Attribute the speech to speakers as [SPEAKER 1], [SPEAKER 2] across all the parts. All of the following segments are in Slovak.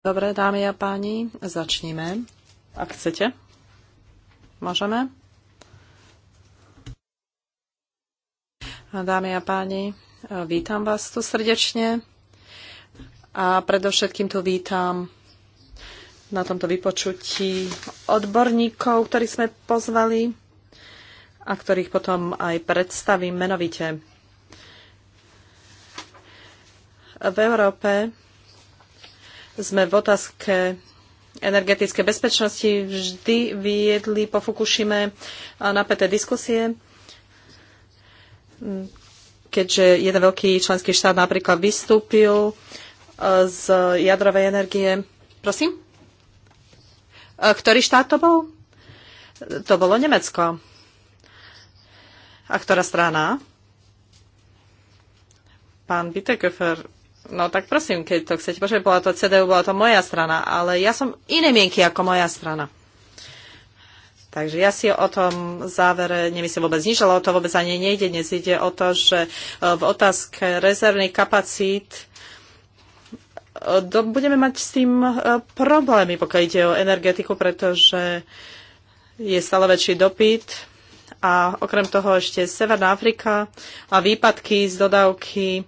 [SPEAKER 1] Dobre, dámy a páni, začníme. Ak chcete, môžeme. Dámy a páni, vítam vás tu srdečne a predovšetkým tu vítam na tomto vypočutí odborníkov, ktorých sme pozvali a ktorých potom aj predstavím menovite. V Európe sme v otázke energetickej bezpečnosti vždy viedli po Fukushime napäté diskusie, keďže jeden veľký členský štát napríklad vystúpil e, z jadrovej energie. Prosím? E, ktorý štát to bol? To bolo Nemecko. A ktorá strana? Pán Bitteköfer No tak prosím, keď to chcete Počkej, bola to CDU, bola to moja strana, ale ja som iné mienky ako moja strana. Takže ja si o tom závere nemyslím vôbec nič, ale o to vôbec ani nejde. Dnes ide o to, že e, v otázke rezervných kapacít e, budeme mať s tým e, problémy, pokiaľ ide o energetiku, pretože je stále väčší dopyt a okrem toho ešte Severná Afrika a výpadky z dodávky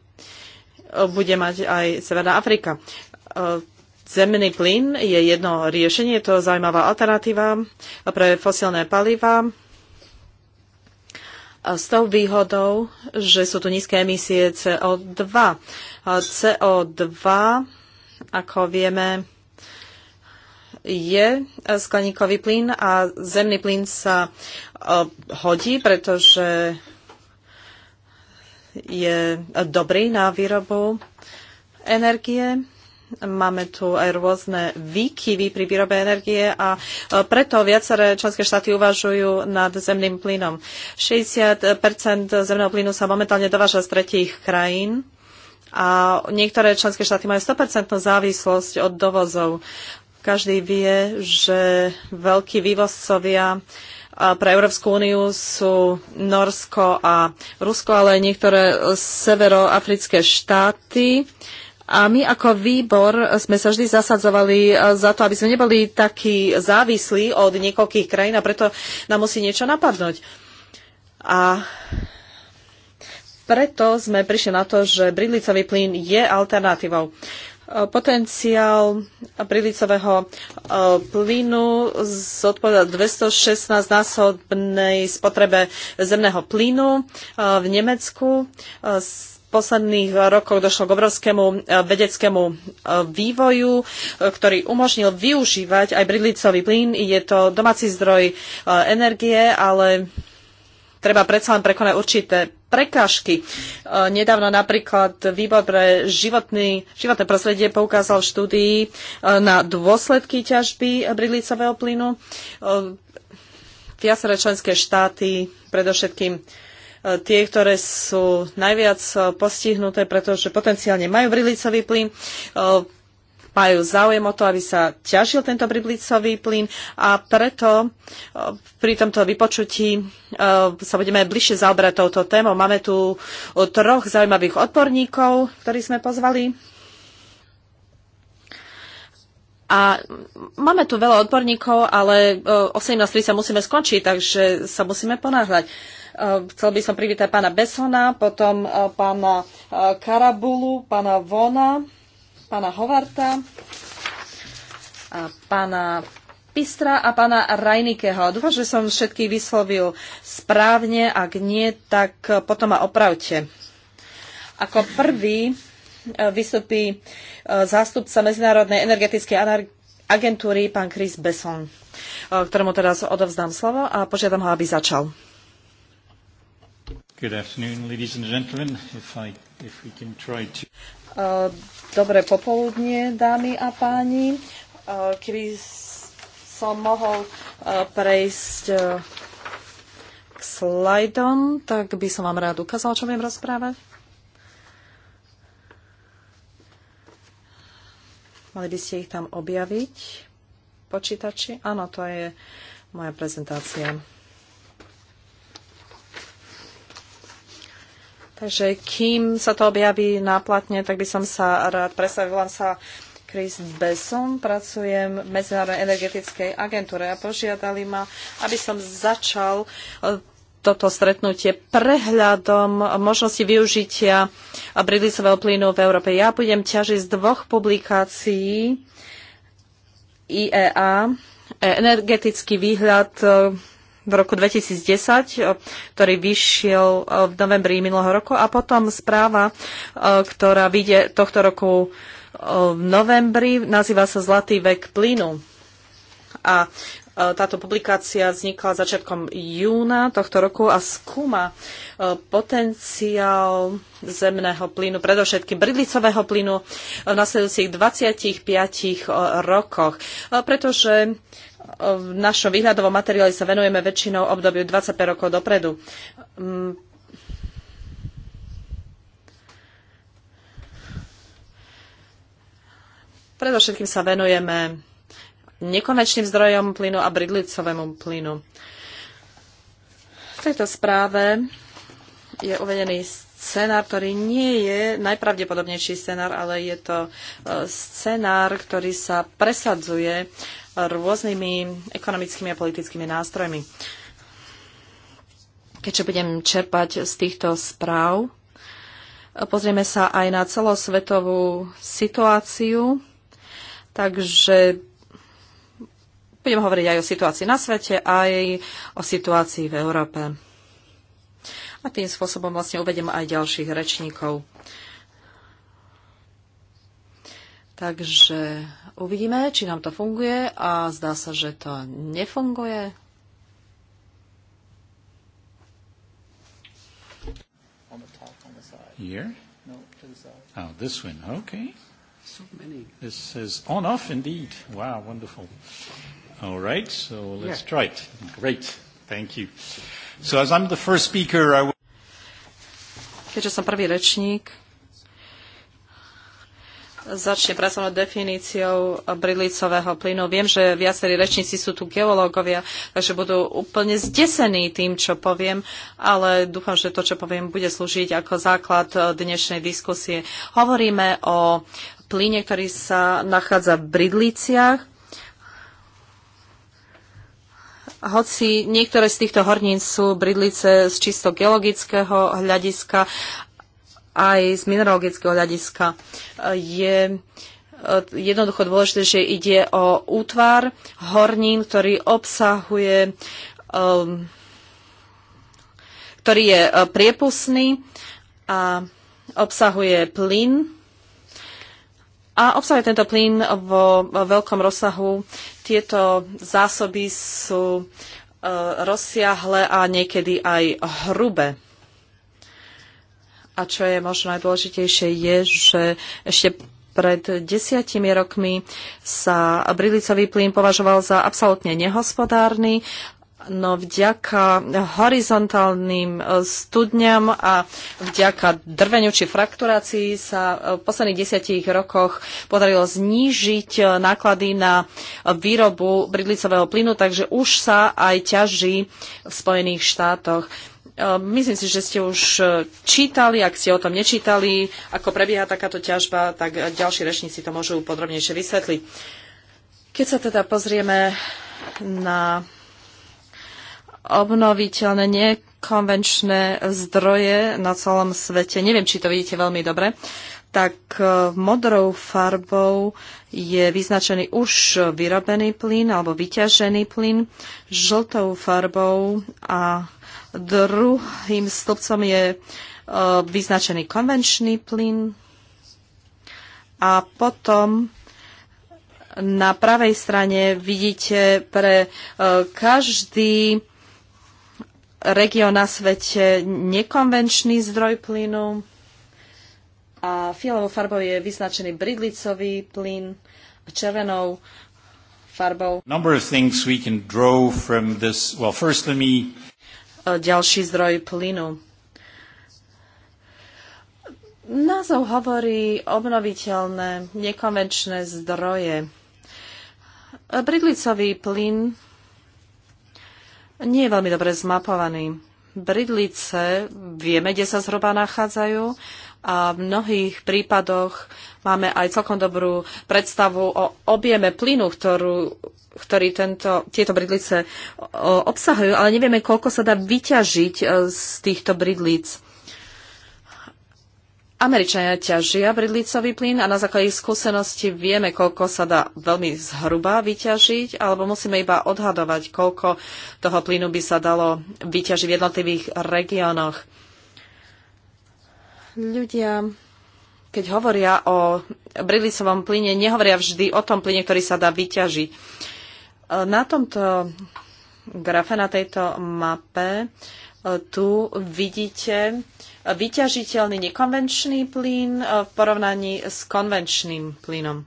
[SPEAKER 1] bude mať aj Severná Afrika. E, zemný plyn je jedno riešenie, je to zaujímavá alternatíva pre fosilné paliva s tou výhodou, že sú tu nízke emisie CO2. CO2, ako vieme, je skleníkový plyn a zemný plyn sa e, hodí, pretože je dobrý na výrobu energie. Máme tu aj rôzne výkyvy pri výrobe energie a e, preto viaceré členské štáty uvažujú nad zemným plynom. 60 zemného plynu sa momentálne dováža z tretích krajín a niektoré členské štáty majú 100% závislosť od dovozov. Každý vie, že veľkí vývozcovia pre Európsku úniu sú Norsko a Rusko, ale aj niektoré severoafrické štáty. A my ako výbor sme sa vždy zasadzovali za to, aby sme neboli takí závislí od niekoľkých krajín a preto nám musí niečo napadnúť. A preto sme prišli na to, že bridlicový plyn je alternatívou. E, potenciál prílicového e, plynu zodpovedá 216 násobnej spotrebe zemného plynu e, v Nemecku. V posledných rokoch došlo k obrovskému vedeckému vývoju, ktorý umožnil využívať aj bridlicový plyn. Je to domáci zdroj energie, ale treba predsa len prekonať určité prekážky. E, nedávno napríklad Výbor pre životný, životné prostredie poukázal v štúdii e, na dôsledky ťažby bridlicového plynu. E, viaceré členské štáty, predovšetkým tie, ktoré sú najviac postihnuté, pretože potenciálne majú brilicový plyn, majú záujem o to, aby sa ťažil tento priblicový plyn a preto e, pri tomto vypočutí e, sa budeme bližšie zaoberať touto témou. Máme tu troch zaujímavých odborníkov, ktorých sme pozvali. A máme tu veľa odborníkov, ale e, o 17.30 musíme skončiť, takže sa musíme ponáhľať. Chcel by som privítať pána Besona, potom pána Karabulu, pána Vona, pána Hovarta, a pána Pistra a pána Rajnikeho. Dúfam, že som všetkých vyslovil správne. Ak nie, tak potom ma opravte. Ako prvý e, vystupí e, zástupca Medzinárodnej energetickej agentúry, pán Chris Besson, e, ktorému teraz odovzdám slovo a požiadam ho, aby začal.
[SPEAKER 2] Good afternoon, ladies and gentlemen. If I, if we can try to...
[SPEAKER 1] Uh, Dobré popoludnie, dámy a páni. E, keby som mohol e, prejsť e, k slajdom, tak by som vám rád ukázal, čo viem rozprávať. Mali by ste ich tam objaviť, počítači? Áno, to je moja prezentácia. Takže kým sa to objaví na platne, tak by som sa rád predstavila sa Chris Besson, pracujem v Medzinárodnej energetickej agentúre a požiadali ma, aby som začal e, toto stretnutie prehľadom možnosti využitia bridlicového plynu v Európe. Ja budem ťažiť z dvoch publikácií IEA, e, energetický výhľad e, v roku 2010, ktorý vyšiel v novembri minulého roku a potom správa, ktorá vyjde tohto roku v novembri, nazýva sa Zlatý vek plynu. A táto publikácia vznikla začiatkom júna tohto roku a skúma potenciál zemného plynu, predovšetkým bridlicového plynu v nasledujúcich 25 rokoch, pretože v našom výhľadovom materiáli sa venujeme väčšinou obdobiu 25 rokov dopredu. Mm. Predovšetkým sa venujeme nekonečným zdrojom plynu a bridlicovému plynu. V tejto správe je uvedený scenár, ktorý nie je najpravdepodobnejší scenár, ale je to e, scenár, ktorý sa presadzuje rôznymi ekonomickými a politickými nástrojmi. Keďže budem čerpať z týchto správ, pozrieme sa aj na celosvetovú situáciu, takže budem hovoriť aj o situácii na svete, aj o situácii v Európe. A tým spôsobom vlastne uvedem aj ďalších rečníkov. Takže uvidíme, či nám to funguje a zdá sa, že to nefunguje. On the top, on the side. Here? No, to the side.
[SPEAKER 3] Oh, this one, okay.
[SPEAKER 1] So many.
[SPEAKER 2] This says on off indeed. Wow, wonderful.
[SPEAKER 3] All right, so let's yeah. try it. Great, thank
[SPEAKER 2] you. So as I'm the first speaker, I will...
[SPEAKER 1] Keďže som prvý rečník, Začne pracovnou definíciou brilicového plynu. Viem, že viacerí rečníci sú tu geológovia, takže budú úplne zdesení tým, čo poviem, ale dúfam, že to, čo poviem, bude slúžiť ako základ dnešnej diskusie. Hovoríme o plyne, ktorý sa nachádza v bridliciach. Hoci niektoré z týchto hornín sú bridlice z čisto geologického hľadiska, aj z mineralogického hľadiska. Je eh, jednoducho dôležité, že ide o útvar hornín, ktorý obsahuje eh, ktorý je eh, priepustný a obsahuje plyn. A obsahuje tento plyn vo veľkom rozsahu. Tieto zásoby sú rozsiahle a niekedy aj hrubé. A čo je možno najdôležitejšie je, že ešte pred desiatimi rokmi sa brilicový plyn považoval za absolútne nehospodárny, no vďaka horizontálnym e, studňam a vďaka drveniu či frakturácii sa e, v posledných desiatich rokoch podarilo znížiť e, náklady na výrobu bridlicového plynu, takže už sa aj ťaží v Spojených štátoch. Ehm, myslím si, že ste už e, čítali, ak ste o tom nečítali, ako prebieha takáto ťažba, tak e, ďalší rečníci to môžu podrobnejšie vysvetliť. Keď sa teda pozrieme na obnoviteľné nekonvenčné zdroje na celom svete, neviem, či to vidíte veľmi dobre, tak e, modrou farbou je vyznačený už vyrobený plyn alebo vyťažený plyn, žltou farbou a Druhým stĺpcom je e, vyznačený konvenčný plyn a potom na pravej strane vidíte pre e, každý región na svete nekonvenčný zdroj plynu a fialovou farbou je vyznačený bridlicový plyn a červenou farbou. Number of things we can draw from this. Well, first let me E, ďalší zdroj plynu. Názov hovorí obnoviteľné, nekonvenčné zdroje. Bridlicový plyn nie je veľmi dobre zmapovaný. Bridlice vieme, kde sa zhruba nachádzajú a v mnohých prípadoch máme aj celkom dobrú predstavu o objeme plynu, ktorú, ktorý tento, tieto bridlice obsahujú, ale nevieme, koľko sa dá vyťažiť e, z týchto bridlíc. Američania ťažia bridlicový plyn a na základe ich skúsenosti vieme, koľko sa dá veľmi zhruba vyťažiť, alebo musíme iba odhadovať, koľko toho plynu by sa dalo vyťažiť v jednotlivých regiónoch ľudia, keď hovoria o brilisovom plyne, nehovoria vždy o tom plyne, ktorý sa dá vyťažiť. Na tomto grafe, na tejto mape, e, tu vidíte vyťažiteľný nekonvenčný plyn e, v porovnaní s konvenčným plynom.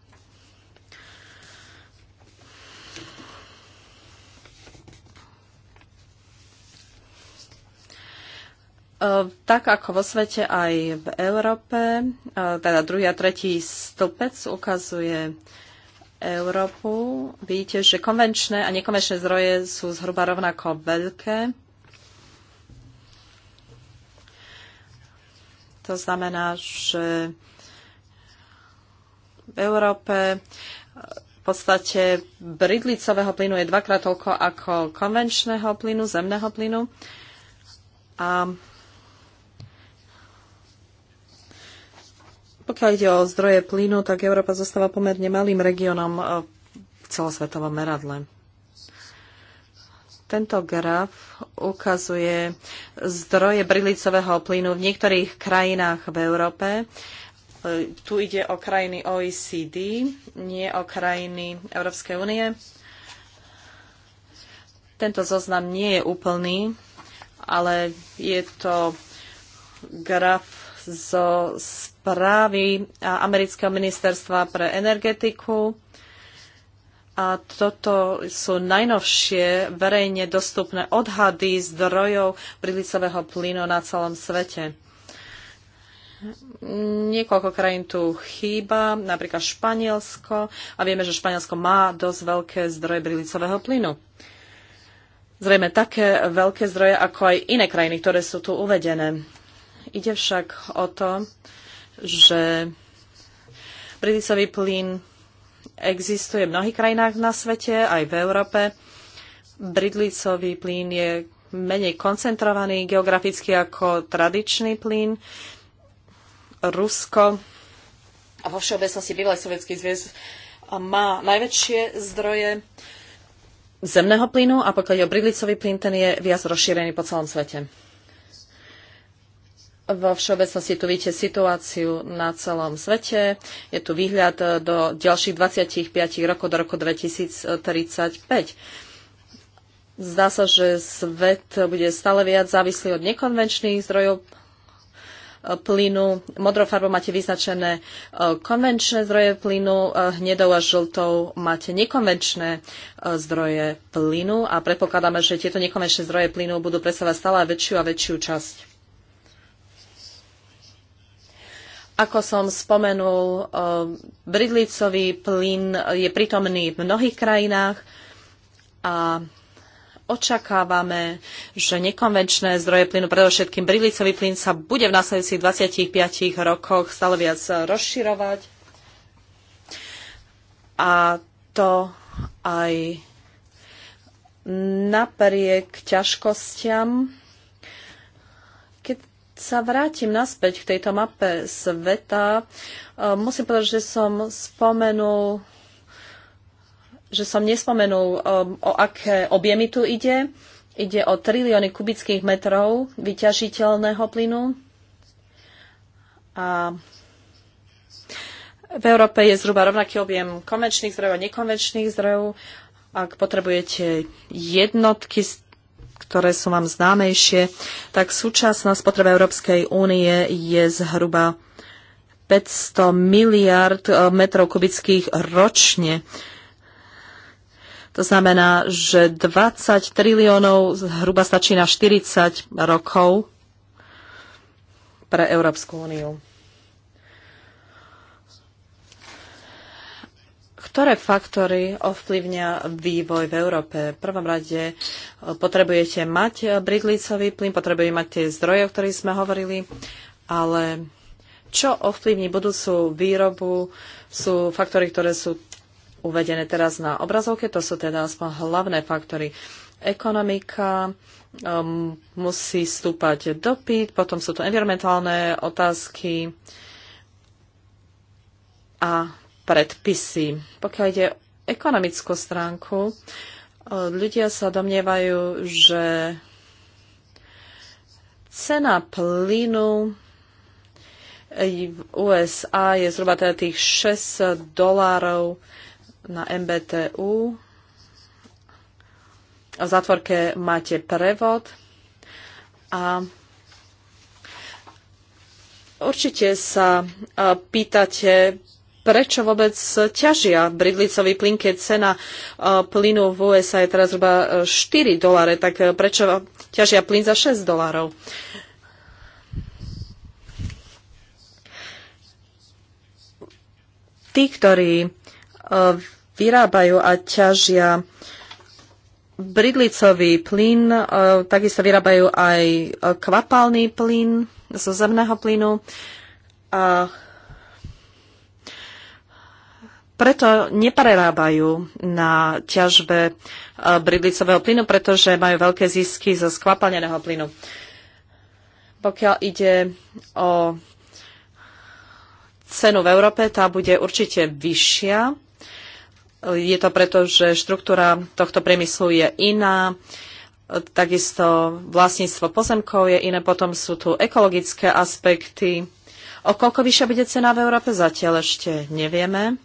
[SPEAKER 1] E, tak ako vo svete aj v Európe, e, teda druhý a tretí stĺpec ukazuje Európu. Vidíte, že konvenčné a nekonvenčné zdroje sú zhruba rovnako veľké. To znamená, že v Európe e, v podstate bridlicového plynu je dvakrát toľko ako konvenčného plynu, zemného plynu. A Pokiaľ ide o zdroje plynu, tak Európa zostáva pomerne malým regiónom e, v celosvetovom meradle. Tento graf ukazuje zdroje brilicového plynu v niektorých krajinách v Európe. E, tu ide o krajiny OECD, nie o krajiny Európskej únie. Tento zoznam nie je úplný, ale je to graf zo správy amerického ministerstva pre energetiku. A toto sú najnovšie verejne dostupné odhady zdrojov prílicového plynu na celom svete. Niekoľko krajín tu chýba, napríklad Španielsko, a vieme, že Španielsko má dosť veľké zdroje brilicového plynu. Zrejme také veľké zdroje, ako aj iné krajiny, ktoré sú tu uvedené. Ide však o to, že bridlicový plyn existuje v mnohých krajinách na svete, aj v Európe. Bridlicový plyn je menej koncentrovaný geograficky ako tradičný plyn. Rusko a vo všeobecnosti bývalý sovietský zväz má najväčšie zdroje zemného plynu a pokiaľ je o bridlicový plyn, ten je viac rozšírený po celom svete. Vo všeobecnosti tu vidíte situáciu na celom svete. Je tu výhľad do ďalších 25 rokov do roku 2035. Zdá sa, že svet bude stále viac závislý od nekonvenčných zdrojov plynu. Modrou farbou máte vyznačené e, konvenčné zdroje plynu, e, hnedou a žltou máte nekonvenčné e, zdroje plynu a predpokladáme, že tieto nekonvenčné zdroje plynu budú predstavovať stále väčšiu a väčšiu časť Ako som spomenul, eh, bridlicový plyn je prítomný v mnohých krajinách a očakávame, že nekonvenčné zdroje plynu, predovšetkým bridlicový plyn, sa bude v následujúcich 25 rokoch stále viac rozširovať. A to aj napriek ťažkostiam, sa vrátim naspäť k tejto mape sveta, e, musím povedať, že som spomenul že som nespomenul, e, o aké objemy tu ide. Ide o trilióny kubických metrov vyťažiteľného plynu. A v Európe je zhruba rovnaký objem konvenčných zdrojov a nekonvenčných zdrojov. Ak potrebujete jednotky z ktoré sú vám známejšie, tak súčasná spotreba Európskej únie je zhruba 500 miliard e, metrov kubických ročne. To znamená, že 20 triliónov zhruba stačí na 40 rokov pre Európsku úniu. Ktoré faktory ovplyvňa vývoj v Európe? V prvom rade e, potrebujete mať e, bridlicový plyn, potrebujete mať tie zdroje, o ktorých sme hovorili, ale čo ovplyvní budúcu výrobu sú faktory, ktoré sú uvedené teraz na obrazovke, to sú teda aspoň hlavné faktory. Ekonomika, um, musí stúpať dopyt, potom sú to environmentálne otázky a predpisy. Pokiaľ ide o ekonomickú stránku, e, ľudia sa domnievajú, že cena plynu v USA je zhruba teda tých 6 dolárov na MBTU. V zátvorke máte prevod a určite sa e, pýtate, prečo vôbec ťažia bridlicový plyn, keď cena e, plynu v USA je teraz zhruba 4 e, doláre, tak e, prečo ťažia plyn za 6 dolárov? Tí, ktorí vyrábajú a ťažia bridlicový plyn, takisto vyrábajú aj kvapalný plyn zo zemného plynu a preto neprerábajú na ťažbe eh, bridlicového plynu, pretože majú veľké zisky zo skvapalneného plynu. Pokiaľ ide o cenu v Európe, tá bude určite vyššia. Je to preto, že štruktúra tohto priemyslu je iná, takisto vlastníctvo pozemkov je iné, potom sú tu ekologické aspekty. O koľko vyššia bude cena v Európe, zatiaľ ešte nevieme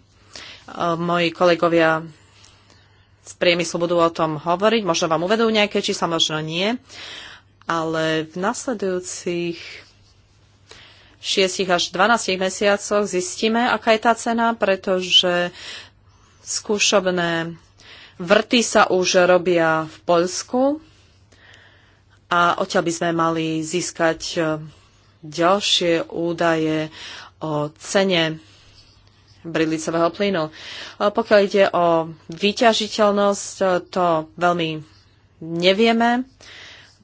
[SPEAKER 1] Moji kolegovia z priemyslu budú o tom hovoriť, možno vám uvedú nejaké čísla, možno nie, ale v nasledujúcich 6 až 12 mesiacoch zistíme, aká je tá cena, pretože skúšobné vrty sa už robia v Poľsku a odtiaľ by sme mali získať eh, ďalšie údaje o cene bridlicového plynu. Pokiaľ ide o vyťažiteľnosť, e, to veľmi nevieme.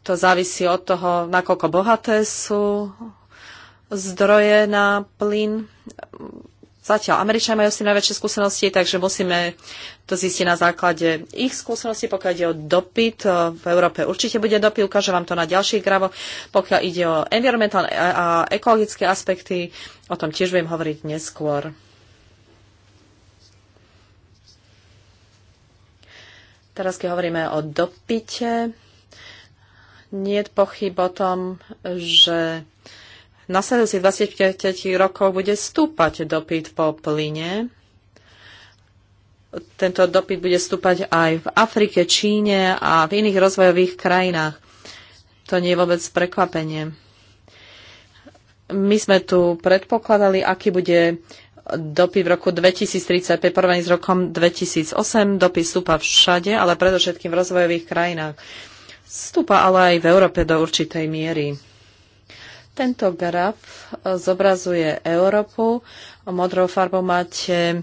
[SPEAKER 1] To závisí od toho, nakoľko bohaté sú zdroje na plyn. Zatiaľ Američania majú s tým najväčšie skúsenosti, takže musíme to zistiť na základe ich skúseností. Pokiaľ ide o dopyt, e, v Európe určite bude dopyt, ukážem vám to na ďalších gravoch. Pokiaľ ide o environmentálne a ekologické aspekty, o tom tiež budem hovoriť neskôr. Teraz, keď hovoríme o dopite, nie je pochyb o tom, že v nasledujúcich 25 rokov bude stúpať dopyt po plyne. Tento dopyt bude stúpať aj v Afrike, Číne a v iných rozvojových krajinách. To nie je vôbec prekvapenie. My sme tu predpokladali, aký bude dopy v roku 2035 porovnaní s rokom 2008. Dopy stúpa všade, ale predovšetkým v rozvojových krajinách. Stúpa ale aj v Európe do určitej miery. Tento graf e, zobrazuje Európu. Modrou farbou máte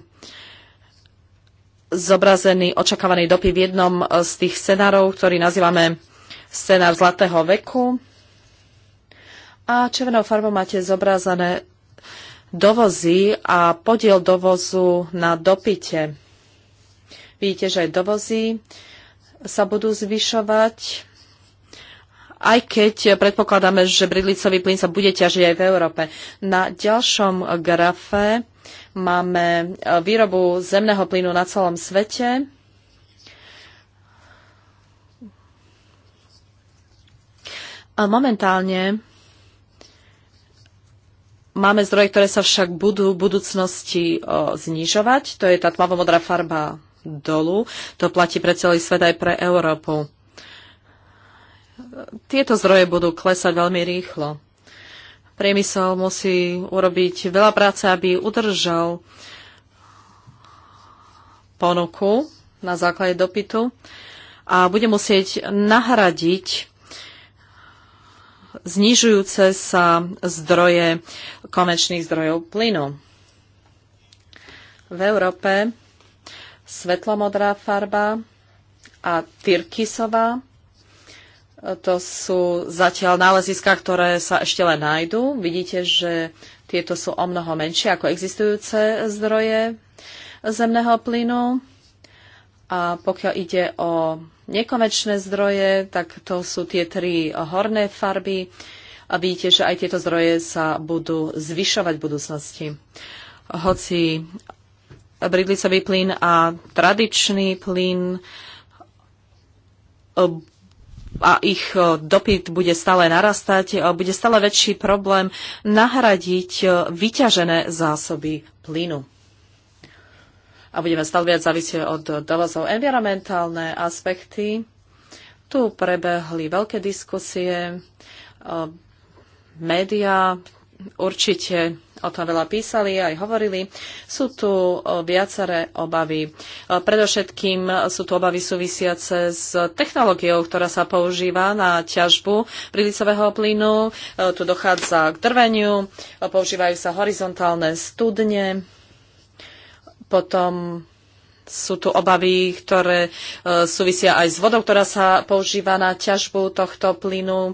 [SPEAKER 1] zobrazený očakávaný dopy v jednom e, z tých scenárov, ktorý nazývame scenár zlatého veku. A červenou farbou máte zobrazené dovozy a podiel dovozu na dopite. Vidíte, že aj dovozy sa budú zvyšovať, aj keď predpokladáme, že bridlicový plyn sa bude ťažiť aj v Európe. Na ďalšom grafe máme e, výrobu zemného plynu na celom svete. Momentálne Máme zdroje, ktoré sa však budú v budúcnosti o, znižovať. To je tá tmavomodrá farba dolu. To platí pre celý svet aj pre Európu. Tieto zdroje budú klesať veľmi rýchlo. Priemysel musí urobiť veľa práce, aby udržal ponuku na základe dopytu a bude musieť nahradiť znižujúce sa zdroje konvenčných zdrojov plynu. V Európe svetlomodrá farba a tyrkisová to sú zatiaľ náleziska, ktoré sa ešte len nájdú. Vidíte, že tieto sú o mnoho menšie ako existujúce zdroje zemného plynu. A pokiaľ ide o nekonečné zdroje, tak to sú tie tri horné farby, a vidíte, že aj tieto zdroje sa budú zvyšovať v budúcnosti. Hoci bridlicový plyn a tradičný plyn a ich dopyt bude stále narastať, bude stále väčší problém nahradiť vyťažené zásoby plynu. A budeme stále viac závisieť od dovozov. Environmentálne aspekty. Tu prebehli veľké diskusie médiá určite o tom veľa písali aj hovorili. Sú tu viaceré obavy. Predovšetkým sú tu obavy súvisiace s technológiou, ktorá sa používa na ťažbu prílicového plynu. Tu dochádza k drveniu, používajú sa horizontálne studne, potom sú tu obavy, ktoré e, súvisia aj s vodou, ktorá sa používa na ťažbu tohto plynu, e,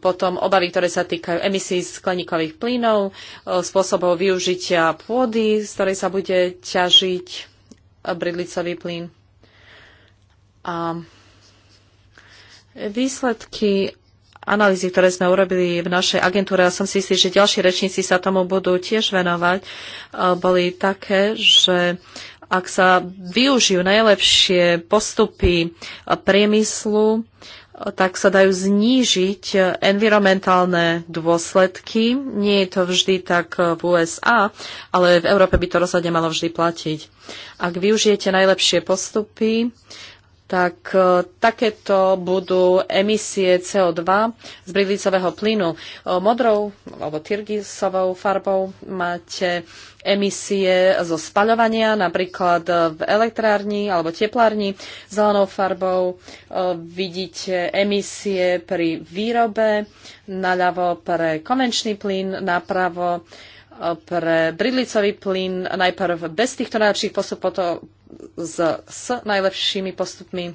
[SPEAKER 1] potom obavy, ktoré sa týkajú emisí skleníkových plynov, e, spôsobov využitia pôdy, z ktorej sa bude ťažiť bridlicový plyn. A výsledky analýzy, ktoré sme urobili v našej agentúre, a som si istý, že ďalší rečníci sa tomu budú tiež venovať, boli také, že ak sa využijú najlepšie postupy priemyslu, tak sa dajú znížiť environmentálne dôsledky. Nie je to vždy tak v USA, ale v Európe by to rozhodne malo vždy platiť. Ak využijete najlepšie postupy, tak e, takéto budú emisie CO2 z bridlicového plynu. E, modrou alebo tyrgisovou farbou máte emisie zo spaľovania, napríklad v elektrárni alebo teplárni. Zelenou farbou e, vidíte emisie pri výrobe, naľavo pre konvenčný plyn, napravo e, pre bridlicový plyn najprv bez týchto najlepších postup, potom s, s najlepšími postupmi.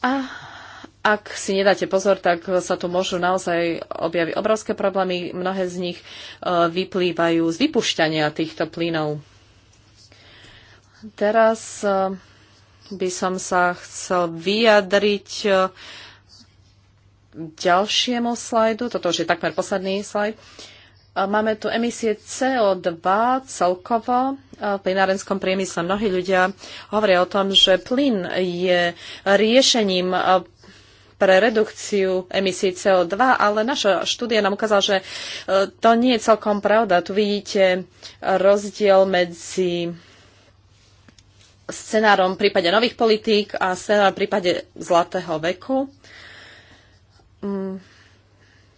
[SPEAKER 1] A ak si nedáte pozor, tak sa tu môžu naozaj objaviť obrovské problémy. Mnohé z nich e, vyplývajú z vypušťania týchto plynov. Teraz e, by som sa chcel vyjadriť e, ďalšiemu slajdu. Toto už je takmer posledný slajd. Máme tu emisie CO2 celkovo v plinárenskom priemysle. Mnohí ľudia hovoria o tom, že plyn je riešením pre redukciu emisí CO2, ale naša štúdia nám ukázala, že e, to nie je celkom pravda. Tu vidíte rozdiel medzi scenárom v prípade nových politík a scenárom v prípade zlatého veku. Mm.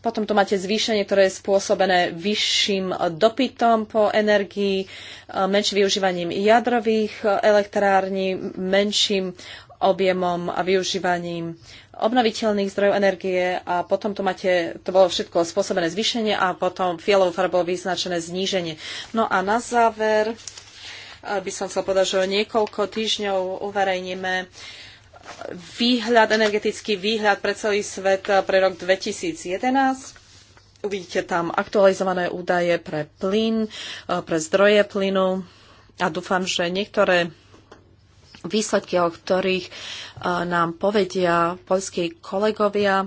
[SPEAKER 1] Potom tu máte zvýšenie, ktoré je spôsobené vyšším dopytom po energii, e, menším využívaním jadrových elektrární, menším objemom a využívaním obnoviteľných zdrojov energie a potom tu máte, to bolo všetko spôsobené zvýšenie a potom fialovou farbou vyznačené zníženie. No a na záver eh, by som chcel povedať, že o niekoľko týždňov uverejníme výhľad, energetický výhľad pre celý svet eh, pre rok 2011. Uvidíte tam aktualizované údaje pre plyn, eh, pre zdroje plynu a dúfam, že niektoré výsledky, o ktorých e, nám povedia poľskí kolegovia, e,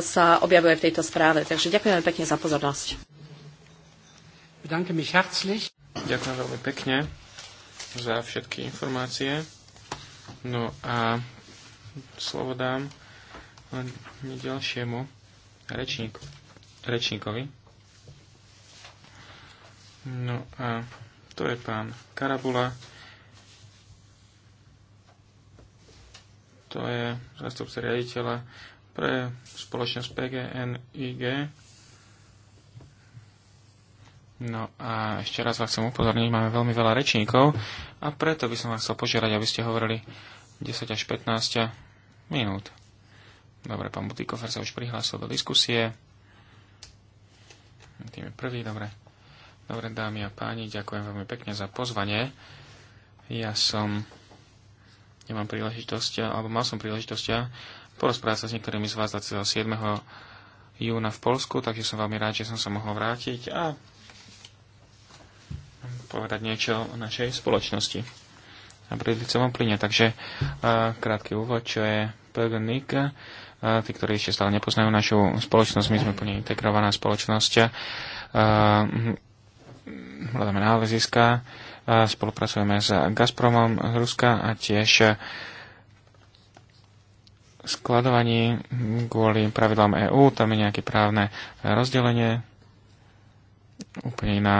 [SPEAKER 1] sa objavuje v tejto správe. Takže ďakujem pekne za pozornosť.
[SPEAKER 2] Ďakujem veľmi pekne za všetky informácie. No a slovo dám ďalšiemu rečníku, rečníkovi. No a to je pán Karabula to je zástupca riaditeľa pre spoločnosť PGNIG. No a ešte raz vás chcem upozorniť, máme veľmi veľa rečníkov a preto by som vás chcel požiadať, aby ste hovorili 10 až 15 minút. Dobre, pán Butikofer sa už prihlásil do diskusie. Tým je prvý, dobre. Dobre, dámy a páni, ďakujem veľmi pekne za pozvanie. Ja som nemám príležitosť, alebo mal som príležitosť eh, porozprávať sa s niektorými z vás 27. júna v Polsku, takže som veľmi rád, že som sa mohol vrátiť a povedať niečo o našej spoločnosti na bridlicovom plyne. Takže eh, krátky úvod, čo je Pögenik. Eh, tí, ktorí ešte stále nepoznajú našu spoločnosť, my sme plne integrovaná spoločnosť. Hm, hľadáme náleziska, Spolupracujeme s Gazpromom z Ruska a tiež skladovaní kvôli pravidlám EÚ, tam je nejaké právne rozdelenie, úplne iná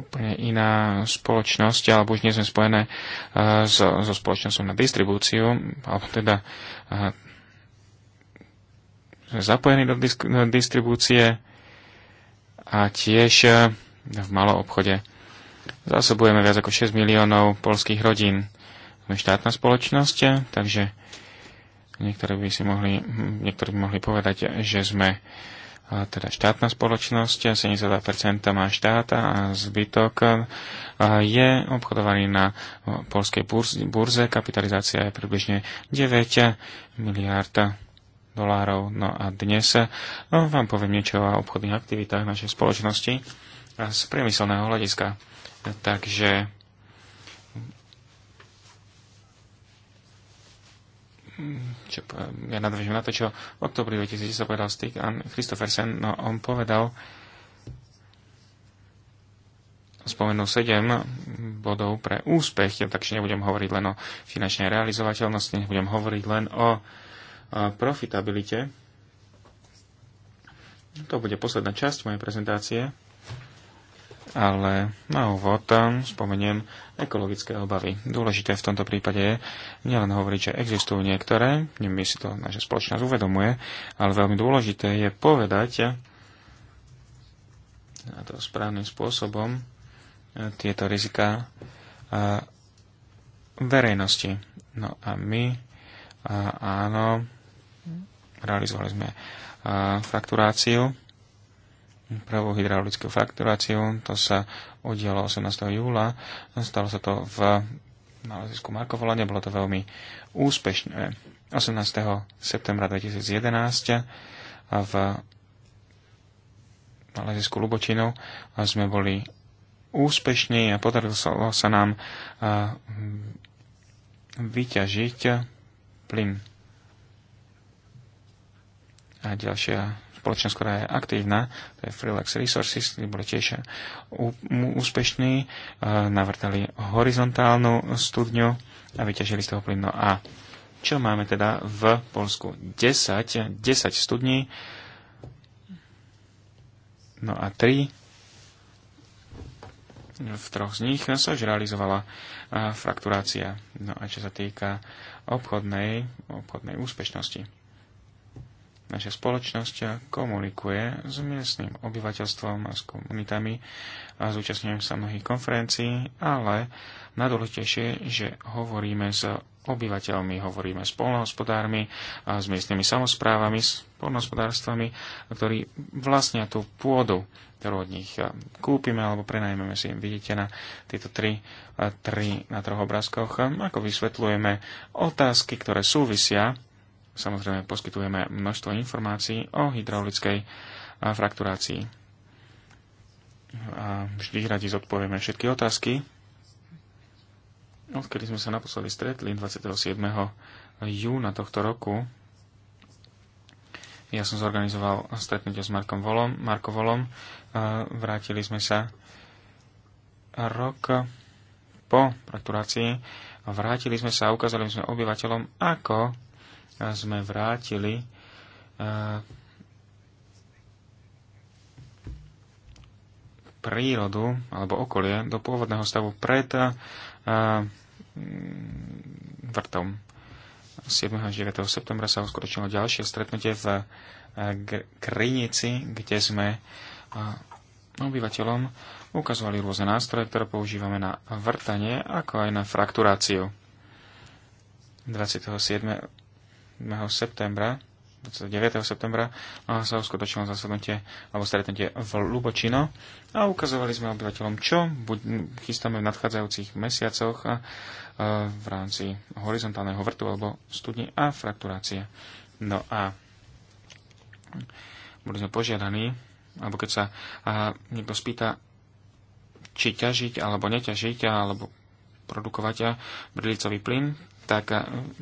[SPEAKER 2] úplne iná spoločnosť, alebo už nie sme spojené e, so, so spoločnosťou na distribúciu, alebo teda e, sme zapojení do distribúcie a tiež v malom obchode Zásobujeme viac ako 6 miliónov polských rodín. Sme štátna spoločnosť, takže niektorí by si mohli, niektorí by mohli povedať, že sme teda štátna spoločnosť, 72% má štáta a zbytok je obchodovaný na polskej burze. Kapitalizácia je približne 9 miliárd dolárov. No a dnes no, vám poviem niečo o obchodných aktivitách našej spoločnosti z priemyselného hľadiska. Takže čo, ja nadvežím na to, čo v oktobri 2010 povedal Stig a Christophersen, no on povedal, spomenul 7 bodov pre úspech, ja takže nebudem hovoriť len o finančnej realizovateľnosti, nebudem hovoriť len o profitabilite. To bude posledná časť mojej prezentácie ale na úvod tam um, spomeniem ekologické obavy. Dôležité v tomto prípade je nielen hovoriť, že existujú niektoré, my si to naša spoločnosť uvedomuje, ale veľmi dôležité je povedať a to správnym spôsobom tieto rizika verejnosti. No a my áno, realizovali sme fakturáciu pravou hydraulickú frakturáciou. To sa udialo 18. júla. Stalo sa to v nálezisku Markovolania. bolo to veľmi úspešné. 18. septembra 2011 v nálezisku Lubočinu sme boli úspešní a podarilo sa nám vyťažiť plyn. A ďalšia spoločnosť, ktorá je aktívna, to je Freelax Resources, ktorí boli tiež e, úspešní, e, navrtali horizontálnu studňu a vyťažili z toho plyn. No a čo máme teda v Polsku? 10, 10 studní, no a 3 v troch z nich sa už realizovala e, frakturácia. No a čo sa týka obchodnej, obchodnej úspešnosti. Naša spoločnosť komunikuje s miestnym obyvateľstvom a s komunitami a zúčastňujem sa mnohých konferencií, ale najdôležitejšie, že hovoríme s obyvateľmi, hovoríme s polnohospodármi, a s miestnymi samozprávami, s polnohospodárstvami, ktorí vlastnia tú pôdu, ktorú od nich eh, kúpime alebo prenajmeme si. Vidíte na tieto tri, eh, tri na troch obrázkoch, ako vysvetľujeme otázky, ktoré súvisia samozrejme poskytujeme množstvo informácií o hydraulickej frakturácii. A vždy radi zodpovieme všetky otázky. Odkedy sme sa naposledy stretli 27. júna tohto roku, ja som zorganizoval stretnutie s Markom Volom, Marko Volom. Vrátili sme sa rok po frakturácii. Vrátili sme sa a ukázali sme obyvateľom, ako sme vrátili prírodu alebo okolie do pôvodného stavu pred mm, vrtom. 7. až 9. septembra sa uskutočnilo ďalšie stretnutie v Krynici, kde sme obyvateľom ukazovali rôzne nástroje, ktoré používame na vrtanie, ako aj na frakturáciu. 27 septembra 29. septembra sa uskutočilo zasadnutie alebo stretnutie v Lubočino a ukazovali sme obyvateľom, čo chystáme v nadchádzajúcich mesiacoch a, a, v rámci horizontálneho vrtu alebo studne a frakturácie. No a boli sme požiadaní, alebo keď sa a, niekto spýta, či ťažiť alebo neťažiť alebo produkovať brilicový plyn, tak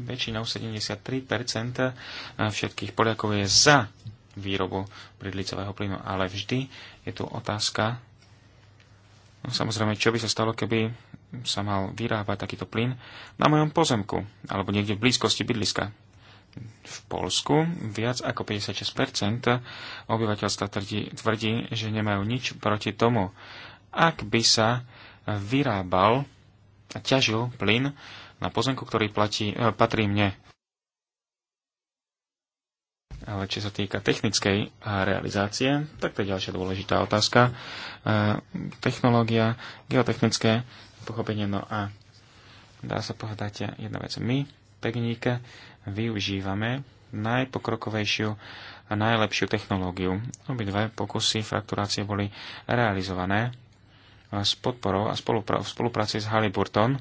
[SPEAKER 2] väčšinou 73% eh, všetkých Poliakov je za výrobu bridlicového plynu. Ale vždy je tu otázka, no samozrejme, čo by sa stalo, keby sa mal vyrábať takýto plyn na mojom pozemku alebo niekde v blízkosti bydliska. V Polsku viac ako 56% obyvateľstva tvrdí, tvrdí, že nemajú nič proti tomu, ak by sa vyrábal a ťažil plyn na pozemku, ktorý platí, e, patrí mne. Ale čo sa týka technickej e, realizácie, tak to je ďalšia dôležitá otázka. E, technológia, geotechnické pochopenie, no a dá sa povedať jedna vec. My, pekníke, využívame najpokrokovejšiu a najlepšiu technológiu. Obidve pokusy frakturácie boli realizované s podporou a v spolupráci s Halliburton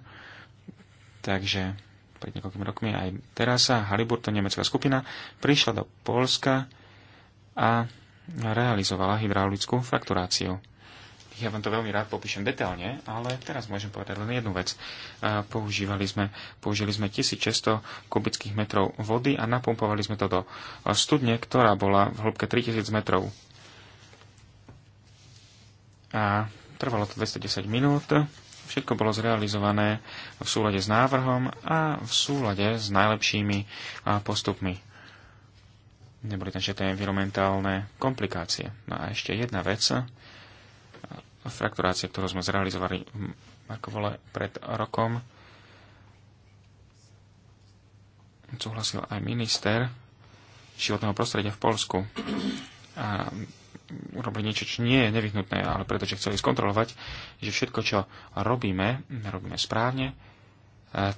[SPEAKER 2] Takže pred niekoľkými rokmi aj teraz sa Haliburton, nemecká skupina, prišla do Polska a realizovala hydraulickú frakturáciu. Ja vám to veľmi rád popíšem detailne, ale teraz môžem povedať len jednu vec. Používali sme, použili sme 1600 kubických metrov vody a napumpovali sme to do studne, ktorá bola v hĺbke 3000 metrov. A trvalo to 210 minút Všetko bolo zrealizované v súlade s návrhom a v súlade s najlepšími postupmi. Neboli tam všetké environmentálne komplikácie. No a ešte jedna vec. Frakturácia, ktorú sme zrealizovali ako vole pred rokom, súhlasil aj minister životného prostredia v Polsku. A urobiť niečo, čo nie je nevyhnutné, ale pretože chceli skontrolovať, že všetko, čo robíme, robíme správne, e,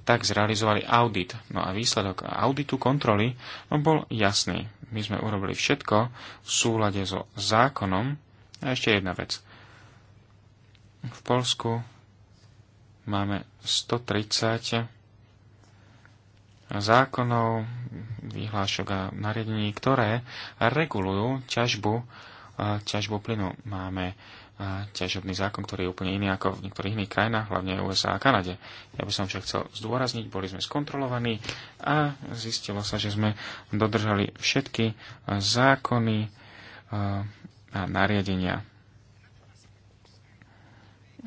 [SPEAKER 2] tak zrealizovali audit. No a výsledok auditu kontroly no bol jasný. My sme urobili všetko v súlade so zákonom. A ešte jedna vec. V Polsku máme 130 zákonov, vyhlášok a nariadení, ktoré regulujú ťažbu ťažbu plynu. Máme ťažobný zákon, ktorý je úplne iný ako v niektorých iných krajinách, hlavne USA a Kanade. Ja by som však chcel zdôrazniť, boli sme skontrolovaní a zistilo sa, že sme dodržali všetky zákony a nariadenia.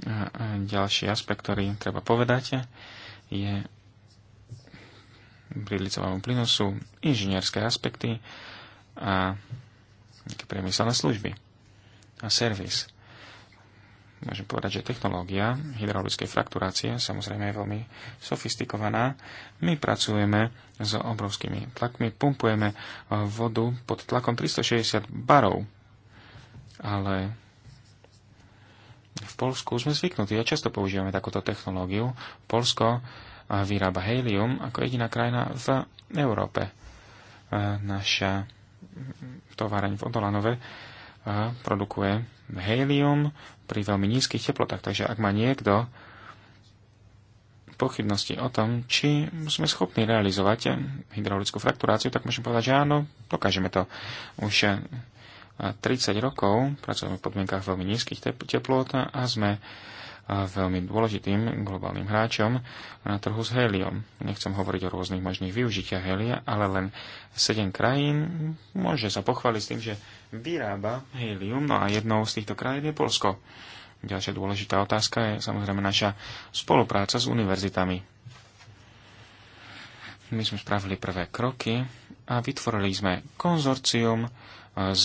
[SPEAKER 2] A ďalší aspekt, ktorý treba povedať, je pri plynu sú inžinierské aspekty a priemyselné služby a servis. Môžem povedať, že technológia hydraulickej frakturácie samozrejme je veľmi sofistikovaná. My pracujeme s obrovskými tlakmi, pumpujeme vodu pod tlakom 360 barov, ale v Polsku sme zvyknutí a často používame takúto technológiu. Polsko vyrába helium ako jediná krajina v Európe. Naša továreň v Odolanove produkuje helium pri veľmi nízkych teplotách. Takže ak má niekto pochybnosti o tom, či sme schopní realizovať hydraulickú frakturáciu, tak môžem povedať, že áno, dokážeme to. Už 30 rokov pracujeme v podmienkách veľmi nízkych teplot a sme veľmi dôležitým globálnym hráčom na trhu s héliom. Nechcem hovoriť o rôznych možných využitiach hélia, ale len 7 krajín môže sa pochváliť s tým, že vyrába hélium, no a jednou z týchto krajín je Polsko. Ďalšia dôležitá otázka je samozrejme naša spolupráca s univerzitami. My sme spravili prvé kroky a vytvorili sme konzorcium s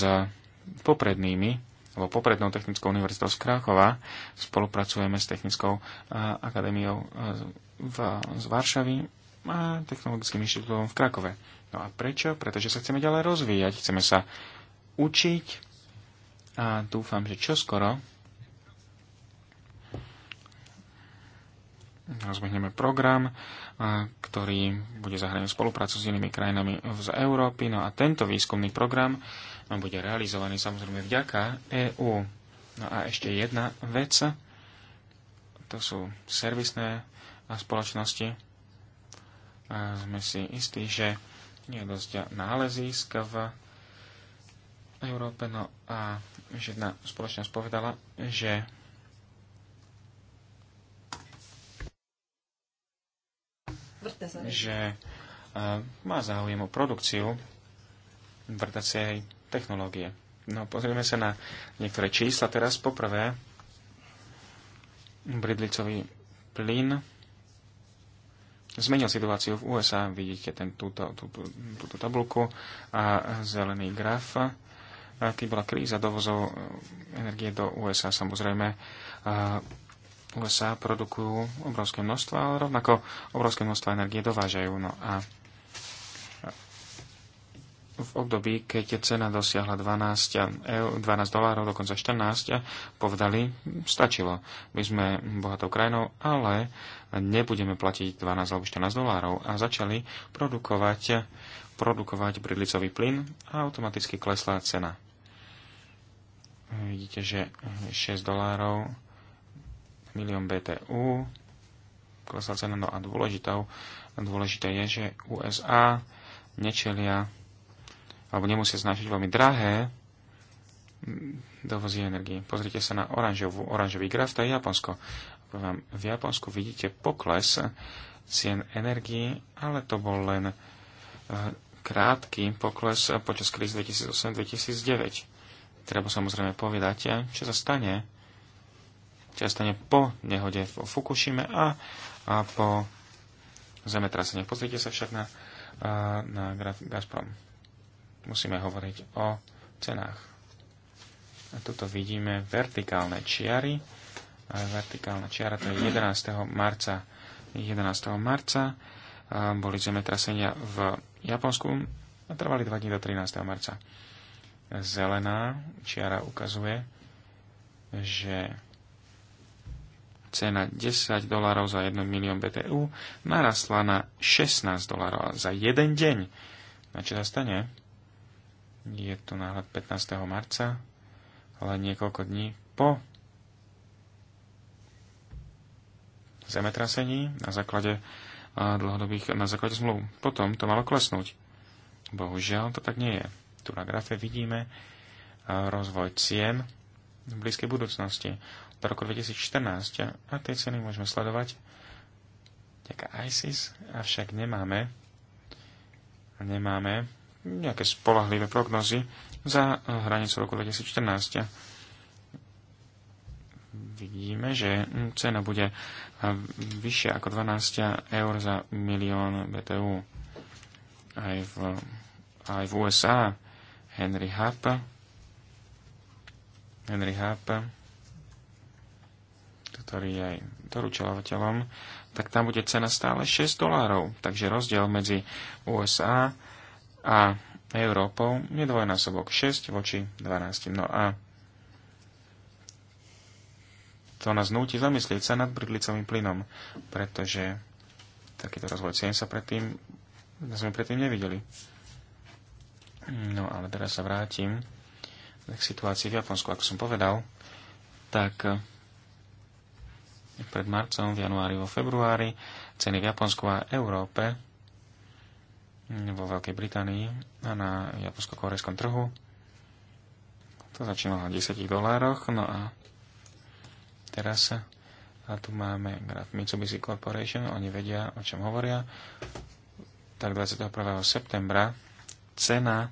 [SPEAKER 2] poprednými alebo poprednou technickou univerzitou z Kráchova. Spolupracujeme s technickou eh, akadémiou eh, v, z Varšavy a technologickým inštitútom v Krakove. No a prečo? Pretože sa chceme ďalej rozvíjať, chceme sa učiť a dúfam, že čoskoro rozbehneme program, eh, ktorý bude zahraniť spoluprácu s inými krajinami z Európy. No a tento výskumný program bude realizovaný samozrejme vďaka EÚ. No a ešte jedna vec, to sú servisné spoločnosti. A sme si istí, že nie je dosť nálezísk v Európe. No a že jedna spoločnosť povedala, že že e, má záujem o produkciu vrtacej technológie. No, pozrieme sa na niektoré čísla teraz. Poprvé, bridlicový plyn zmenil situáciu v USA. Vidíte ten, túto, túto, túto tabulku a zelený graf. Keď bola kríza dovozov energie do USA, samozrejme, USA produkujú obrovské množstvo, ale rovnako obrovské množstvo energie dovážajú. No a v období, keď cena dosiahla 12, 12 dolárov, dokonca 14, povedali, stačilo. My sme bohatou krajinou, ale nebudeme platiť 12 alebo 14 dolárov. A začali produkovať, produkovať bridlicový plyn a automaticky klesla cena. Vidíte, že 6 dolárov milión BTU klesla cena. No a dôležitou, dôležité je, že USA nečelia alebo nemusia znášať veľmi drahé dovozy energii. Pozrite sa na oranžovú, oranžový graf, to je Japonsko. V Japonsku vidíte pokles cien energii, ale to bol len eh, krátky pokles počas kríz 2008-2009. Treba samozrejme povedať, eh, čo sa stane, čo sa stane po nehode v Fukushime a, a po zemetrasení. Pozrite sa však na, eh, na graf Gazprom musíme hovoriť o cenách. A tuto vidíme vertikálne čiary. A vertikálna čiara to je 11. marca. 11. marca boli zemetrasenia v Japonsku a trvali 2 dní do 13. marca. Zelená čiara ukazuje, že cena 10 dolárov za 1 milión BTU narastla na 16 dolárov za jeden deň. Na čo sa stane? Je tu náhľad 15. marca, ale niekoľko dní po zemetrasení na základe dlhodobých, na základe zmluv. Potom to malo klesnúť. Bohužiaľ, to tak nie je. Tu na grafe vidíme rozvoj cien v blízkej budúcnosti do roku 2014 a tie ceny môžeme sledovať ďaká ISIS, avšak nemáme nemáme nejaké spolahlivé prognozy za eh, hranicu roku 2014. Vidíme, že hm, cena bude eh, vyššia ako 12 eur za milión BTU. Aj v, aj v USA Henry Hub Henry Hub ktorý je aj doručovateľom, tak tam bude cena stále 6 dolárov. Takže rozdiel medzi USA a Európou je dvojnásobok 6 voči 12. No a to nás núti zamyslieť sa nad bridlicovým plynom, pretože takýto rozvoj cien sa predtým, sme predtým nevideli. No ale teraz sa vrátim k situácii v Japonsku. Ako som povedal, tak pred marcom, v januári, vo februári ceny v Japonsku a Európe vo Veľkej Británii a na japonsko-korejskom trhu. To začínalo na 10 dolároch. No a teraz a tu máme graf Mitsubishi Corporation, oni vedia, o čom hovoria. Tak 21. septembra cena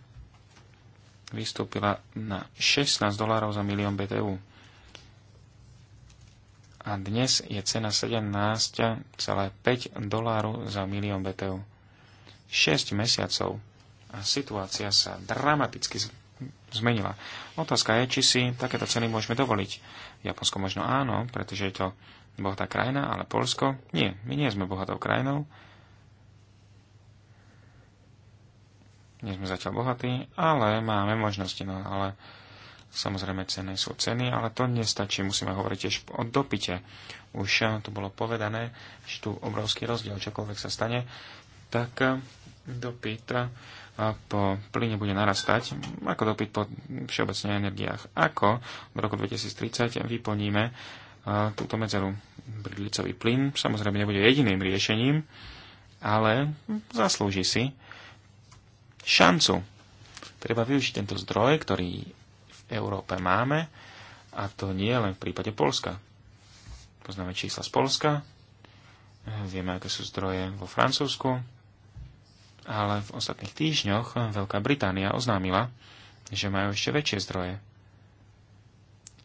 [SPEAKER 2] vystúpila na 16 dolárov za milión BTU. A dnes je cena 17,5 dolárov za milión BTU. 6 mesiacov a situácia sa dramaticky zmenila. Otázka je, či si takéto ceny môžeme dovoliť. Japonsko možno áno, pretože je to bohatá krajina, ale Polsko nie. My nie sme bohatou krajinou. Nie sme zatiaľ bohatí, ale máme možnosti. No ale samozrejme ceny sú ceny, ale to nestačí. Musíme hovoriť tiež o dopite. Už tu bolo povedané, že tu obrovský rozdiel, čokoľvek sa stane, tak dopyt po plyne bude narastať, ako dopyt po všeobecne energiách. Ako v roku 2030 vyplníme túto medzeru bridlicový plyn. Samozrejme nebude jediným riešením, ale zaslúži si šancu. Treba využiť tento zdroj, ktorý v Európe máme, a to nie len v prípade Polska. Poznáme čísla z Polska, vieme, aké sú zdroje vo Francúzsku, ale v ostatných týždňoch Veľká Británia oznámila, že majú ešte väčšie zdroje,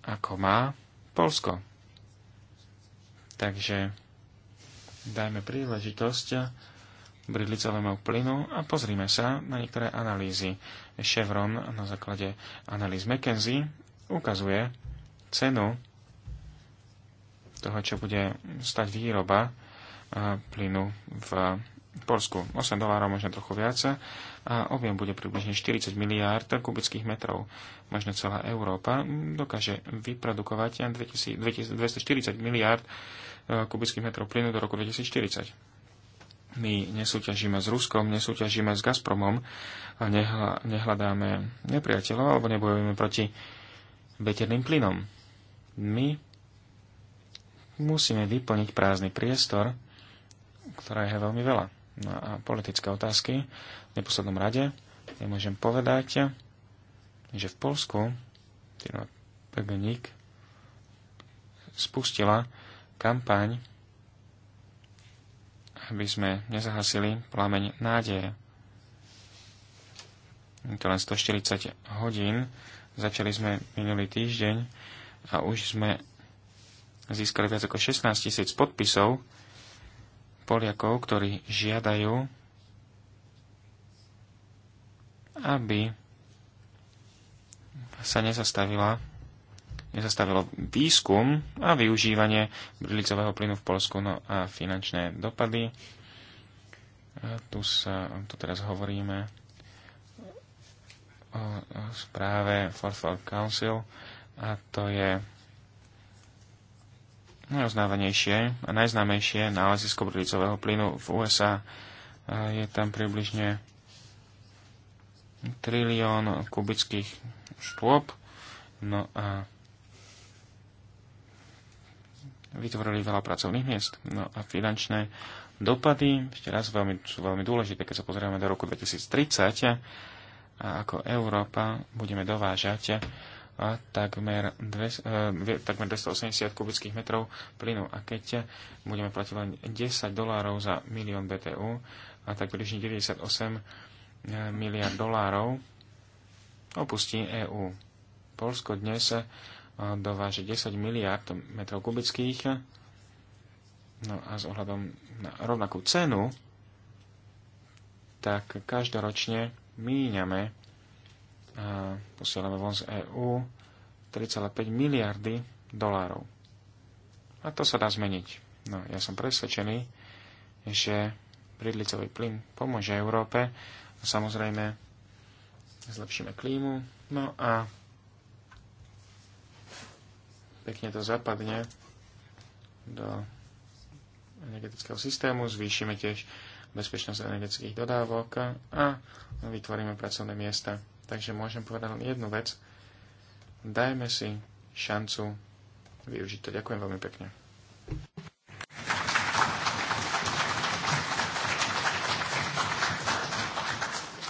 [SPEAKER 2] ako má Polsko. Takže dajme príležitosť bridlicovému plynu a pozrime sa na niektoré analýzy. Chevron na základe analýz McKenzie ukazuje cenu toho, čo bude stať výroba plynu v v Polsku 8 dolárov, možno trochu viac, a objem bude približne 40 miliárd kubických metrov. Možno celá Európa dokáže vyprodukovať 240 miliárd e, kubických metrov plynu do roku 2040. My nesúťažíme s Ruskom, nesúťažíme s Gazpromom, a nehľadáme nepriateľov alebo nebojujeme proti veterným plynom. My musíme vyplniť prázdny priestor, ktorá je veľmi veľa. No a politické otázky v neposlednom rade. Ja môžem povedať, že v Polsku Tino Pegeník spustila kampaň, aby sme nezahasili plameň nádeje. Je to len 140 hodín. Začali sme minulý týždeň a už sme získali viac ako 16 tisíc podpisov Poliakov, ktorí žiadajú, aby sa nezastavila nezastavilo výskum a využívanie brilicového plynu v Polsku, no a finančné dopady. A tu, sa, tu teraz hovoríme o, o správe Forfall Council a to je najoznávanejšie a najznámejšie nálezisko bridlicového plynu v USA. Je tam približne trilión kubických štôb. No a vytvorili veľa pracovných miest. No a finančné dopady, ešte raz veľmi, sú veľmi dôležité, keď sa pozrieme do roku 2030 a ako Európa budeme dovážať a takmer, e, dve, e, takmer 280 kubických metrov plynu. A keď budeme platiť len 10 dolárov za milión BTU, a tak približne 98 e, miliard dolárov opustí EÚ. Polsko dnes e, dováže 10 miliard metrov kubických no a s ohľadom na rovnakú cenu tak každoročne míňame E, posielame von z EÚ 3,5 miliardy dolárov. A to sa dá zmeniť. No, ja som presvedčený, že bridlicový plyn pomôže Európe a samozrejme zlepšíme klímu. No a pekne to zapadne do energetického systému, zvýšime tiež bezpečnosť energetických dodávok a vytvoríme pracovné miesta. Takže môžem povedať len jednu vec. Dajme si šancu využiť to. Ďakujem veľmi pekne.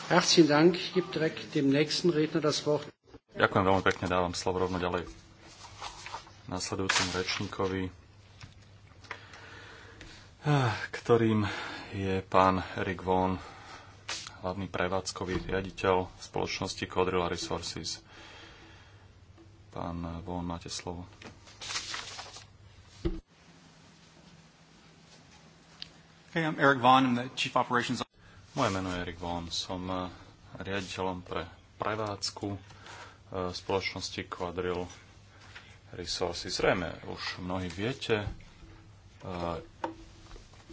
[SPEAKER 1] Herzlichen Dank. Ich gebe direkt dem nächsten Redner das Wort.
[SPEAKER 3] Ďakujem veľmi pekne, dávam slovo rovno ďalej nasledujúcim rečníkovi, ktorým je pán Erik Von hlavný prevádzkový riaditeľ spoločnosti Quadrilla Resources. Pán Von, máte slovo. Hey, I'm Eric Vaughn, I'm the Chief Operations Moje meno je Erik Von. som eh, riaditeľom pre prevádzku eh, spoločnosti Quadrill Resources. Zrejme už mnohí viete, eh,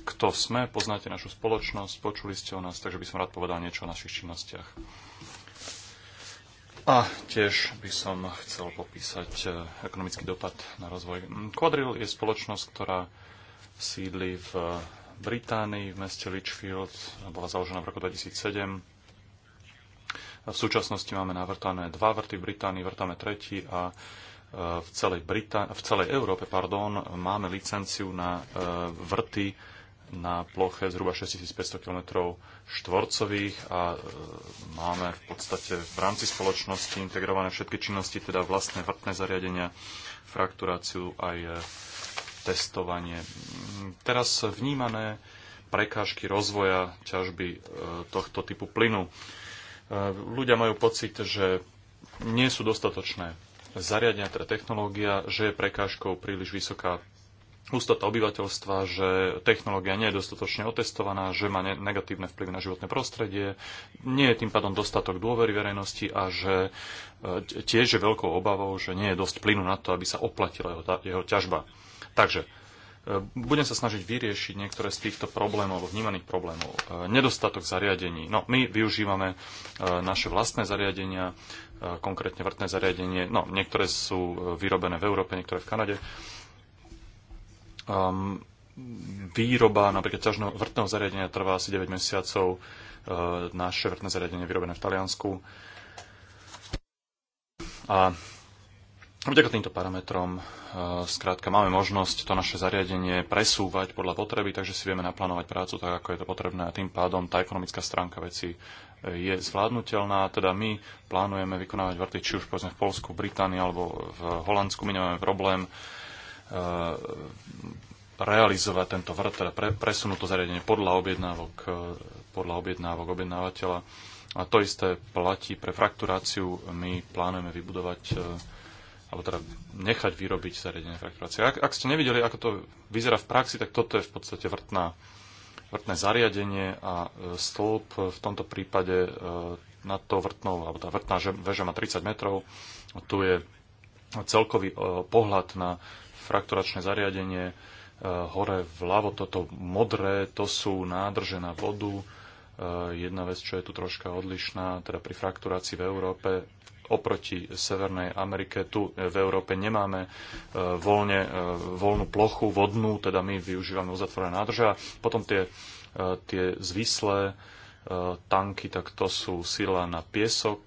[SPEAKER 3] kto sme, poznáte našu spoločnosť, počuli ste o nás, takže by som rád povedal niečo o našich činnostiach. A tiež by som chcel popísať e, ekonomický dopad na rozvoj. Mm, Quadril je spoločnosť, ktorá sídli v Británii, v meste Litchfield, bola založená v roku 2007. V súčasnosti máme navrtané dva vrty v Británii, vrtáme tretí a e, v celej, Brita- v celej Európe pardon, máme licenciu na e, vrty na ploche zhruba 6500 km štvorcových a e, máme v podstate v rámci spoločnosti integrované všetky činnosti, teda vlastné vrtné zariadenia, frakturáciu aj e, testovanie. Teraz vnímané prekážky rozvoja ťažby e, tohto typu plynu. Ľudia majú pocit, že nie sú dostatočné zariadenia, teda technológia, že je prekážkou príliš vysoká hustota obyvateľstva, že technológia nie je dostatočne otestovaná, že má negatívne vplyvy na životné prostredie, nie je tým pádom dostatok dôvery verejnosti a že e, tiež je veľkou obavou, že nie je dosť plynu na to, aby sa oplatila jeho, jeho ťažba. Takže e, budem sa snažiť vyriešiť niektoré z týchto problémov alebo vnímaných problémov. E, nedostatok zariadení. No, my využívame naše vlastné zariadenia, konkrétne vrtné zariadenie. No, niektoré sú vyrobené v Európe, niektoré v Kanade. Um, výroba napríklad ťažného vrtného zariadenia trvá asi 9 mesiacov. Uh, naše vrtné zariadenie je vyrobené v Taliansku. A vďaka týmto parametrom, uh, skrátka, máme možnosť to naše zariadenie presúvať podľa potreby, takže si vieme naplánovať prácu tak, ako je to potrebné a tým pádom tá ekonomická stránka veci e, je zvládnutelná. Teda my plánujeme vykonávať vrty či už povedzme v Polsku, Británii alebo v Holandsku. My nemáme problém Eh, realizovať tento vrt, teda pre, presunúť to zariadenie podľa objednávok, eh, podľa objednávok objednávateľa. A to isté platí pre frakturáciu. My plánujeme vybudovať eh, alebo teda nechať vyrobiť zariadenie frakturácie. Ak, ak ste nevideli, ako to vyzerá v praxi, tak toto je v podstate vrtná, vrtné zariadenie a stĺp v tomto prípade nad to vrtnou, alebo tá vrtná väža má 30 metrov. Tu je celkový pohľad na frakturačné zariadenie e, hore vľavo, toto modré, to sú nádrže na vodu. E, jedna vec, čo je tu troška odlišná, teda pri frakturácii v Európe, oproti Severnej Amerike, tu v Európe nemáme e, voľne, voľnú plochu vodnú, teda my využívame uzatvorené nádrže a potom tie, tie zvislé tanky, tak to sú sila na piesok,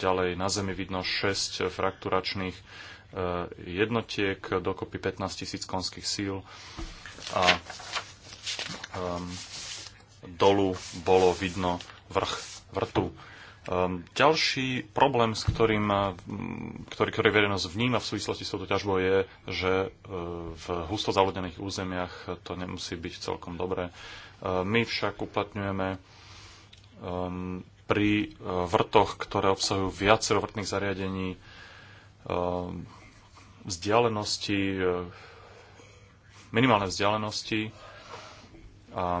[SPEAKER 3] ďalej na zemi vidno 6 frakturačných Eh, jednotiek, dokopy 15 tisíc konských síl a um, dolu bolo vidno vrch vrtu. Um, ďalší problém, s ktorým, mm, ktorý, ktorý verejnosť vníma v súvislosti s touto ťažbou, je, že eh, v husto zaludnených územiach to nemusí byť celkom dobré. Ehm, my však uplatňujeme um, pri eh, vrtoch, ktoré obsahujú viacero vrtných zariadení, um, vzdialenosti, e, minimálne vzdialenosti a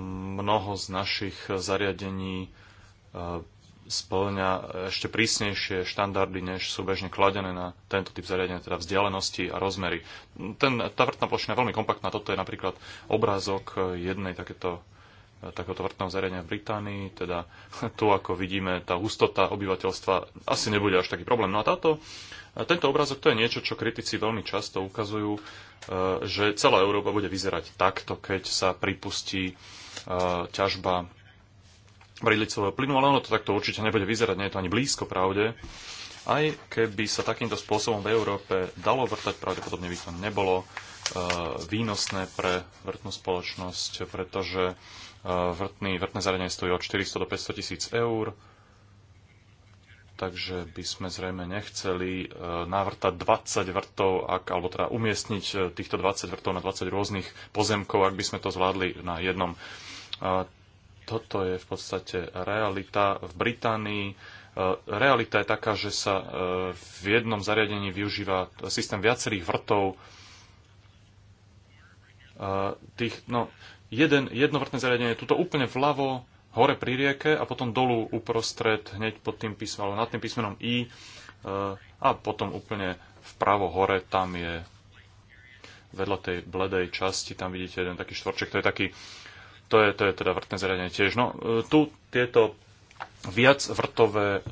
[SPEAKER 3] mnoho z našich zariadení e, splňa ešte prísnejšie štandardy, než sú bežne kladené na tento typ zariadenia, teda vzdialenosti a rozmery. Ten, tá vrtná plošina je veľmi kompaktná. Toto je napríklad obrázok jednej takéto takéhoto vrtného zariadenia v Británii, teda tu, ako vidíme, tá hustota obyvateľstva asi nebude až taký problém. No a táto, tento obrázok to je niečo, čo kritici veľmi často ukazujú, e, že celá Európa bude vyzerať takto, keď sa pripustí e, ťažba bridlicového plynu, ale ono to takto určite nebude vyzerať, nie je to ani blízko pravde. Aj keby sa takýmto spôsobom v Európe dalo vrtať, pravdepodobne by to nebolo e, výnosné pre vrtnú spoločnosť, pretože Vrtný, vrtné zariadenie stojí od 400 do 500 tisíc eur, takže by sme zrejme nechceli e, navrtať 20 vrtov, ak, alebo teda umiestniť e, týchto 20 vrtov na 20 rôznych pozemkov, ak by sme to zvládli na jednom. E, toto je v podstate realita v Británii. Realita je taká, že sa v jednom zariadení využíva systém viacerých vrtov, tých, no, jeden, jednovrtné zariadenie tuto úplne vľavo, hore pri rieke a potom dolu uprostred, hneď pod tým písmenom, nad tým písmenom I e, a potom úplne vpravo hore, tam je vedľa tej bledej časti, tam vidíte jeden taký štvorček, to je taký, to je, to je teda vrtné zariadenie tiež. No, e, tu tieto viac vrtové e,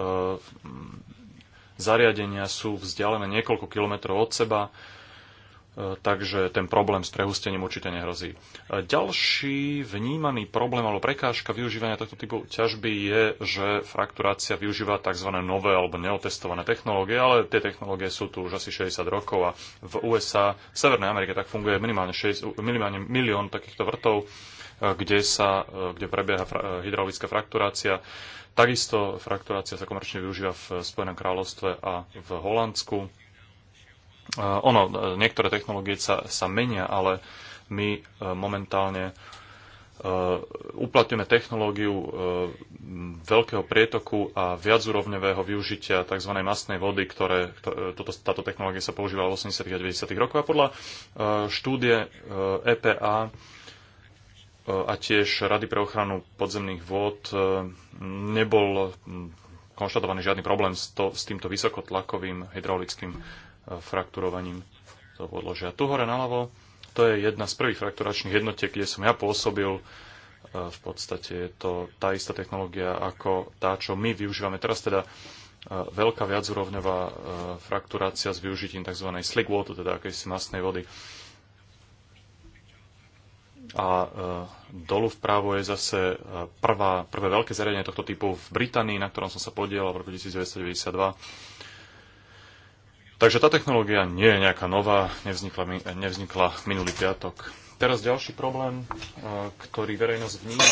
[SPEAKER 3] zariadenia sú vzdialené niekoľko kilometrov od seba takže ten problém s prehustením určite nehrozí. Ďalší vnímaný problém alebo prekážka využívania tohto typu ťažby je, že frakturácia využíva tzv. nové alebo neotestované technológie, ale tie technológie sú tu už asi 60 rokov a v USA, v Severnej Amerike tak funguje minimálne, 6, minimálne milión takýchto vrtov, kde, sa, kde prebieha hydraulická frakturácia. Takisto frakturácia sa komerčne využíva v Spojenom kráľovstve a v Holandsku ono, e, niektoré technológie sa, sa menia, ale my e, momentálne e, uplatňujeme technológiu veľkého prietoku a viacúrovňového využitia tzv. masnej vody, ktoré, toto, táto technológia sa používala v 80. a 90. rokoch. A podľa štúdie EPA a tiež Rady pre ochranu podzemných vôd nebol konštatovaný žiadny problém s, to, s týmto vysokotlakovým hydraulickým frakturovaním toho podložia. Tu hore naľavo, to je jedna z prvých frakturačných jednotiek, kde som ja pôsobil. E, v podstate je to tá istá technológia ako tá, čo my využívame teraz, teda e, veľká viacúrovňová e, frakturácia s využitím tzv. slick water, teda akejsi masnej vody. A dolu vpravo je zase prvá, prvé veľké zariadenie tohto typu v Británii, na ktorom som sa podielal v roku 1992 Takže tá technológia nie je nejaká nová, nevznikla, nevznikla minulý piatok. Teraz ďalší problém, e, ktorý verejnosť vníma,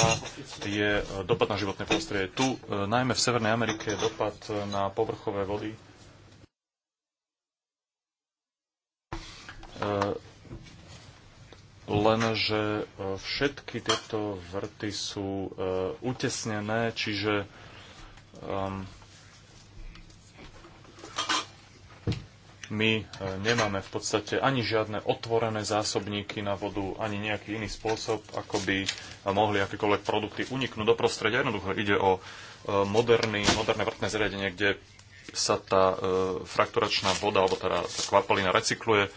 [SPEAKER 3] je e, dopad na životné prostredie. Tu, e, najmä v Severnej Amerike, je dopad na povrchové vody. Lenže všetky tieto vrty sú utesnené, čiže um, my e, nemáme v podstate ani žiadne otvorené zásobníky na vodu, ani nejaký iný spôsob, ako by e, mohli akékoľvek produkty uniknúť do prostredia. Jednoducho ide o e, moderný, moderné vrtné zariadenie, kde sa tá frakturačná voda, alebo teda tá kvapalina recykluje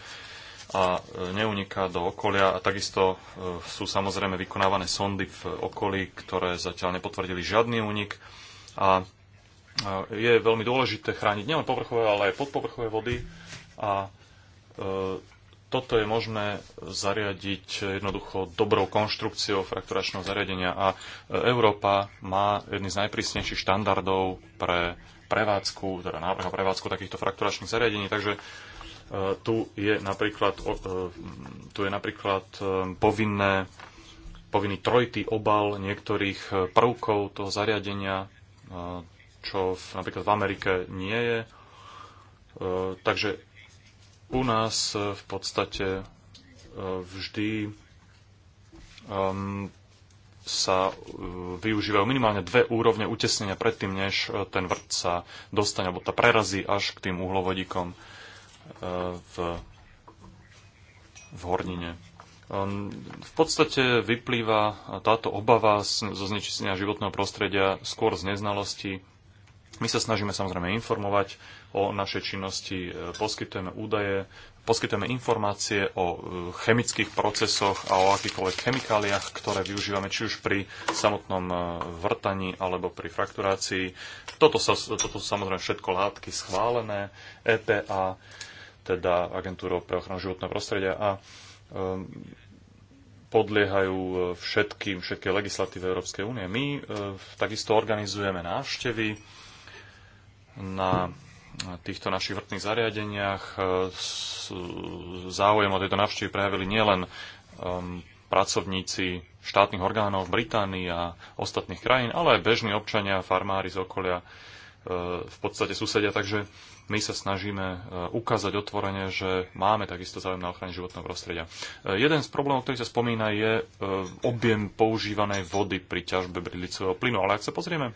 [SPEAKER 3] a neuniká do okolia. A takisto sú samozrejme vykonávané sondy v okolí, ktoré zatiaľ nepotvrdili žiadny únik. A je veľmi dôležité chrániť nielen povrchové, ale aj podpovrchové vody a e, toto je možné zariadiť jednoducho dobrou konštrukciou frakturačného zariadenia a e, Európa má jedný z najprísnejších štandardov pre prevádzku, teda návrh a prevádzku takýchto frakturačných zariadení, takže e, tu je napríklad, tu je napríklad povinné, povinný trojitý obal niektorých prvkov toho zariadenia, čo v, napríklad v Amerike nie je. E, takže u nás v podstate e, vždy sa e, využívajú minimálne dve úrovne utesnenia predtým, než ten vrt sa dostane, alebo tá prerazí až k tým uhlovodíkom v, v hornine. V podstate vyplýva táto obava zo znečistenia životného prostredia skôr z neznalosti my sa snažíme samozrejme informovať o našej činnosti, e, poskytujeme údaje, poskytujeme informácie o e, chemických procesoch a o akýchkoľvek chemikáliách, ktoré využívame či už pri samotnom e, vrtaní alebo pri frakturácii. Toto, sa, toto sú samozrejme všetko látky schválené EPA, teda Agentúrou pre ochranu životného prostredia a um, podliehajú všetkým, všetkej legislatíve Európskej únie. My e, takisto organizujeme návštevy na týchto našich vrtných zariadeniach. E, záujem o tejto návštevy prejavili nielen um, pracovníci štátnych orgánov v Británii a ostatných krajín, ale aj bežní občania, farmári z okolia, e, v podstate susedia. Takže my sa snažíme e, ukázať otvorene, že máme takisto záujem na ochrane životného prostredia. Jeden z problémov, ktorý sa spomína, je objem používanej vody pri ťažbe bridlicového plynu. Ale ak sa pozrieme,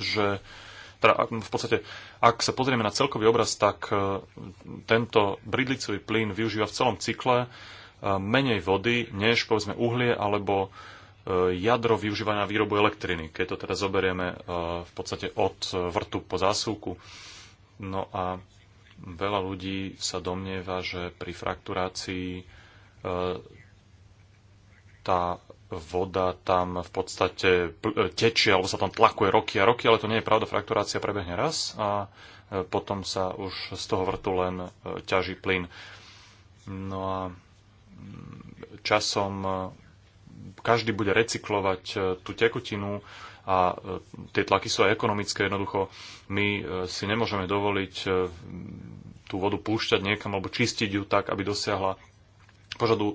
[SPEAKER 3] že teda v podstate, ak sa pozrieme na celkový obraz, tak e, tento bridlicový plyn využíva v celom cykle e, menej vody, než povedzme uhlie alebo e, jadro využíva na výrobu elektriny, keď to teda zoberieme v podstate od vrtu po zásuvku. No a veľa ľudí sa domnieva, že pri frakturácii tá voda tam v podstate e, tečie, alebo sa tam tlakuje roky a roky, ale to nie je pravda, frakturácia prebehne raz a e, potom sa už z toho vrtu len e, ťaží plyn. No a mm, časom každý bude recyklovať tú tekutinu a tie tlaky sú aj ekonomické. Jednoducho my si nemôžeme dovoliť tú vodu púšťať niekam alebo čistiť ju tak, aby dosiahla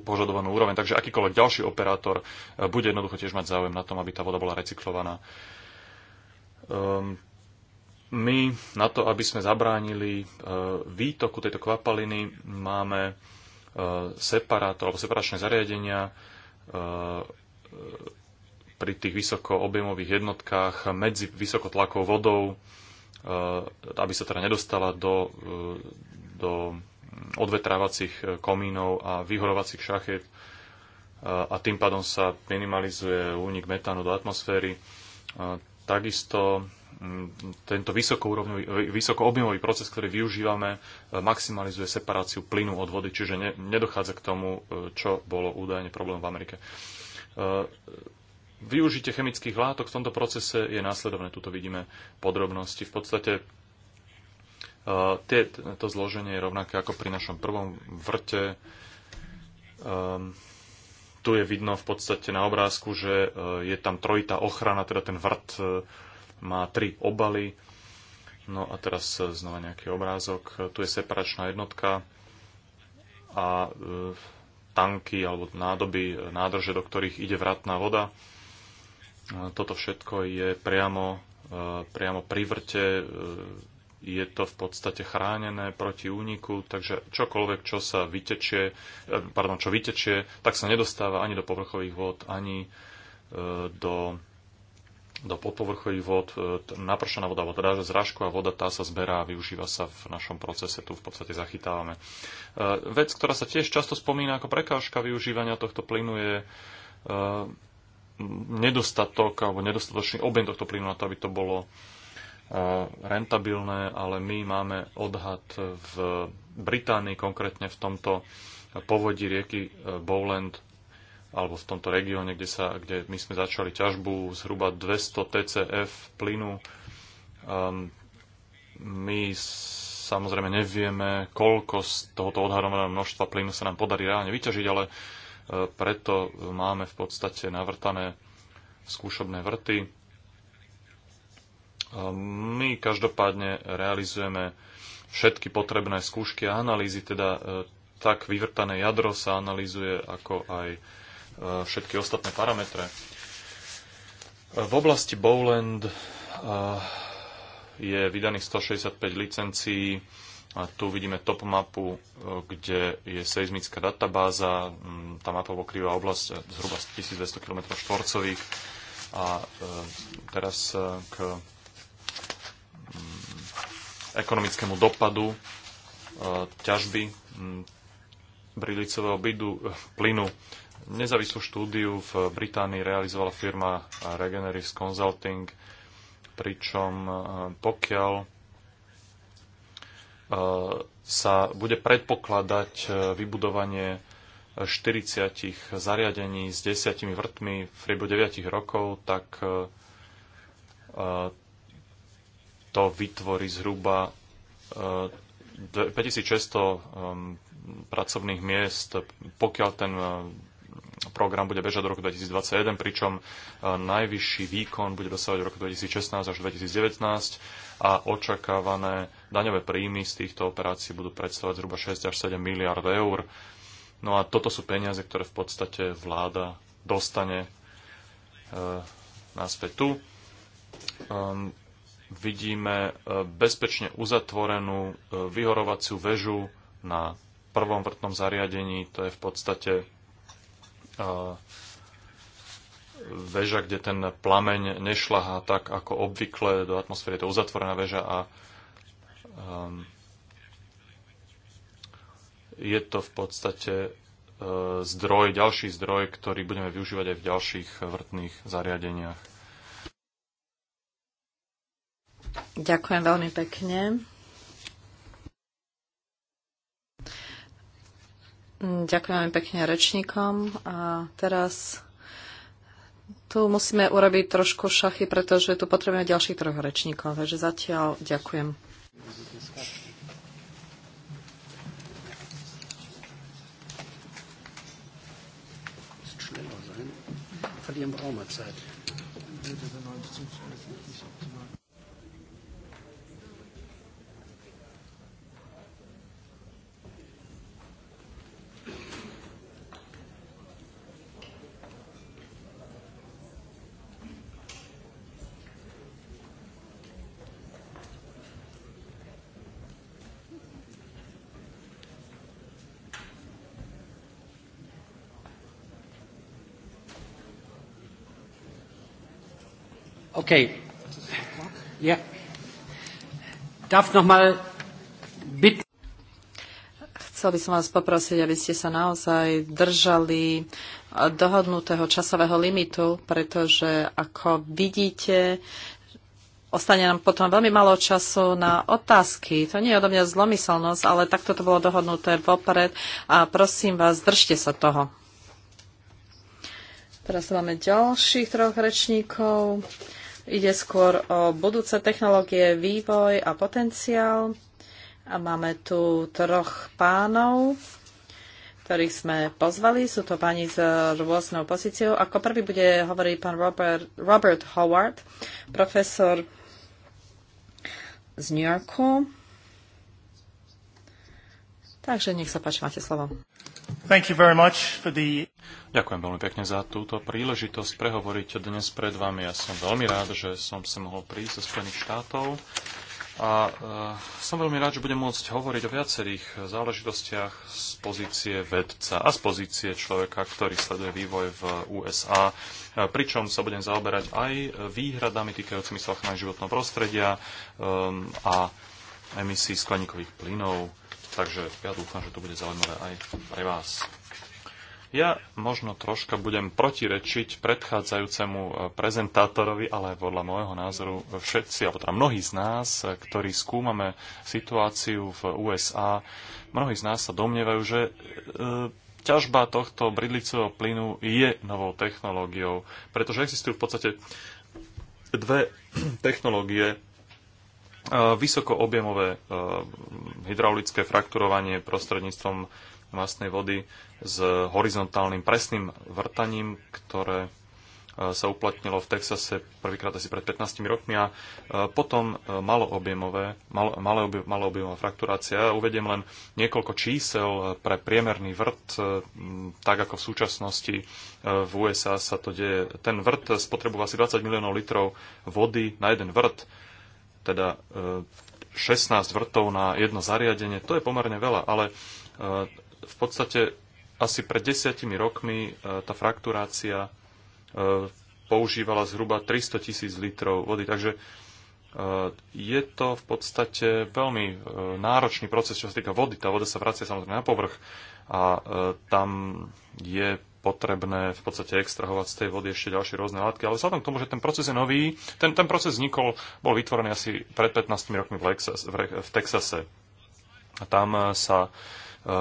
[SPEAKER 3] požadovanú úroveň. Takže akýkoľvek ďalší operátor e, bude jednoducho tiež mať záujem na tom, aby tá voda bola recyklovaná. Um, my na to, aby sme zabránili uh, výtoku tejto kvapaliny, máme uh, separátor alebo separačné zariadenia uh, pri tých vysokoobjemových jednotkách medzi vysokotlakou vodou, aby sa teda nedostala do, do odvetrávacích eh, komínov a vyhorovacích šachiet eh, a tým pádom sa minimalizuje únik metánu do atmosféry. Eh, takisto mm, tento vysokoobjemový proces, ktorý využívame, maximalizuje separáciu plynu od vody, čiže nedochádza k tomu, čo bolo údajne problém v Amerike. Využitie chemických látok v tomto procese je následovné. Tuto vidíme podrobnosti. V podstate to zloženie je rovnaké ako pri našom prvom vrte. tu je vidno v podstate na obrázku, že je tam trojitá ochrana, teda ten vrt má tri obaly. No a teraz znova nejaký obrázok. Tu je separačná jednotka a tanky alebo nádoby, nádrže, do ktorých ide vratná voda. Toto všetko je priamo, priamo pri vrte je to v podstate chránené proti úniku, takže čokoľvek, čo sa vytečie, eh, pardon, čo vytečie, tak sa nedostáva ani do povrchových vôd, ani eh, do, do podpovrchových vôd. Eh, Napršená voda, voda dáže z a voda tá sa zberá a využíva sa v našom procese, tu v podstate zachytávame. Vec, ktorá sa tiež často spomína ako prekážka využívania tohto plynu je nedostatok alebo nedostatočný objem tohto plynu na to, aby to bolo Eh, rentabilné, ale my máme odhad v Británii, konkrétne v tomto povodí rieky eh, Bowland, alebo v tomto regióne, kde, sa, kde my sme začali ťažbu, zhruba 200 TCF plynu. Um, my samozrejme nevieme, koľko z tohoto odhadovaného množstva plynu sa nám podarí reálne vyťažiť, ale eh, preto máme v podstate navrtané skúšobné vrty my každopádne realizujeme všetky potrebné skúšky a analýzy, teda e, tak vyvrtané jadro sa analýzuje, ako aj e, všetky ostatné parametre. E, v oblasti Bowland je vydaných 165 licencií. A tu vidíme top mapu, kde je seismická databáza. Mm, tá mapa pokrýva oblasť zhruba 1200 km štvorcových. A teraz k ekonomickému dopadu e, ťažby brilicového bydu, e, plynu. Nezávislú štúdiu v Británii realizovala firma Regeneris Consulting, pričom e, pokiaľ sa bude predpokladať vybudovanie 40 zariadení s 10 vrtmi v priebehu 9 rokov, tak to vytvorí zhruba 5600 e, pracovných miest, pokiaľ ten e, program bude bežať do roku 2021, pričom e, najvyšší výkon bude dosahovať v roku 2016 až 2019 a očakávané daňové príjmy z týchto operácií budú predstavovať zhruba 6 až 7 miliard eur. No a toto sú peniaze, ktoré v podstate vláda dostane e, tu vidíme e, bezpečne uzatvorenú e, vyhorovaciu väžu na prvom vrtnom zariadení. To je v podstate e, väža, kde ten plameň nešľahá tak ako obvykle do atmosféry. Je to uzatvorená väža a ehm, je to v podstate zdroj, ďalší zdroj, ktorý budeme využívať aj v ďalších vrtných zariadeniach.
[SPEAKER 1] Ďakujem veľmi pekne. Ďakujem veľmi pekne rečníkom. A teraz tu musíme urobiť trošku šachy, pretože tu potrebujeme ďalších troch rečníkov. Takže zatiaľ ďakujem. Verlieren wir auch mal Zeit. Okay. Ja. Darf noch mal bitten. Chcel by som vás poprosiť, aby ste sa naozaj držali dohodnutého časového limitu, pretože ako vidíte, ostane nám potom veľmi malo času na otázky. To nie je odo mňa zlomyselnosť, ale takto to bolo dohodnuté vopred a prosím vás, držte sa toho. Teraz máme ďalších troch rečníkov. Ide skôr o budúce technológie, vývoj a potenciál. A máme tu troch pánov, ktorých sme pozvali. Sú to páni s rôznou pozíciou. Ako prvý bude hovoriť pán Robert, Robert Howard, profesor z New Yorku. Takže nech sa páči, máte slovo.
[SPEAKER 3] The... Ďakujem veľmi pekne za túto príležitosť prehovoriť dnes pred vami. Ja som veľmi rád, že som sa mohol prísť zo Spojených štátov a uh, som veľmi rád, že budem môcť hovoriť o viacerých záležitostiach z pozície vedca a z pozície človeka, ktorý sleduje vývoj v USA, e, pričom sa budem zaoberať aj výhradami týkajúcimi sa ochrany životného prostredia um, a emisí skleníkových plynov Takže ja dúfam, že to bude zaujímavé aj pre vás. Ja možno troška budem protirečiť predchádzajúcemu e, prezentátorovi, ale podľa môjho názoru všetci, alebo teda mnohí z nás, e, ktorí skúmame situáciu v USA, mnohí z nás sa domnievajú, že e, ťažba tohto bridlicového plynu je novou technológiou, pretože existujú v podstate dve technológie E, vysokoobjemové e, hydraulické frakturovanie prostredníctvom vlastnej vody s horizontálnym presným vrtaním, ktoré e, sa uplatnilo v Texase prvýkrát asi pred 15 rokmi a potom maloobjemové, mal, maloobjemová frakturácia. Ja uvediem len niekoľko čísel pre priemerný vrt, tak ako v súčasnosti v USA sa to deje. Ten vrt spotrebuje asi 20 miliónov litrov vody na jeden vrt teda 16 e, vrtov na jedno zariadenie, to je pomerne veľa, ale e, v podstate asi pred desiatimi rokmi e, tá frakturácia používala zhruba 300 tisíc litrov vody, takže je to v podstate veľmi náročný proces, čo sa týka vody. Tá voda sa vracia samozrejme na povrch a tam je potrebné v podstate extrahovať z tej vody ešte ďalšie rôzne látky. Ale vzhľadom k tomu, že ten proces je nový, ten, ten proces vznikol, bol vytvorený asi pred 15 rokmi v, Lexas, v, v Texase. A tam e, sa e,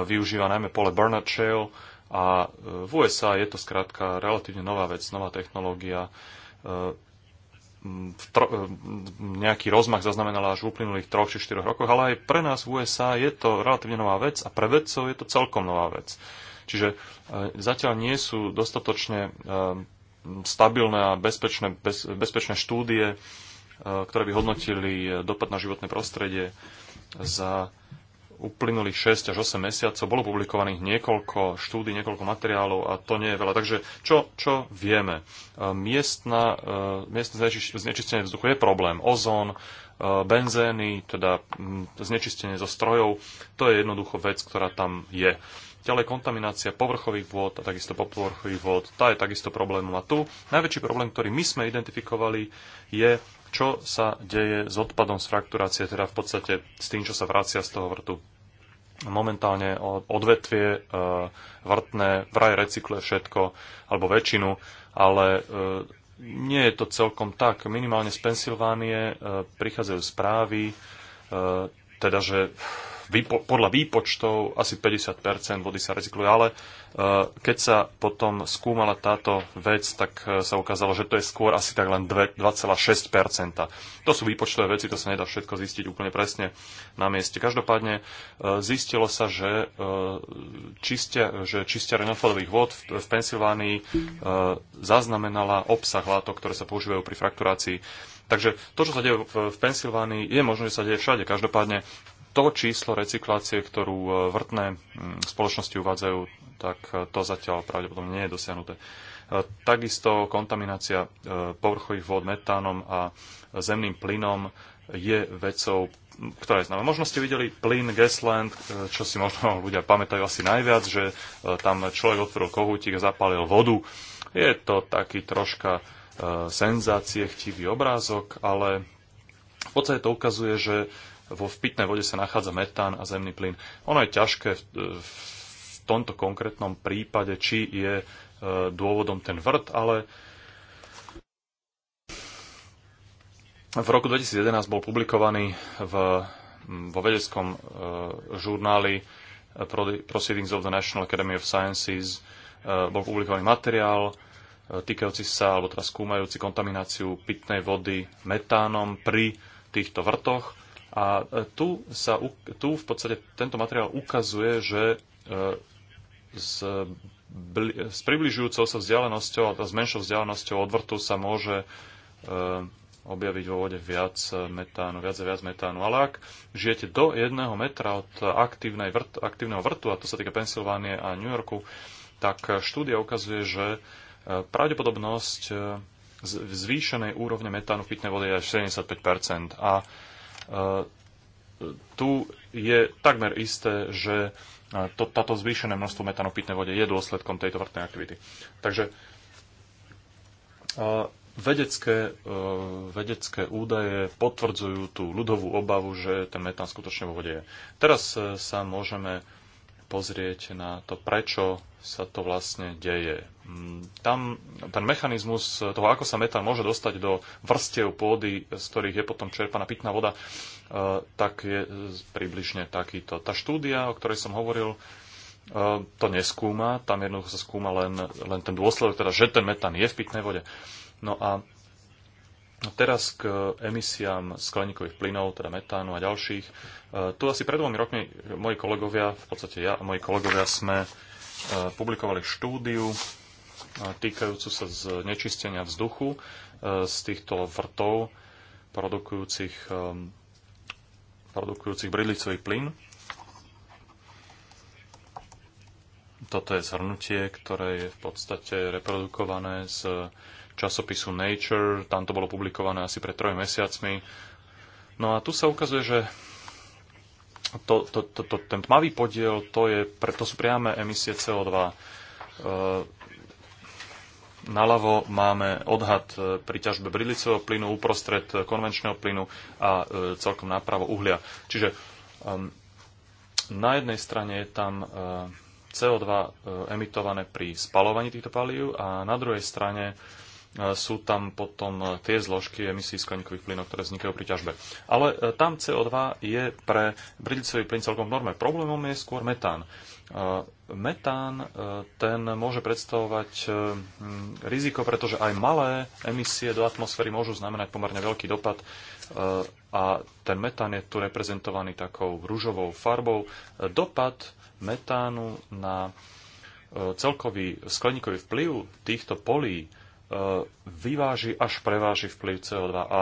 [SPEAKER 3] využíva najmä pole Bernard Shale a e, v USA je to skrátka relatívne nová vec, nová technológia. Tro, nejaký rozmach zaznamenala až v uplynulých 3 či 4 rokoch, ale aj pre nás v USA je to relatívne nová vec a pre vedcov je to celkom nová vec. Čiže e, zatiaľ nie sú dostatočne e, stabilné a bezpečné, bez, bezpečné štúdie, e, ktoré by hodnotili dopad na životné prostredie za uplynulých 6 až 8 mesiacov. Bolo publikovaných niekoľko štúdí, niekoľko materiálov a to nie je veľa. Takže čo, čo vieme? Miestna, miestne znečistenie vzduchu je problém. Ozón, benzény, teda znečistenie zo strojov, to je jednoducho vec, ktorá tam je. Ďalej kontaminácia povrchových vôd a takisto popovrchových vôd, tá je takisto problémom. A tu najväčší problém, ktorý my sme identifikovali, je, čo sa deje s odpadom z frakturácie, teda v podstate s tým, čo sa vracia z toho vrtu. Momentálne odvetvie e, vrtné vraj recykluje všetko, alebo väčšinu, ale e, nie je to celkom tak. Minimálne z Pensylvánie e, prichádzajú správy, teda že výpo, podľa výpočtov asi 50 vody sa recykluje, ale e, keď sa potom skúmala táto vec, tak e, sa ukázalo, že to je skôr asi tak len 2,6 To sú výpočtové veci, to sa nedá všetko zistiť úplne presne na mieste. Každopádne e, zistilo sa, že, čistia, že čistiare neodpadových vod v, v Pensylvánii zaznamenala obsah látok, ktoré sa používajú pri frakturácii Takže to, čo sa deje v Pensylvánii, je možné, že sa deje všade. Každopádne to číslo recyklácie, ktorú e, vrtné spoločnosti uvádzajú, tak e, to zatiaľ pravdepodobne nie je dosiahnuté. E, takisto kontaminácia povrchových vôd metánom a zemným plynom je vecou, ktorá je známa. Možno ste videli plyn Gasland, čo si možno ľudia pamätajú asi najviac, že tam človek otvoril kohútik a zapálil vodu. Je to taký troška senzácie, chtivý obrázok, ale v podstate to ukazuje, že vo v pitnej vode sa nachádza metán a zemný plyn. Ono je ťažké v, v tomto konkrétnom prípade, či je e, dôvodom ten vrt, ale v roku 2011 bol publikovaný v, vo vedeckom e, žurnáli e, Proceedings of the National Academy of Sciences bol publikovaný materiál týkajúci sa, alebo teraz skúmajúci kontamináciu pitnej vody metánom pri týchto vrtoch. A e, tu, sa, tu v podstate tento materiál ukazuje, že e, s, s približujúcou sa vzdialenosťou a s menšou vzdialenosťou od vrtu sa môže e, objaviť vo vode viac metánu, viac a viac metánu. Ale ak žijete do jedného metra od vrt, aktívneho vrtu, a to sa týka Pensylvánie a New Yorku, tak štúdia ukazuje, že pravdepodobnosť zvýšenej úrovne metánu v pitnej vode je až 75 A E, tu je takmer isté, že e, to, táto zvýšené množstvo metánu v pitnej vode je dôsledkom tejto vrtnej aktivity. Takže e, vedecké, vedecké údaje potvrdzujú tú ľudovú obavu, že ten metán skutočne vo vode je. Teraz sa môžeme pozrieť na to, prečo sa to vlastne deje. Mm, tam ten mechanizmus toho, ako sa metán môže dostať do vrstev pôdy, z ktorých je potom čerpaná pitná voda, e, tak je približne takýto. Tá štúdia, o ktorej som hovoril, e, to neskúma, tam jednoducho sa skúma len, len ten dôsledok, teda, že ten metán je v pitnej vode. No a teraz k emisiám skleníkových plynov, teda metánu a ďalších. E, tu asi pred dvomi rokmi moji kolegovia, v podstate ja a moji kolegovia sme publikovali štúdiu, týkajúcu sa znečistenia vzduchu e, z týchto vrtov produkujúcich, e, produkujúcich bridlicový plyn. Toto je zhrnutie, ktoré je v podstate reprodukované z časopisu Nature. Tam to bolo publikované asi pred trojmi mesiacmi. No a tu sa ukazuje, že to, to, to, to, ten tmavý podiel, to, je, to sú priame emisie CO2. Naľavo máme odhad e, pri ťažbe brilicového plynu, uprostred konvenčného plynu a e, celkom nápravo uhlia. Čiže na jednej strane je tam e, CO2 emitované pri spalovaní týchto palív a na druhej strane sú tam potom tie zložky emisí skleníkových plynov, ktoré vznikajú pri ťažbe. Ale tam CO2 je pre brilicový plyn celkom norme. Problémom je skôr metán. Metán e, ten môže predstavovať e, riziko, pretože aj malé emisie do atmosféry môžu znamenať pomerne veľký dopad e, a ten metán je tu reprezentovaný takou rúžovou farbou. Dopad metánu na celkový skleníkový vplyv týchto polí vyváži až preváži vplyv CO2. A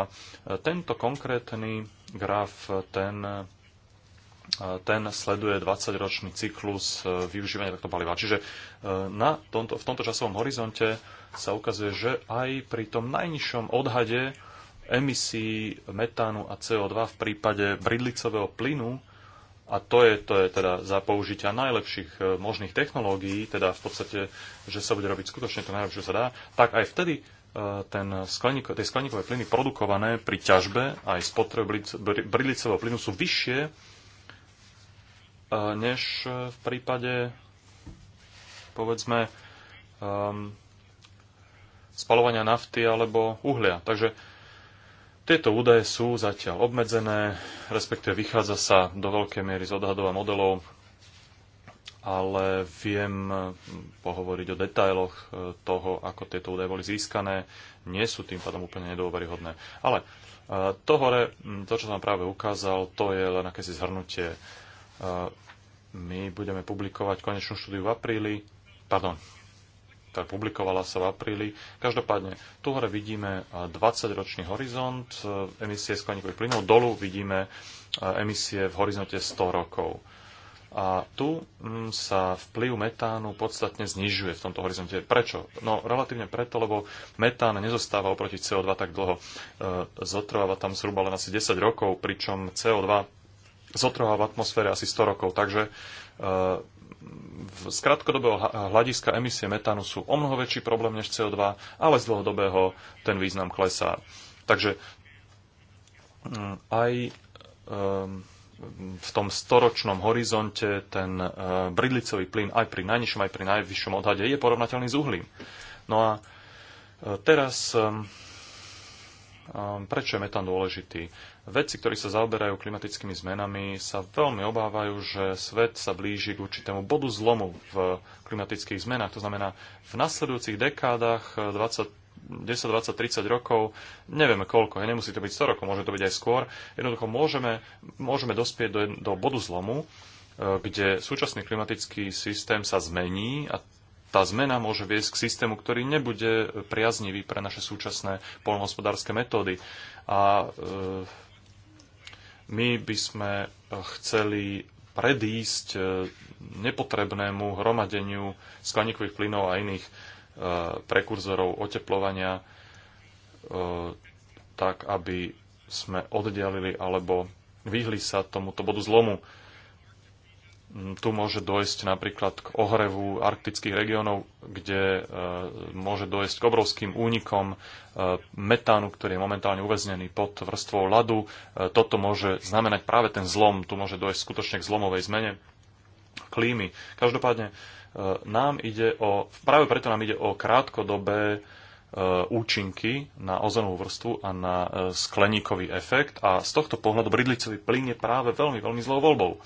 [SPEAKER 3] tento konkrétny graf, ten ten sleduje 20-ročný cyklus e, využívania takto paliva. Čiže e, na tomto, v tomto časovom horizonte sa ukazuje, že aj pri tom najnižšom odhade emisí metánu a CO2 v prípade bridlicového plynu, a to je, to je teda za použitia najlepších e, možných technológií, teda v podstate, že sa bude robiť skutočne to najlepšie, čo sa dá, tak aj vtedy ten skleníko, tie skleníkové plyny produkované pri ťažbe aj spotrebe bridlicového plynu sú vyššie než e, v prípade, povedzme, um, spalovania nafty alebo uhlia. Takže tieto údaje sú zatiaľ obmedzené, respektíve vychádza sa do veľkej miery z odhadov a modelov, ale viem e, pohovoriť o detailoch e, toho, ako tieto údaje boli získané. Nie sú tým pádom úplne nedôveryhodné. Ale to hore, to, čo som práve ukázal, to je len akési zhrnutie my budeme publikovať konečnú štúdiu v apríli, pardon, tá teda publikovala sa v apríli. Každopádne, tu hore vidíme 20-ročný horizont e, emisie skleníkových plynov, dolu vidíme e, emisie v horizonte 100 rokov. A tu mm, sa vplyv metánu podstatne znižuje v tomto horizonte. Prečo? No relatívne preto, lebo metán nezostáva oproti CO2 tak dlho. E, zotrváva tam zhruba len asi 10 rokov, pričom CO2 zotrvá v atmosfére asi 100 rokov. Takže e, z krátkodobého hľadiska emisie metánu sú o mnoho väčší problém než CO2, ale z dlhodobého ten význam klesá. Takže mm, aj e, v tom storočnom horizonte ten e, bridlicový plyn aj pri najnižšom, aj pri najvyššom odhade je porovnateľný s uhlím. No a teraz Um, prečo je metán dôležitý? Vedci, ktorí sa zaoberajú klimatickými zmenami, sa veľmi obávajú, že svet sa blíži k určitému bodu zlomu v klimatických zmenách. To znamená, v nasledujúcich dekádach 20, 10, 20, 30 rokov, nevieme koľko, je, nemusí to byť 100 rokov, môže to byť aj skôr. Jednoducho môžeme, môžeme dospieť do, do bodu zlomu, eh, kde súčasný klimatický systém sa zmení a tá zmena môže viesť k systému, ktorý nebude priaznivý pre naše súčasné polnohospodárske metódy. A e, my by sme chceli predísť e, nepotrebnému hromadeniu skleníkových plynov a iných e, prekurzorov oteplovania tak, aby sme oddialili alebo vyhli sa tomuto bodu zlomu Mm, tu môže dojsť napríklad k ohrevu arktických regiónov, kde e, môže dojsť k obrovským únikom e, metánu, ktorý je momentálne uväznený pod vrstvou ľadu. E, toto môže znamenať práve ten zlom, tu môže dojsť skutočne k zlomovej zmene klímy. Každopádne nám ide o, práve preto nám ide o krátkodobé účinky na ozonovú vrstvu a na skleníkový efekt a z tohto pohľadu bridlicový plyn je práve veľmi, veľmi zlou voľbou.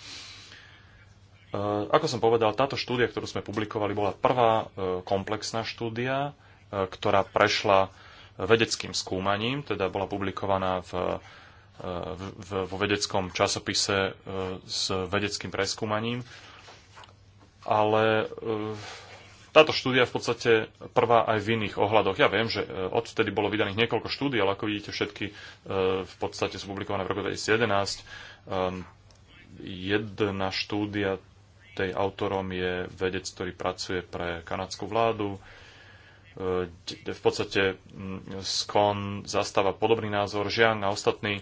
[SPEAKER 3] Eh, ako som povedal, táto štúdia, ktorú sme publikovali, bola prvá eh, komplexná štúdia, eh, ktorá prešla vedeckým skúmaním, teda bola publikovaná v, v, vo vedeckom časopise s vedeckým preskúmaním. Ale táto štúdia v podstate prvá aj v iných ohľadoch. Ja viem, že odvtedy bolo vydaných niekoľko štúdí, ale ako vidíte, všetky v podstate sú publikované v roku 2011. Ehm, jedna štúdia tej autorom je vedec, ktorý pracuje pre kanadskú vládu. E, v podstate Skon zastáva podobný názor, Žiang a ostatní e,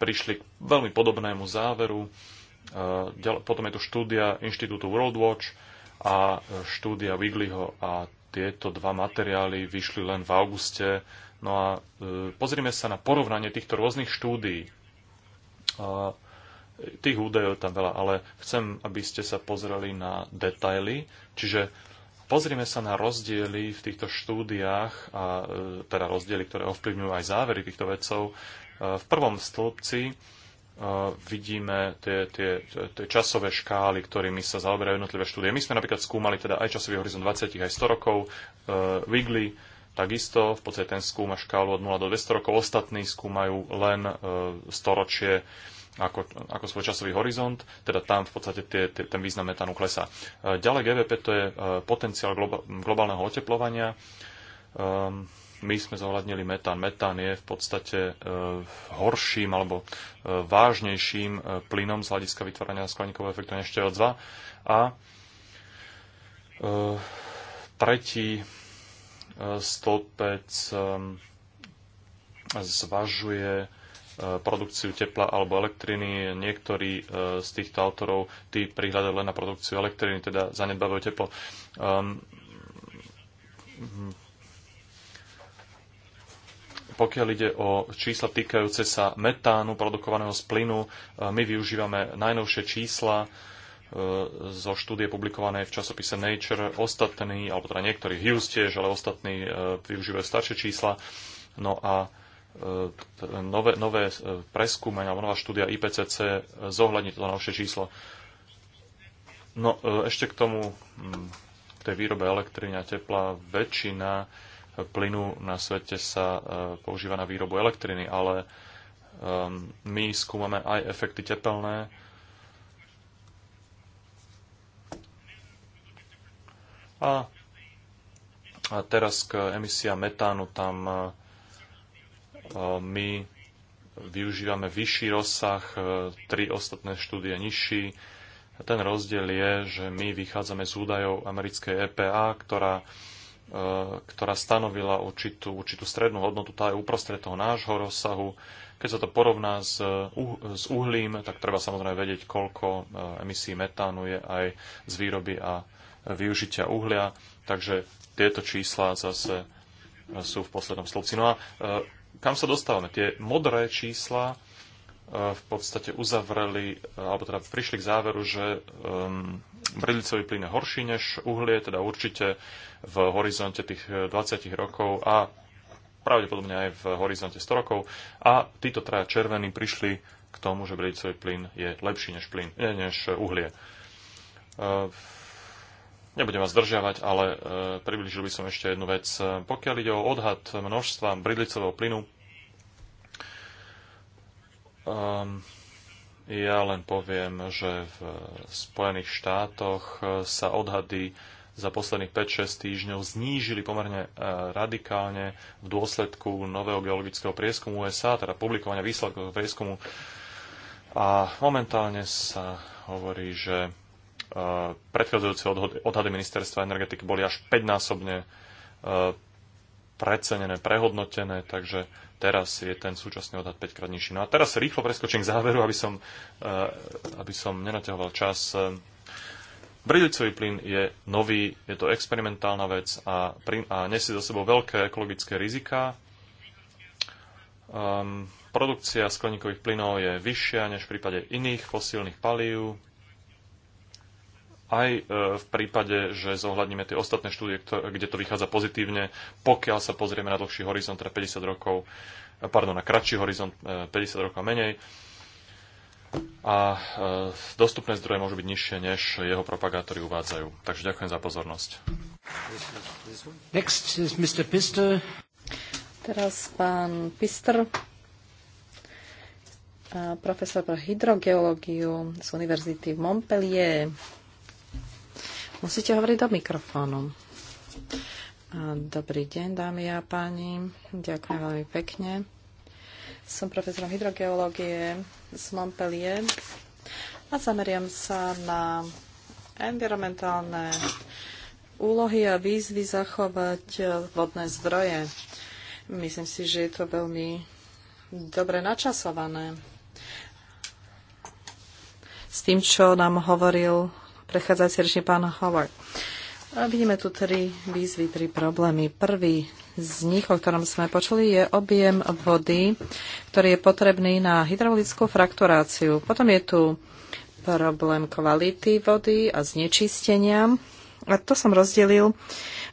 [SPEAKER 3] prišli k veľmi podobnému záveru. E, potom je tu štúdia Inštitútu World Watch a štúdia Wigliho, a tieto dva materiály vyšli len v auguste. No a pozrime sa na porovnanie týchto rôznych štúdií tých údajov tam veľa, ale chcem, aby ste sa pozreli na detaily. Čiže pozrime sa na rozdiely v týchto štúdiách, a, e, teda rozdiely, ktoré ovplyvňujú aj závery týchto vedcov. E, v prvom stĺpci e, vidíme tie, tie, tie časové škály, ktorými sa zaoberajú jednotlivé štúdie. My sme napríklad skúmali teda aj časový horizont 20, aj 100 rokov. Wigley takisto, v podstate ten skúma škálu od 0 do 200 rokov, ostatní skúmajú len storočie ako, ako svoj časový horizont, teda tam v podstate tie, tie, ten význam metánu klesá. E, ďalej GVP to je e, potenciál globa, globálneho oteplovania. Um, my sme zohľadnili metán. Metán je v podstate e, horším alebo vážnejším plynom z hľadiska vytvárania skleníkového efektu než CO2. A tretí stĺpec zvažuje Eh, produkciu tepla alebo elektriny. Niektorí eh, z týchto autorov tí prihľadajú len na produkciu elektriny, teda zanedbávajú teplo. Um, pokiaľ ide o čísla týkajúce sa metánu produkovaného z plynu, eh, my využívame najnovšie čísla zo štúdie publikované v časopise Nature. Ostatní, alebo teda niektorí Hughes tiež, ale ostatní využívajú staršie čísla. No a E, nové, nové e, preskúmenie alebo nová štúdia IPCC e, zohľadní toto novšie číslo. No ešte k tomu, k tej výrobe elektriny a tepla, väčšina plynu na svete sa používa na výrobu elektriny, ale my skúmame aj efekty tepelné, A, a teraz k emisia metánu tam my využívame vyšší rozsah, e, tri ostatné štúdie nižší. Ten rozdiel je, že my vychádzame z údajov americkej EPA, ktorá, e, ktorá stanovila určitú, určitú strednú hodnotu, tá je uprostred toho nášho rozsahu. Keď sa to porovná s, e, s uhlím, tak treba samozrejme vedieť, koľko emisí metánu je aj z výroby a využitia uhlia. Takže tieto čísla zase sú v poslednom slovci. No a kam sa dostávame? Tie modré čísla e, v podstate uzavreli, e, alebo teda prišli k záveru, že um, bridlicový plyn je horší než uhlie, teda určite v horizonte tých 20 e, rokov a pravdepodobne aj v horizonte 100 rokov. A títo traja červení prišli k tomu, že bridlicový plyn je lepší než, plyn, než uhlie. Uh, Nebudem vás zdržiavať, ale e, priblížil by som ešte jednu vec. Pokiaľ ide o odhad množstva bridlicového plynu, um, ja len poviem, že v Spojených štátoch sa odhady za posledných 5-6 týždňov znížili pomerne e, radikálne v dôsledku nového geologického prieskumu USA, teda publikovania výsledkov prieskumu. A momentálne sa hovorí, že Eh, predchádzajúce odhady ministerstva energetiky boli až 5-násobne eh, precenené, prehodnotené, takže teraz je ten súčasný odhad 5 krát nižší. No a teraz rýchlo preskočím k záveru, aby som, eh, aby som nenaťahoval čas. Bridlicový plyn je nový, je to experimentálna vec a, a nesie za sebou veľké ekologické rizika. Um, produkcia skleníkových plynov je vyššia než v prípade iných fosílnych palív, aj e, v prípade, že zohľadníme tie ostatné štúdie, kde to vychádza pozitívne, pokiaľ sa pozrieme na dlhší horizont, teda 50 rokov, e, pardon, na kratší horizont 50 e, rokov a menej, a dostupné zdroje môžu byť nižšie, než jeho propagátori uvádzajú. Takže ďakujem za pozornosť.
[SPEAKER 1] Next is Mr. Pister. Teraz pán Pister, profesor pro hydrogeológiu z Univerzity v Montpellier. Musíte hovoriť do mikrofónu. Dobrý deň, dámy a páni. Ďakujem veľmi pekne. Som profesorom hydrogeológie z Montpellier a zameriam sa na environmentálne úlohy a výzvy zachovať vodné zdroje. Myslím si, že je to veľmi dobre načasované s tým, čo nám hovoril Prechádza srdečne pán Howard. Vidíme tu tri výzvy, tri problémy. Prvý z nich, o ktorom sme počuli, je objem vody, ktorý je potrebný na hydraulickú frakturáciu. Potom je tu problém kvality vody a znečistenia. A to som rozdelil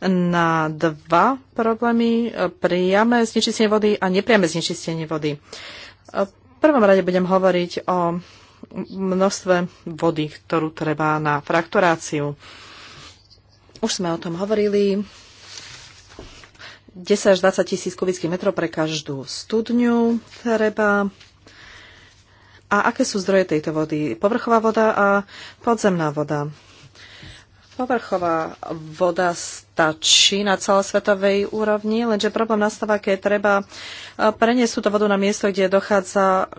[SPEAKER 1] na dva problémy. Priame znečistenie vody a nepriame znečistenie vody. V prvom rade budem hovoriť o množstve vody, ktorú treba na frakturáciu. Už sme o tom hovorili. 10 až 20 tisíc kubických metrov pre každú studňu treba. A aké sú zdroje tejto vody? Povrchová voda a podzemná voda. Povrchová voda stačí na celosvetovej úrovni, lenže problém nastáva, keď treba eh, preniesť túto vodu na miesto, kde dochádza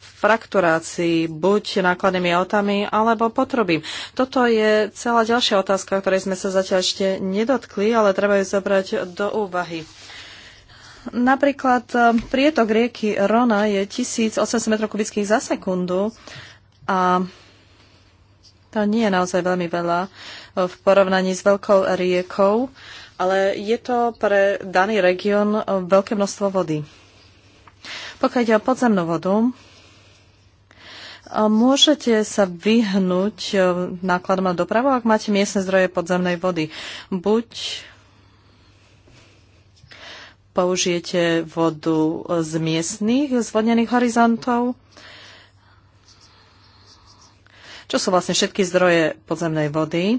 [SPEAKER 1] frakturácii buď nákladnými autami alebo potrubím. Toto je celá ďalšia otázka, ktorej sme sa zatiaľ ešte nedotkli, ale treba ju zobrať do úvahy. Napríklad eh, prietok rieky Rona je 1800 m kubických za sekundu a to nie je naozaj veľmi veľa eh, v porovnaní s veľkou riekou, ale je to pre daný región eh, veľké množstvo vody. Pokiaľ ide o podzemnú vodu, Môžete sa vyhnúť e, nákladom na dopravu, ak máte miestne zdroje podzemnej vody. Buď použijete vodu z miestných zvodnených horizontov, čo sú vlastne všetky zdroje podzemnej vody,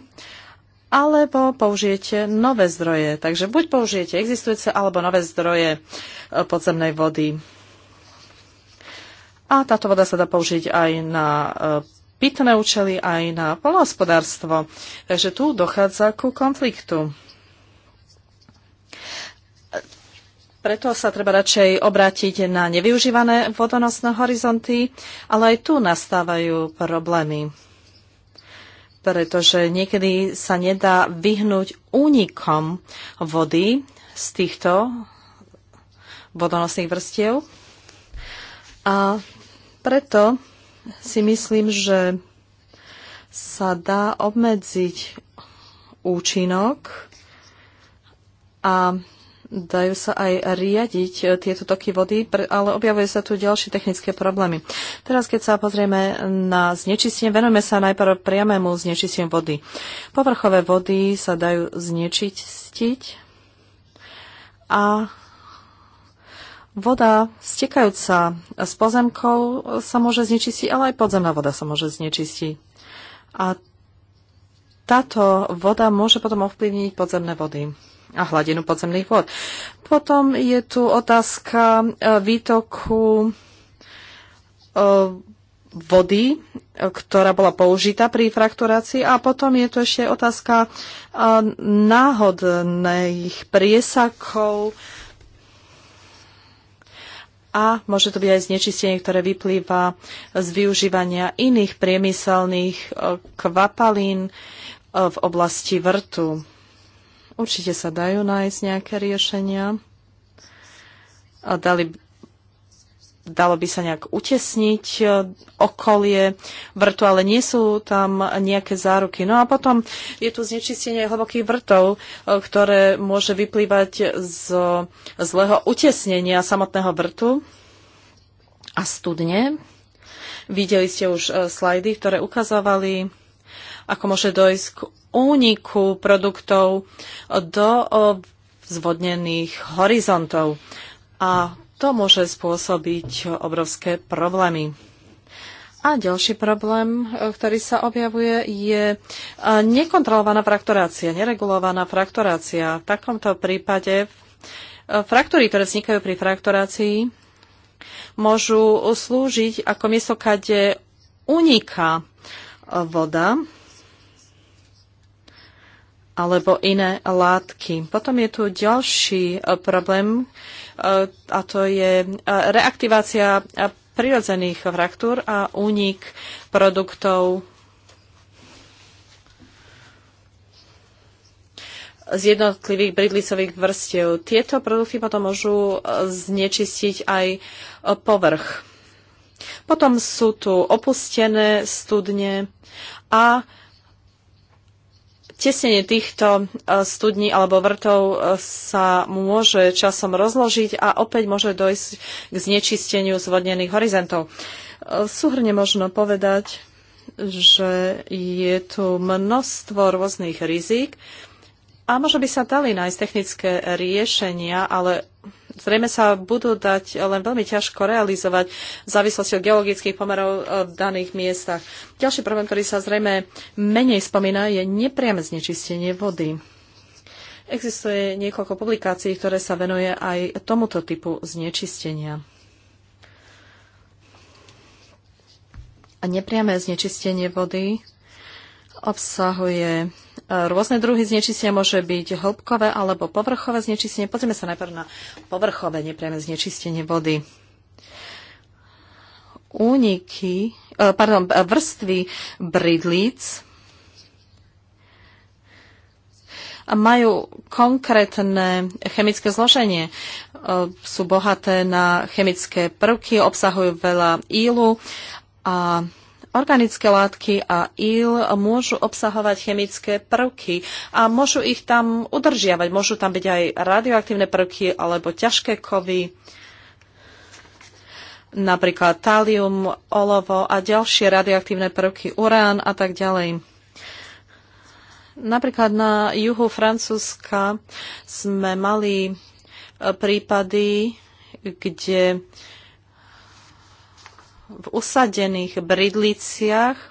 [SPEAKER 1] alebo použijete nové zdroje. Takže buď použijete existujúce alebo nové zdroje e, podzemnej vody. A táto voda sa dá použiť aj na e, pitné účely, aj na polnohospodárstvo. Takže tu dochádza ku konfliktu. Preto sa treba radšej obrátiť na nevyužívané vodonosné horizonty, ale aj tu nastávajú problémy. Pretože niekedy sa nedá vyhnúť únikom vody z týchto vodonosných vrstiev. A preto si myslím, že sa dá obmedziť účinok a dajú sa aj riadiť tieto toky vody, ale objavuje sa tu ďalšie technické problémy. Teraz, keď sa pozrieme na znečistenie, venujeme sa najprv priamému znečisteniu vody. Povrchové vody sa dajú znečistiť a Voda stekajúca z pozemkov sa môže znečistiť, ale aj podzemná voda sa môže znečistiť. A táto voda môže potom ovplyvniť podzemné vody a hladinu podzemných vod. Potom je tu otázka e, výtoku e, vody, e, ktorá bola použitá pri frakturácii a potom je tu ešte otázka náhodných priesakov, a môže to byť aj znečistenie, ktoré vyplýva z využívania iných priemyselných e, kvapalín e, v oblasti vrtu. Určite sa dajú nájsť nejaké riešenia. Dali dalo by sa nejak utesniť e, okolie vrtu, ale nie sú tam nejaké záruky. No a potom je tu znečistenie hlbokých vrtov, e, ktoré môže vyplývať z zlého utesnenia samotného vrtu a studne. Videli ste už e, slajdy, ktoré ukazovali, ako môže dojsť k úniku produktov do zvodnených horizontov. A to môže spôsobiť obrovské problémy. A ďalší problém, ktorý sa objavuje, je e, nekontrolovaná frakturácia, neregulovaná frakturácia. V takomto prípade e, fraktúry, ktoré vznikajú pri frakturácii, môžu slúžiť ako miesto, kde uniká voda alebo iné látky. Potom je tu ďalší e, problém, a to je e, reaktivácia prirodzených fraktúr a únik produktov z jednotlivých bridlicových vrstiev. Tieto produkty potom môžu e, znečistiť aj e, povrch. Potom sú tu opustené studne a Tesnenie týchto e, studní alebo vrtov e, sa môže časom rozložiť a opäť môže dojsť k znečisteniu zvodnených horizontov. E, súhrne možno povedať, že je tu množstvo rôznych rizík a možno by sa dali nájsť technické riešenia, ale zrejme sa budú dať len veľmi ťažko realizovať v závislosti od geologických pomerov eh, v daných miestach. Ďalší problém, ktorý sa zrejme menej spomína, je nepriame znečistenie vody. Existuje niekoľko publikácií, ktoré sa venuje aj tomuto typu znečistenia. A nepriame znečistenie vody obsahuje rôzne druhy znečistenia, môže byť hĺbkové alebo povrchové znečistenie. Pozrieme sa najprv na povrchové nepriame znečistenie vody. Úniky, e, pardon, vrstvy bridlíc majú konkrétne chemické zloženie. E, sú bohaté na chemické prvky, obsahujú veľa ílu a Organické látky a IL môžu obsahovať chemické prvky a môžu ich tam udržiavať. Môžu tam byť aj radioaktívne prvky alebo ťažké kovy, napríklad talium, olovo a ďalšie radioaktívne prvky, urán a tak ďalej. Napríklad na juhu Francúzska sme mali prípady, kde v usadených bridliciach e,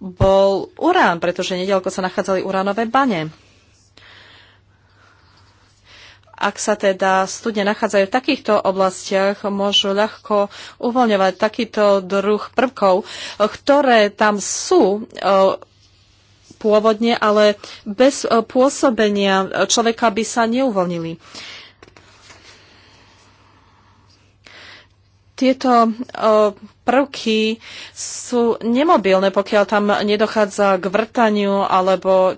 [SPEAKER 1] bol urán, pretože nedaleko sa nachádzali uránové bane. Ak sa teda studne nachádzajú v takýchto oblastiach, môžu ľahko uvoľňovať takýto druh prvkov, ktoré tam sú e, pôvodne, ale bez e, pôsobenia človeka by sa neuvoľnili. tieto prvky sú nemobilné, pokiaľ tam nedochádza k vrtaniu alebo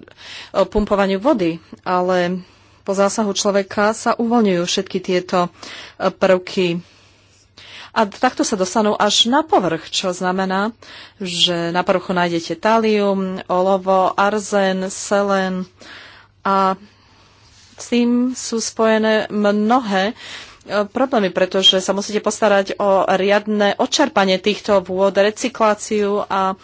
[SPEAKER 1] pumpovaniu vody, ale po zásahu človeka sa uvoľňujú všetky tieto prvky. A takto sa dostanú až na povrch, čo znamená, že na povrchu nájdete talium, olovo, arzen, selen a s tým sú spojené mnohé uh, E, problémy, pretože sa musíte postarať o riadne odčerpanie týchto vôd, recykláciu a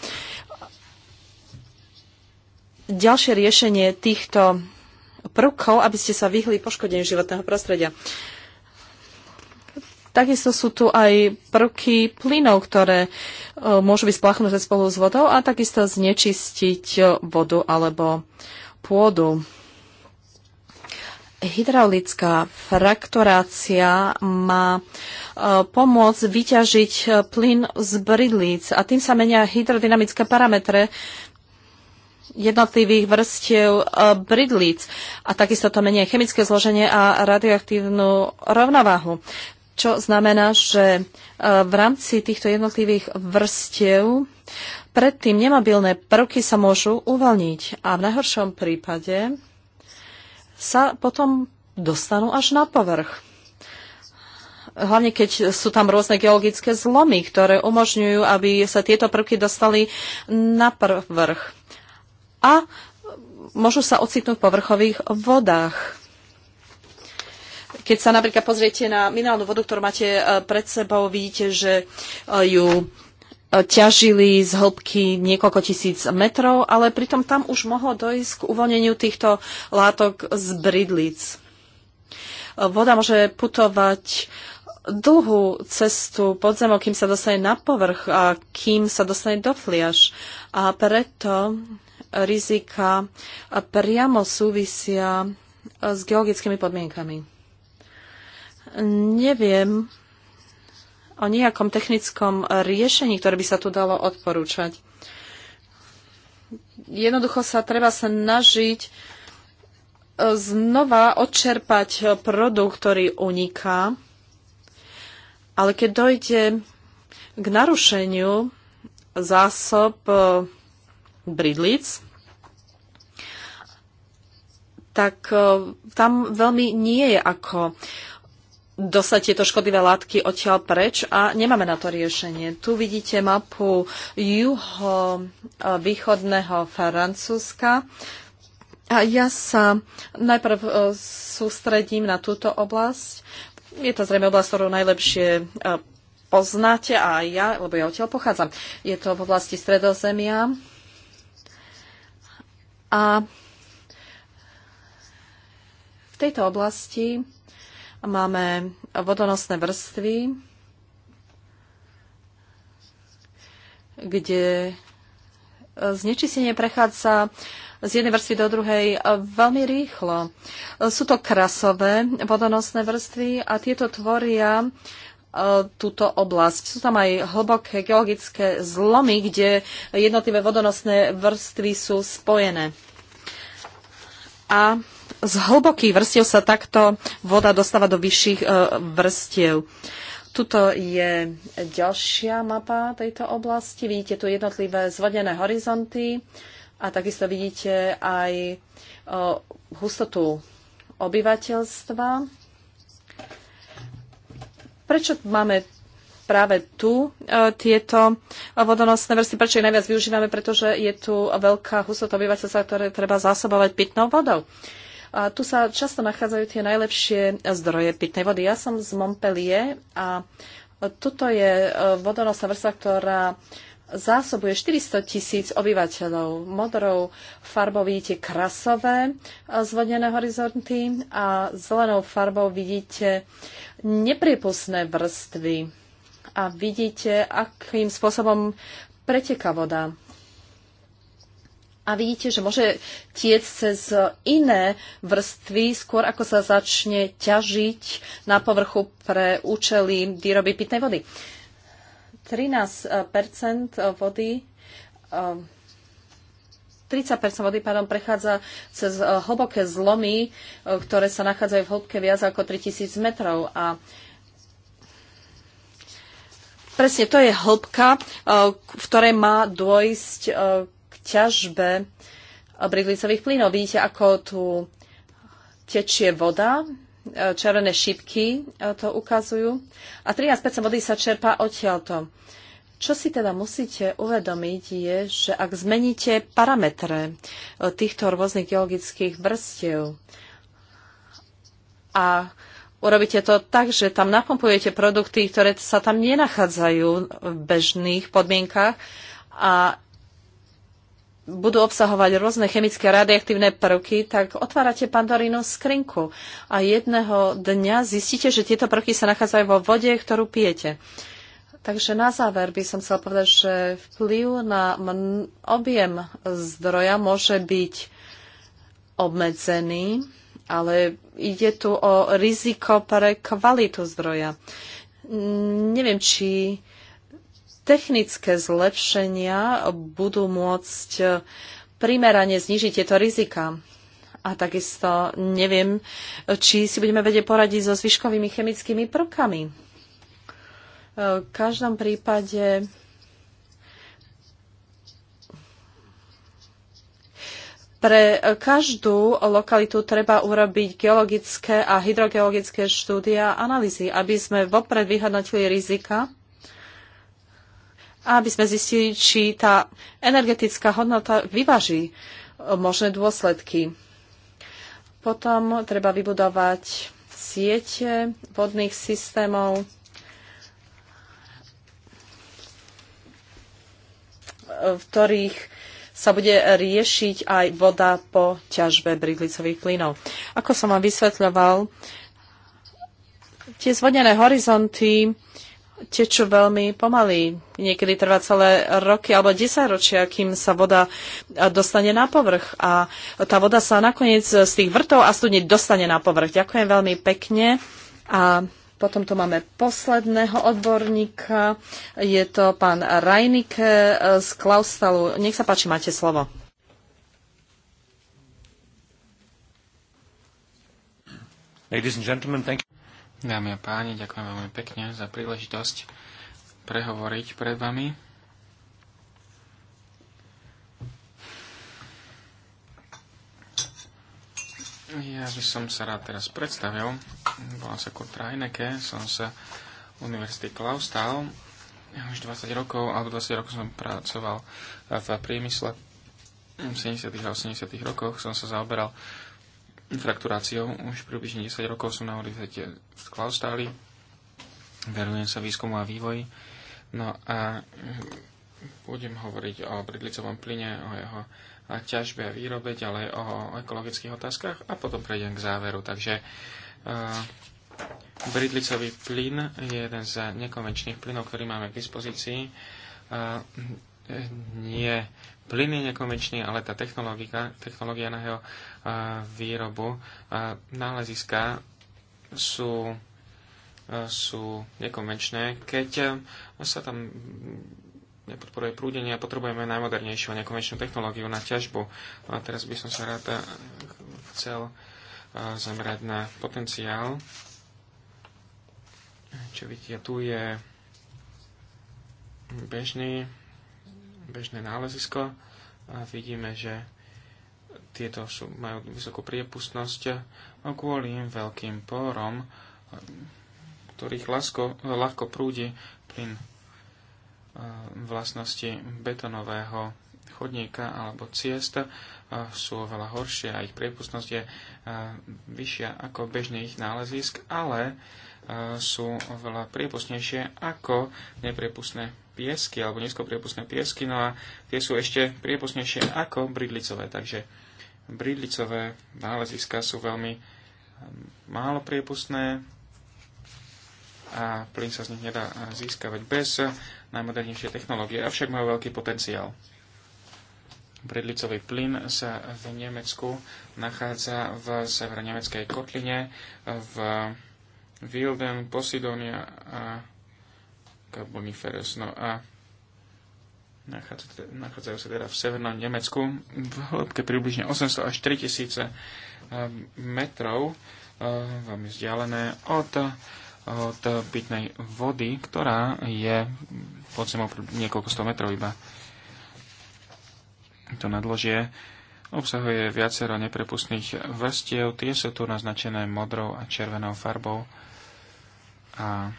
[SPEAKER 1] ďalšie riešenie týchto prvkov, aby ste sa vyhli poškodeniu životného prostredia. Takisto sú tu aj prvky plynov, ktoré e, môžu byť spláchnuté spolu s vodou a takisto znečistiť vodu alebo pôdu hydraulická fraktorácia má e, pomôcť vyťažiť e, plyn z bridlíc a tým sa menia hydrodynamické parametre jednotlivých vrstiev e, bridlíc a takisto to menia chemické zloženie a radioaktívnu rovnováhu. Čo znamená, že v rámci týchto jednotlivých vrstiev predtým nemabilné prvky sa môžu uvoľniť a v najhoršom prípade sa potom dostanú až na povrch. Hlavne keď sú tam rôzne geologické zlomy, ktoré umožňujú, aby sa tieto prvky dostali na povrch. A môžu sa ocitnúť v povrchových vodách keď sa napríklad pozriete na minerálnu vodu, ktorú máte eh, pred sebou, vidíte, že eh, ju ťažili z hĺbky niekoľko tisíc metrov, ale pritom tam už mohlo dojsť k uvoľneniu týchto látok z bridlic. Voda môže putovať dlhú cestu pod zemou, kým sa dostane na povrch a kým sa dostane do fliaž. A preto rizika priamo súvisia s geologickými podmienkami. Neviem, o nejakom technickom riešení, ktoré by sa tu dalo odporúčať. Jednoducho sa treba snažiť e, znova odčerpať produkt, ktorý uniká, ale keď dojde k narušeniu zásob e, bridlic, tak e, tam veľmi nie je ako dostať tieto škodlivé látky odtiaľ preč a nemáme na to riešenie. Tu vidíte mapu juho-východného Francúzska. A ja sa najprv e, sústredím na túto oblasť. Je to zrejme oblasť, ktorú najlepšie e, poznáte a ja, lebo ja odtiaľ pochádzam. Je to v oblasti Stredozemia. A v tejto oblasti Máme vodonosné vrstvy, kde znečistenie prechádza z jednej vrstvy do druhej veľmi rýchlo. Sú to krasové vodonosné vrstvy a tieto tvoria e, túto oblasť. Sú tam aj hlboké geologické zlomy, kde jednotlivé vodonosné vrstvy sú spojené. A z hlbokých vrstiev sa takto voda dostáva do vyšších e, vrstiev. Tuto je ďalšia mapa tejto oblasti. Vidíte tu jednotlivé zvodené horizonty a takisto vidíte aj e, hustotu obyvateľstva. Prečo máme práve tu e, tieto vodonosné vrsty, prečo ich najviac využívame, pretože je tu veľká hustota obyvateľstva, ktoré treba zásobovať pitnou vodou. A tu sa často nachádzajú tie najlepšie zdroje pitnej vody. Ja som z Montpellier a tuto je e, vodonosná vrstva, ktorá zásobuje 400 tisíc obyvateľov modrou farbou vidíte krasové e, zvodnené horizonty a zelenou farbou vidíte nepriepustné vrstvy a vidíte, akým spôsobom preteká voda a vidíte, že môže tiec cez iné vrstvy, skôr ako sa začne ťažiť na povrchu pre účely výroby pitnej vody. 13 vody 30 eh, vody pardon, prechádza cez eh, hlboké zlomy, eh, ktoré sa nachádzajú v hĺbke viac ako 3000 metrov. A presne to je hĺbka, v ktorej má dôjsť ťažbe bridlicových plynov. Vidíte, ako tu tečie voda, červené šipky e, to ukazujú a 13% vody sa čerpá odtiaľto. Čo si teda musíte uvedomiť je, že ak zmeníte parametre e, týchto rôznych geologických vrstiev a urobíte to tak, že tam napompujete produkty, ktoré sa tam nenachádzajú v bežných podmienkach a budú obsahovať rôzne chemické a radioaktívne prvky, tak otvárate pandorínu skrinku a jedného dňa zistíte, že tieto prvky sa nachádzajú vo vode, ktorú pijete. Takže na záver by som chcela povedať, že vplyv na objem zdroja môže byť obmedzený, ale ide tu o riziko pre kvalitu zdroja. Neviem, či technické zlepšenia budú môcť eh, primerane znižiť tieto rizika. A takisto neviem, či si budeme vedieť poradiť so zvyškovými chemickými prvkami. Eh, v každom prípade Pre každú lokalitu treba urobiť geologické a hydrogeologické štúdia a analýzy, aby sme vopred vyhodnotili rizika aby sme zistili, či tá energetická hodnota vyvaží e, možné dôsledky. Potom treba vybudovať siete vodných systémov, e, v ktorých sa bude riešiť aj voda po ťažbe bridlicových plynov. Ako som vám vysvetľoval, tie zvodnené horizonty tečú veľmi pomaly. Niekedy trvá celé roky alebo desaťročia, kým sa voda dostane na povrch. A tá voda sa nakoniec z tých vrtov a studní dostane na povrch. Ďakujem veľmi pekne. A potom tu máme posledného odborníka. Je to pán Rajnike eh, z Klaustalu. Nech sa páči, máte slovo.
[SPEAKER 2] Ladies and gentlemen, thank you. Dámy a páni, ďakujem veľmi pekne za príležitosť prehovoriť pred vami. Ja by som sa rád teraz predstavil. Volám sa Kurt Reineke, som sa Univerzity Klausthal. Už 20 rokov, alebo 20 rokov som pracoval v priemysle. V 70. a 80. rokoch som sa zaoberal frakturáciou. Už približne 10 rokov som na univerzite v Klaustáli. Verujem sa výskumu a vývoji. No a hm, budem hovoriť o bridlicovom plyne, o jeho ťažbe a výrobe, ďalej o ekologických otázkach a potom prejdem k záveru. Takže uh, bridlicový plyn je jeden z nekonvenčných plynov, ktorý máme k dispozícii. Uh, nie plyn je nekonvenčný, ale tá technológia, technológia na jeho výrobu náleziska sú, sú nekonvenčné. Keď sa tam nepodporuje prúdenie a potrebujeme najmodernejšiu nekonvenčnú technológiu na ťažbu. A teraz by som sa rád chcel zamerať na potenciál. Čo vidíte, tu je bežný bežné nálezisko a vidíme, že tieto sú, majú vysokú priepustnosť a kvôli im veľkým pórom, ktorých ľahko, ľahko prúdi plyn vlastnosti betonového chodníka alebo ciest sú oveľa horšie a ich priepustnosť je vyššia ako bežných nálezisk, ale sú oveľa priepustnejšie ako nepriepustné piesky alebo nízkopriepustné piesky, no a tie sú ešte priepustnejšie ako bridlicové, takže bridlicové náleziska sú veľmi ehm, málo priepustné a plyn sa z nich nedá eh, získavať bez eh, najmodernejšie technológie, avšak majú veľký potenciál. Bridlicový plyn sa v Nemecku nachádza v Nemeckej kotline, v Wilden, Posidonia a Veronika Boniferes. No a nachádzajú sa teda v severnom Nemecku v hĺbke približne 800 až 3000 ehm, metrov, ehm, veľmi vzdialené od, od pitnej vody, ktorá je pod zemou niekoľko 100 metrov iba. To nadložie obsahuje viacero neprepustných vrstiev, tie sú tu naznačené modrou a červenou farbou a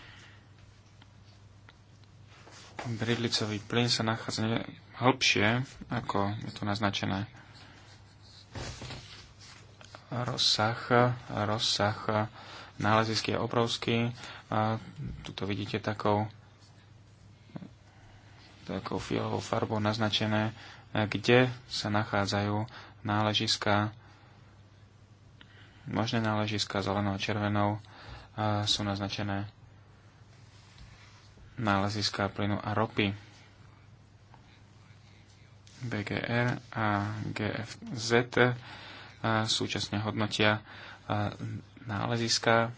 [SPEAKER 2] bridlicový plyn sa nachádza hĺbšie, ako je tu naznačené. Rozsah, rozsah nálezisk je obrovský. A tuto vidíte takou, takou fialovou farbou naznačené, kde sa nachádzajú náležiska, možné náležiska zelenou a červenou sú naznačené náleziska plynu a ropy. BGR a GFZ súčasne hodnotia náleziska.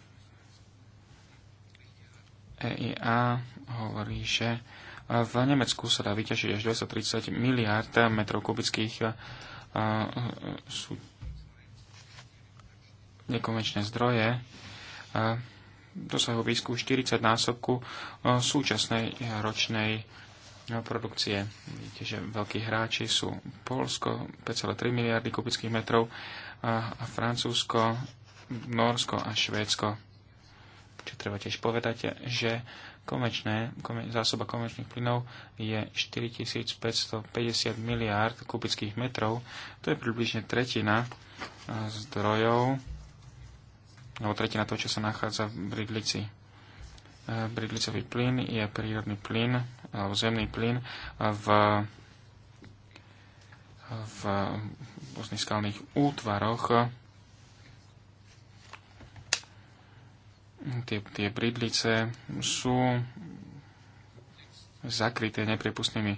[SPEAKER 2] E EIA hovorí, že v Nemecku sa dá vyťažiť až 230 miliárd metrov kubických sú nekonvenčné zdroje dosahu výskumu 40 násobku e, súčasnej e, ročnej e, produkcie. Vidíte, že veľkí hráči sú Polsko 5,3 miliardy kubických metrov a Francúzsko, Norsko a Švédsko. Čo treba tiež povedať, že komerčné, zásoba komerčných plynov je 4550 miliárd kubických metrov. To je približne tretina zdrojov alebo tretina toho, čo sa nachádza v bridlici. E, bridlicový plyn je prírodný plyn, alebo zemný plyn v, v rôznych skalných útvaroch. Tie, tie bridlice sú zakryté nepripustnými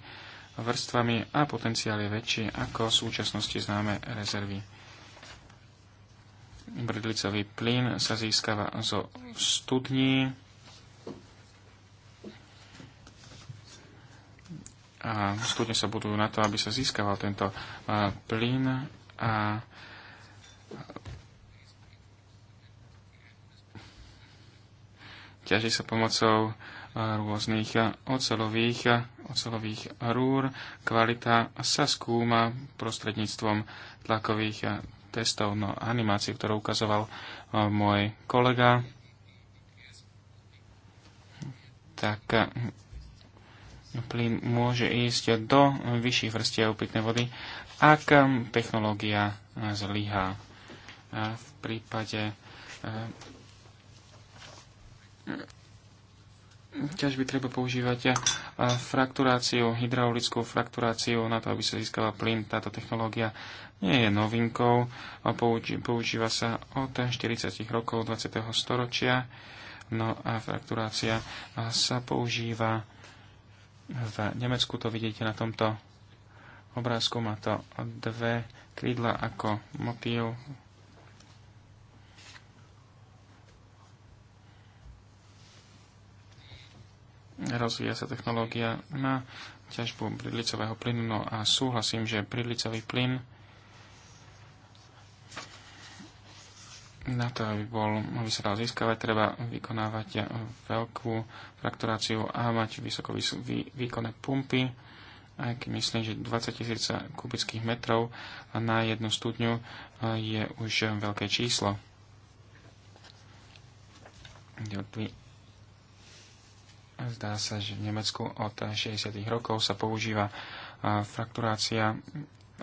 [SPEAKER 2] vrstvami a potenciál je väčší ako v súčasnosti známe rezervy bridlicový plyn sa získava zo studní a studne sa budujú na to, aby sa získaval tento plyn a ťaží sa pomocou rôznych ocelových, ocelových rúr. Kvalita sa skúma prostredníctvom tlakových testov, no animáciu, ktorú ukazoval eh, môj kolega, tak eh, plyn môže ísť do vyšších vrstiev pitnej vody, ak eh, technológia zlyhá. V prípade ťažby treba používať eh, frakturáciu, hydraulickú frakturáciu na to, aby sa získala plyn. Táto technológia nie je novinkou, používa sa od 40 rokov 20. storočia. No a frakturácia sa používa v Nemecku, to vidíte na tomto obrázku, má to dve krídla ako motív rozvíja sa technológia na ťažbu bridlicového plynu no a súhlasím, že bridlicový plyn na to, aby, bol, aby sa dal získavať, treba vykonávať veľkú frakturáciu a mať vysoko vý, výkonné pumpy, aj keď myslím, že 20 tisíc kubických metrov na jednu studňu eh, je už veľké číslo. Zdá sa, že v Nemecku od 60. rokov sa používa frakturácia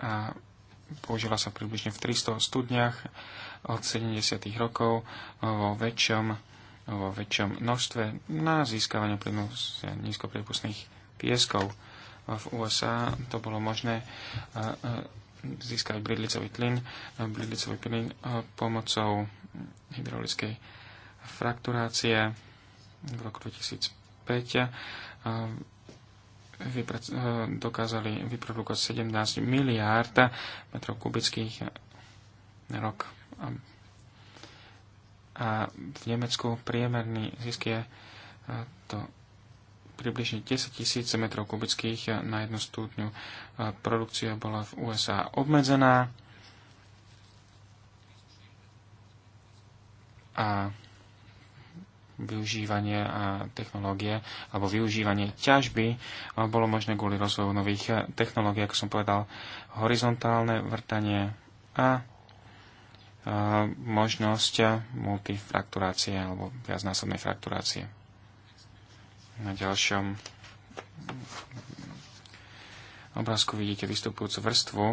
[SPEAKER 2] a používa sa približne v 300 studniach od 70. rokov vo väčšom, vo väčšom množstve na získavanie plynu z nízkopriepustných pieskov. V USA to bolo možné získať bridlicový plyn, bridlicový plyn pomocou hydraulickej frakturácie v roku 2005 Eh, eh, dokázali vyprodukovať 17 miliárd metrov kubických na rok. A v Nemecku priemerný zisk je eh, to približne 10 tisíc metrov kubických na jednu stúdňu. Produkcia bola v USA obmedzená a využívanie technológie alebo využívanie ťažby bolo možné kvôli rozvoju nových e, technológií, ako som povedal, horizontálne vrtanie a možnosť e, multifrakturácie alebo viacnásobnej frakturácie. Na ďalšom obrázku vidíte vystupujúcu vrstvu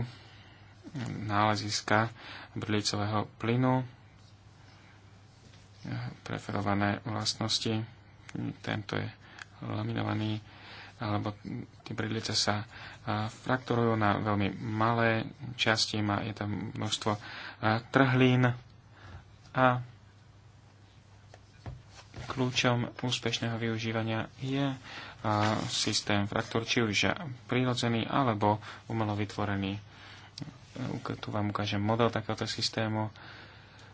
[SPEAKER 2] náleziska brlicového plynu preferované vlastnosti. Tento je laminovaný, alebo tie bridlice sa frakturujú na veľmi malé časti, má, je tam množstvo trhlín a kľúčom úspešného využívania je systém fraktúr, či už prírodzený alebo umelo vytvorený. Tu vám ukážem model takéhoto systému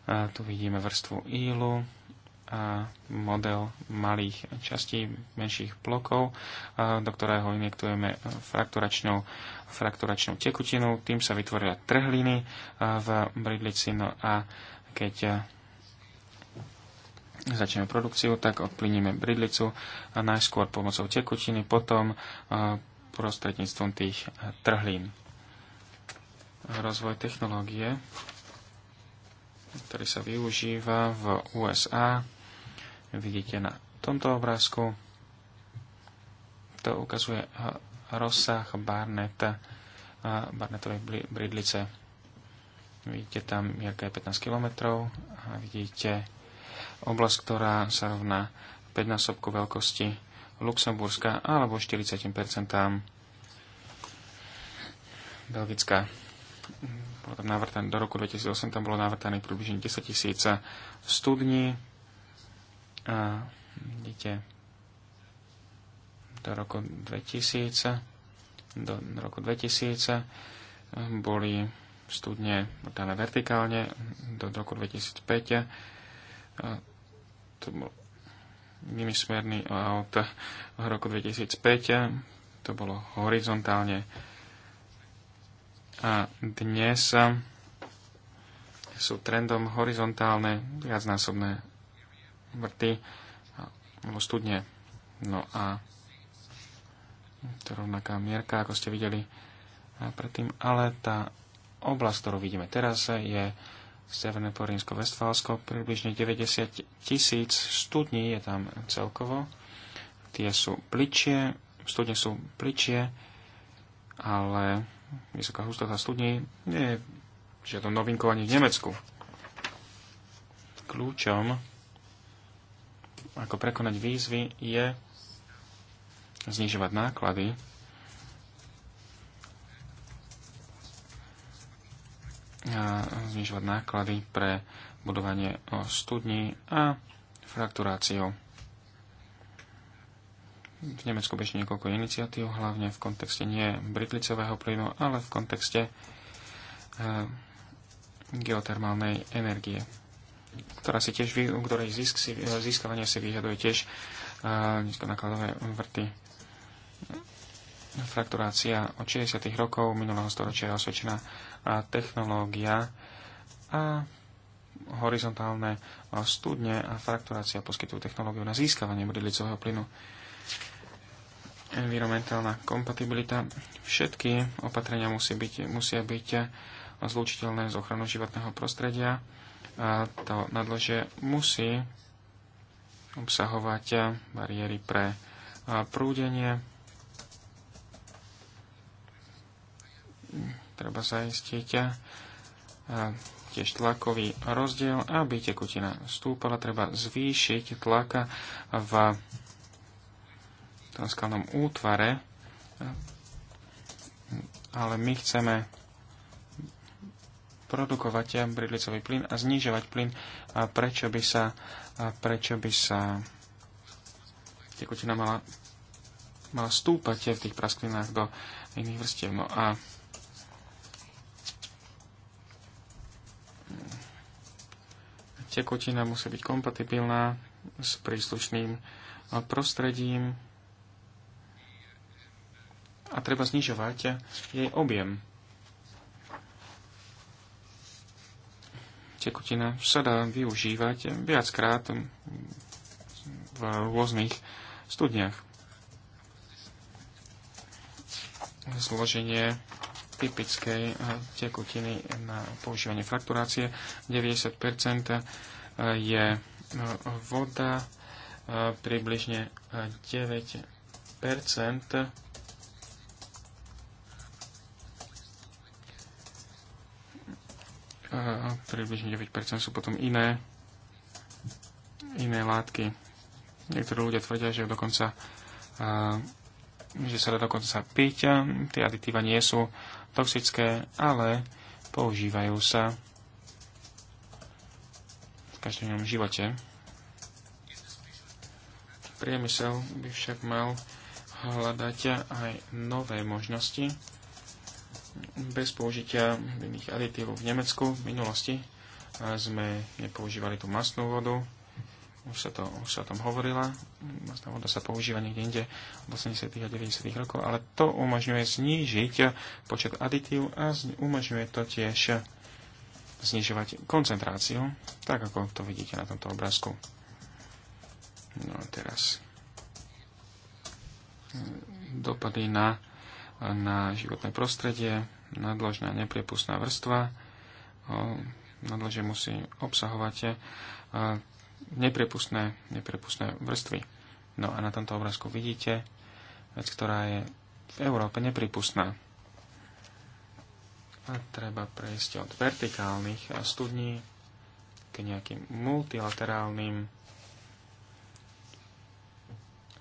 [SPEAKER 2] a tu vidíme vrstvu ílu a model malých častí, menších blokov, do ktorého injektujeme frakturačnou, frakturačnou tekutinu. Tým sa vytvoria trhliny v bridlici. No a keď začneme produkciu, tak odplyníme bridlicu a najskôr pomocou tekutiny, potom prostredníctvom tých trhlín. Rozvoj technológie ktorý sa využíva v USA. Vidíte na tomto obrázku. To ukazuje rozsah Barneta, Barnetovej bridlice. Vidíte tam, jaké je 15 km a vidíte oblasť, ktorá sa rovná 5-násobku veľkosti Luxemburska alebo 40 Belgická bolo tam navrtané, do roku 2008 tam bolo navrtané približne 10 tisíc studní. A vidíte, do roku 2000, do roku 2000 boli studne dané vertikálne, do roku 2005 to bol vymysmerný od roku 2005 to bolo horizontálne a dnes sú trendom horizontálne viacnásobné vrty alebo studne. No a to rovnaká mierka, ako ste videli predtým, ale tá oblasť, ktorú vidíme teraz, je Severné Porínsko, Vestfálsko, približne 90 tisíc studní je tam celkovo. Tie sú pličie, studne sú pličie, ale vysoká hustota studní nie je žiadnou novinkou ani v Nemecku. Kľúčom, ako prekonať výzvy, je znižovať náklady a znižovať náklady pre budovanie studní a frakturáciou v Nemecku bežne niekoľko iniciatív, hlavne v kontexte nie britlicového plynu, ale v kontexte eh, geotermálnej energie, ktorá si tiež, ktorej zisk si, eh, získavanie si vyžaduje tiež eh, nízkonákladové vrty. Frakturácia od 60. rokov minulého storočia je osvedčená technológia a horizontálne studne a frakturácia poskytujú technológiu na získavanie brilicového plynu environmentálna kompatibilita. Všetky opatrenia musí byť, musia byť zlučiteľné s ochranou životného prostredia. A to nadlože musí obsahovať bariéry pre prúdenie. Treba zaistiť tiež tlakový rozdiel, aby tekutina stúpala. Treba zvýšiť tlaka v skalnom útvare, ale my chceme produkovať bridlicový plyn a znižovať plyn. A prečo by sa, a prečo by sa tekutina mala, mala stúpať v tých prasklinách do iných vrstiev. No a tekutina musí byť kompatibilná s príslušným prostredím, a treba znižovať jej objem. Tekutina sa dá využívať viackrát v rôznych studniach. Zloženie typickej tekutiny na používanie frakturácie 90% je voda, približne 9% približne 9% sú potom iné, iné látky. Niektorí ľudia tvrdia, že dokonca že sa dá dokonca piť. Tie aditíva nie sú toxické, ale používajú sa v každodennom živote. Priemysel by však mal hľadať aj nové možnosti, bez použitia iných aditívov v Nemecku. V minulosti e, sme nepoužívali tú masnú vodu, už sa, to, už sa o tom hovorila, masná voda sa používa niekde inde od 80. a 90. rokov, ale to umožňuje znížiť počet aditív a umožňuje to tiež znižovať koncentráciu, tak ako to vidíte na tomto obrázku. No a teraz e, dopady na na životné prostredie. Nadložná nepriepustná vrstva. nadložie musí obsahovať e, nepriepustné, nepriepustné vrstvy. No a na tomto obrázku vidíte vec, ktorá je v Európe nepripustná. A treba prejsť od vertikálnych studní k nejakým multilaterálnym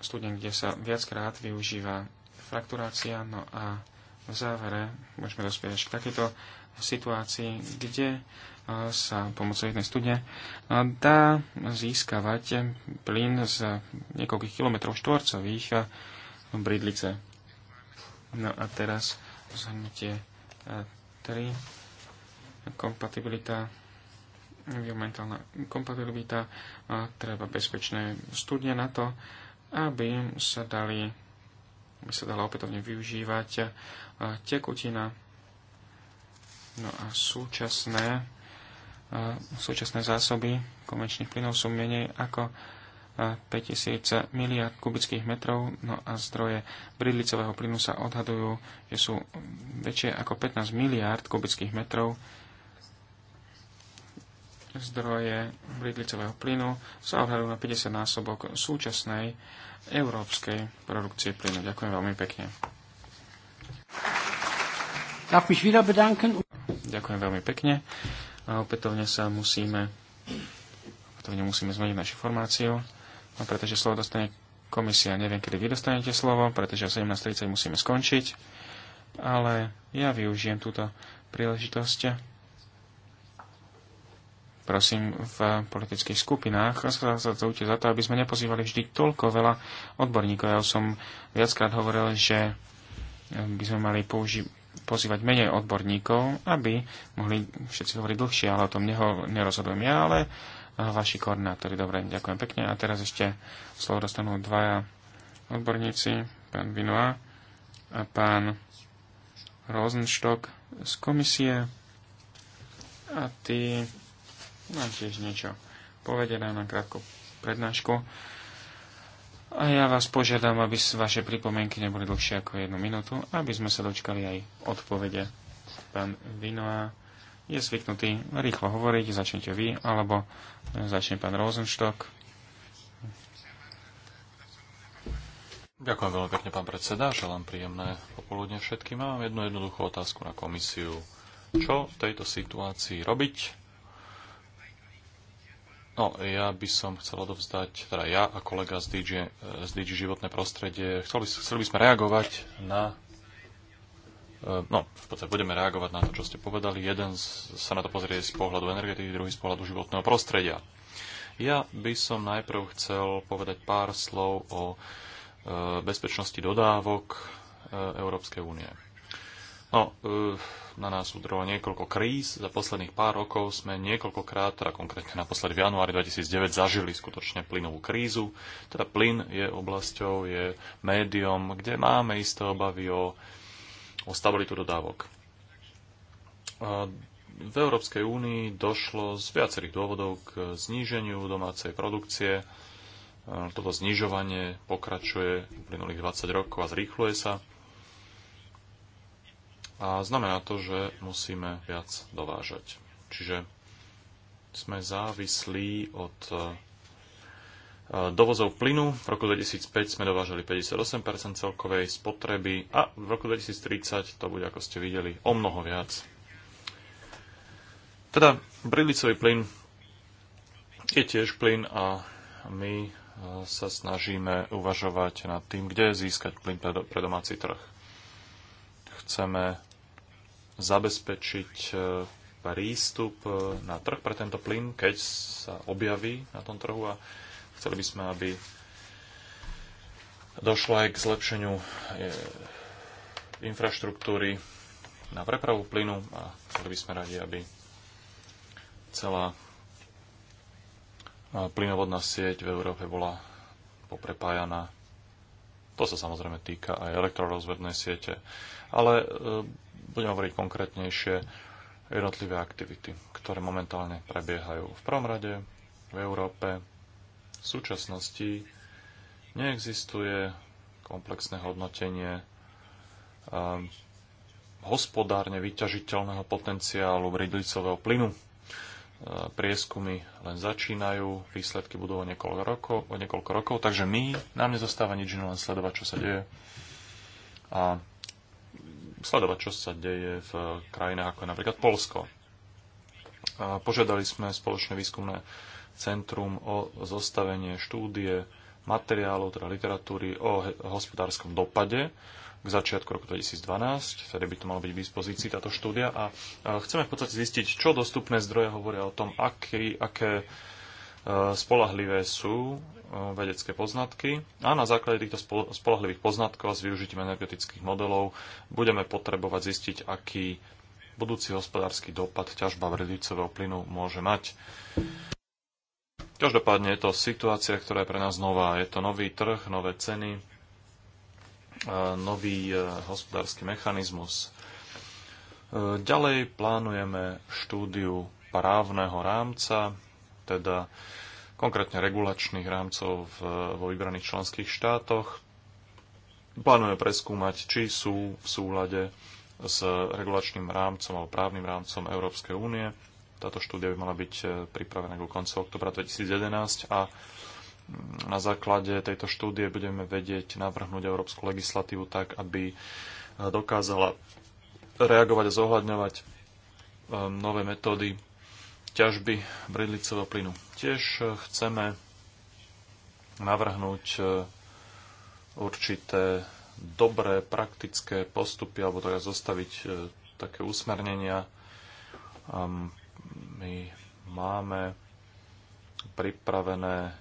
[SPEAKER 2] studiem, kde sa viackrát využíva frakturácia. No a v závere môžeme dospieť až k takejto situácii, kde e, sa pomocou jednej studne e, dá získavať plyn z niekoľkých kilometrov štvorcových e, bridlice. No a teraz zhrnutie 3. Kompatibilita environmentálna kompatibilita, treba bezpečné studne na to, aby sa dali by sa dala opätovne využívať e, tekutina. No a súčasné, e, súčasné zásoby komerčných plynov sú menej ako 5000 e, miliard kubických metrov, no a zdroje bridlicového plynu sa odhadujú, že sú väčšie ako 15 miliard kubických metrov, zdroje bridlicového plynu sa odhadujú na 50 násobok súčasnej európskej produkcie plynu. Ďakujem veľmi pekne. Ďakujem veľmi pekne. A opätovne sa musíme, opätovne musíme zmeniť našu formáciu, pretože slovo dostane komisia. Neviem, kedy vy dostanete slovo, pretože o 17.30 musíme skončiť, ale ja využijem túto príležitosť prosím, v politických skupinách sa zaujíte za to, aby sme nepozývali vždy toľko veľa odborníkov. Ja som viackrát hovoril, že eh, by sme mali použi- pozývať menej odborníkov, aby mohli všetci hovoriť dlhšie, ale o tom neho- nerozhodujem ja, ale eh, vaši koordinátori. Dobre, ďakujem pekne. A teraz ešte slovo dostanú dvaja odborníci, pán Vinoa a pán Rosenstock z komisie. A Tý nám no, tiež niečo povedené na krátku prednášku. A ja vás požiadam, aby vaše pripomienky neboli dlhšie ako jednu minútu, aby sme sa dočkali aj odpovede. Pán Vinoa je zvyknutý rýchlo hovoriť, začnite vy, alebo začne pán Rosenstock.
[SPEAKER 3] Ďakujem veľmi pekne, pán predseda. Želám príjemné popoludne všetkým. Mám jednu jednoduchú otázku na komisiu. Čo v tejto situácii robiť? No, ja by som chcel odovzdať, teda ja a kolega z DG, z DG Životné prostredie, chceli, chceli by sme reagovať na e, No, v podstate budeme reagovať na to, čo ste povedali. Jeden sa na to pozrie z pohľadu energetiky, druhý z pohľadu životného prostredia. Ja by som najprv chcel povedať pár slov o e, bezpečnosti dodávok e, Európskej únie. No, e, na nás udrlo niekoľko kríz. Za posledných pár rokov sme niekoľkokrát, teda konkrétne naposledy v januári 2009, zažili skutočne plynovú krízu. Teda plyn je oblasťou, je médium, kde máme isté obavy o, o stabilitu dodávok. E, v Európskej únii došlo z viacerých dôvodov k zníženiu domácej produkcie. E, toto znižovanie pokračuje plynulých 20 rokov a zrýchluje sa a znamená to, že musíme viac dovážať. Čiže sme závislí od e, dovozov plynu. V roku 2005 sme dovážali 58 celkovej spotreby a v roku 2030 to bude, ako ste videli, o mnoho viac. Teda brilicový plyn je tiež plyn a my e, sa snažíme uvažovať nad tým, kde získať plyn pre domáci trh. Chceme zabezpečiť e, prístup e, na trh pre tento plyn, keď sa objaví na tom trhu a chceli by sme, aby došlo aj k zlepšeniu e, infraštruktúry na prepravu plynu a chceli by sme radi, aby celá plynovodná sieť v Európe bola poprepájaná. To sa samozrejme týka aj elektrorozvednej siete. Ale budem hovoriť konkrétnejšie jednotlivé aktivity, ktoré momentálne prebiehajú. V prvom rade v Európe v súčasnosti neexistuje komplexné hodnotenie ehm, hospodárne vyťažiteľného potenciálu bridlicového plynu. Ehm, prieskumy len začínajú, výsledky budú o niekoľko rokov, o niekoľko rokov takže my, nám nezostáva nič iné, len sledovať, čo sa deje. A sledovať, čo sa deje v krajinách ako je napríklad Polsko. A požiadali sme spoločné výskumné centrum o zostavenie štúdie materiálov, teda literatúry o hospodárskom dopade k začiatku roku 2012, vtedy by to malo byť v dispozícii táto štúdia a chceme v podstate zistiť, čo dostupné zdroje hovoria o tom, aký, aké e, spolahlivé sú vedecké poznatky a na základe týchto spolahlivých poznatkov a s využitím energetických modelov budeme potrebovať zistiť, aký budúci hospodársky dopad ťažba vredicového plynu môže mať. Každopádne je to situácia, ktorá je pre nás nová. Je to nový trh, nové ceny, e, nový e, hospodársky mechanizmus. E, ďalej plánujeme štúdiu právneho rámca, teda konkrétne regulačných rámcov vo vybraných členských štátoch. Plánujeme preskúmať, či sú v súlade s regulačným rámcom alebo právnym rámcom Európskej únie. Táto štúdia by mala byť e, pripravená do koncu oktobra 2011 a mm, na základe tejto štúdie budeme vedieť navrhnúť európsku legislatívu tak, aby e, dokázala reagovať a zohľadňovať e, nové metódy ťažby bridlicového plynu. Tiež e, chceme navrhnúť e, určité dobré praktické postupy alebo teda zostaviť e, také usmernenia. My máme pripravené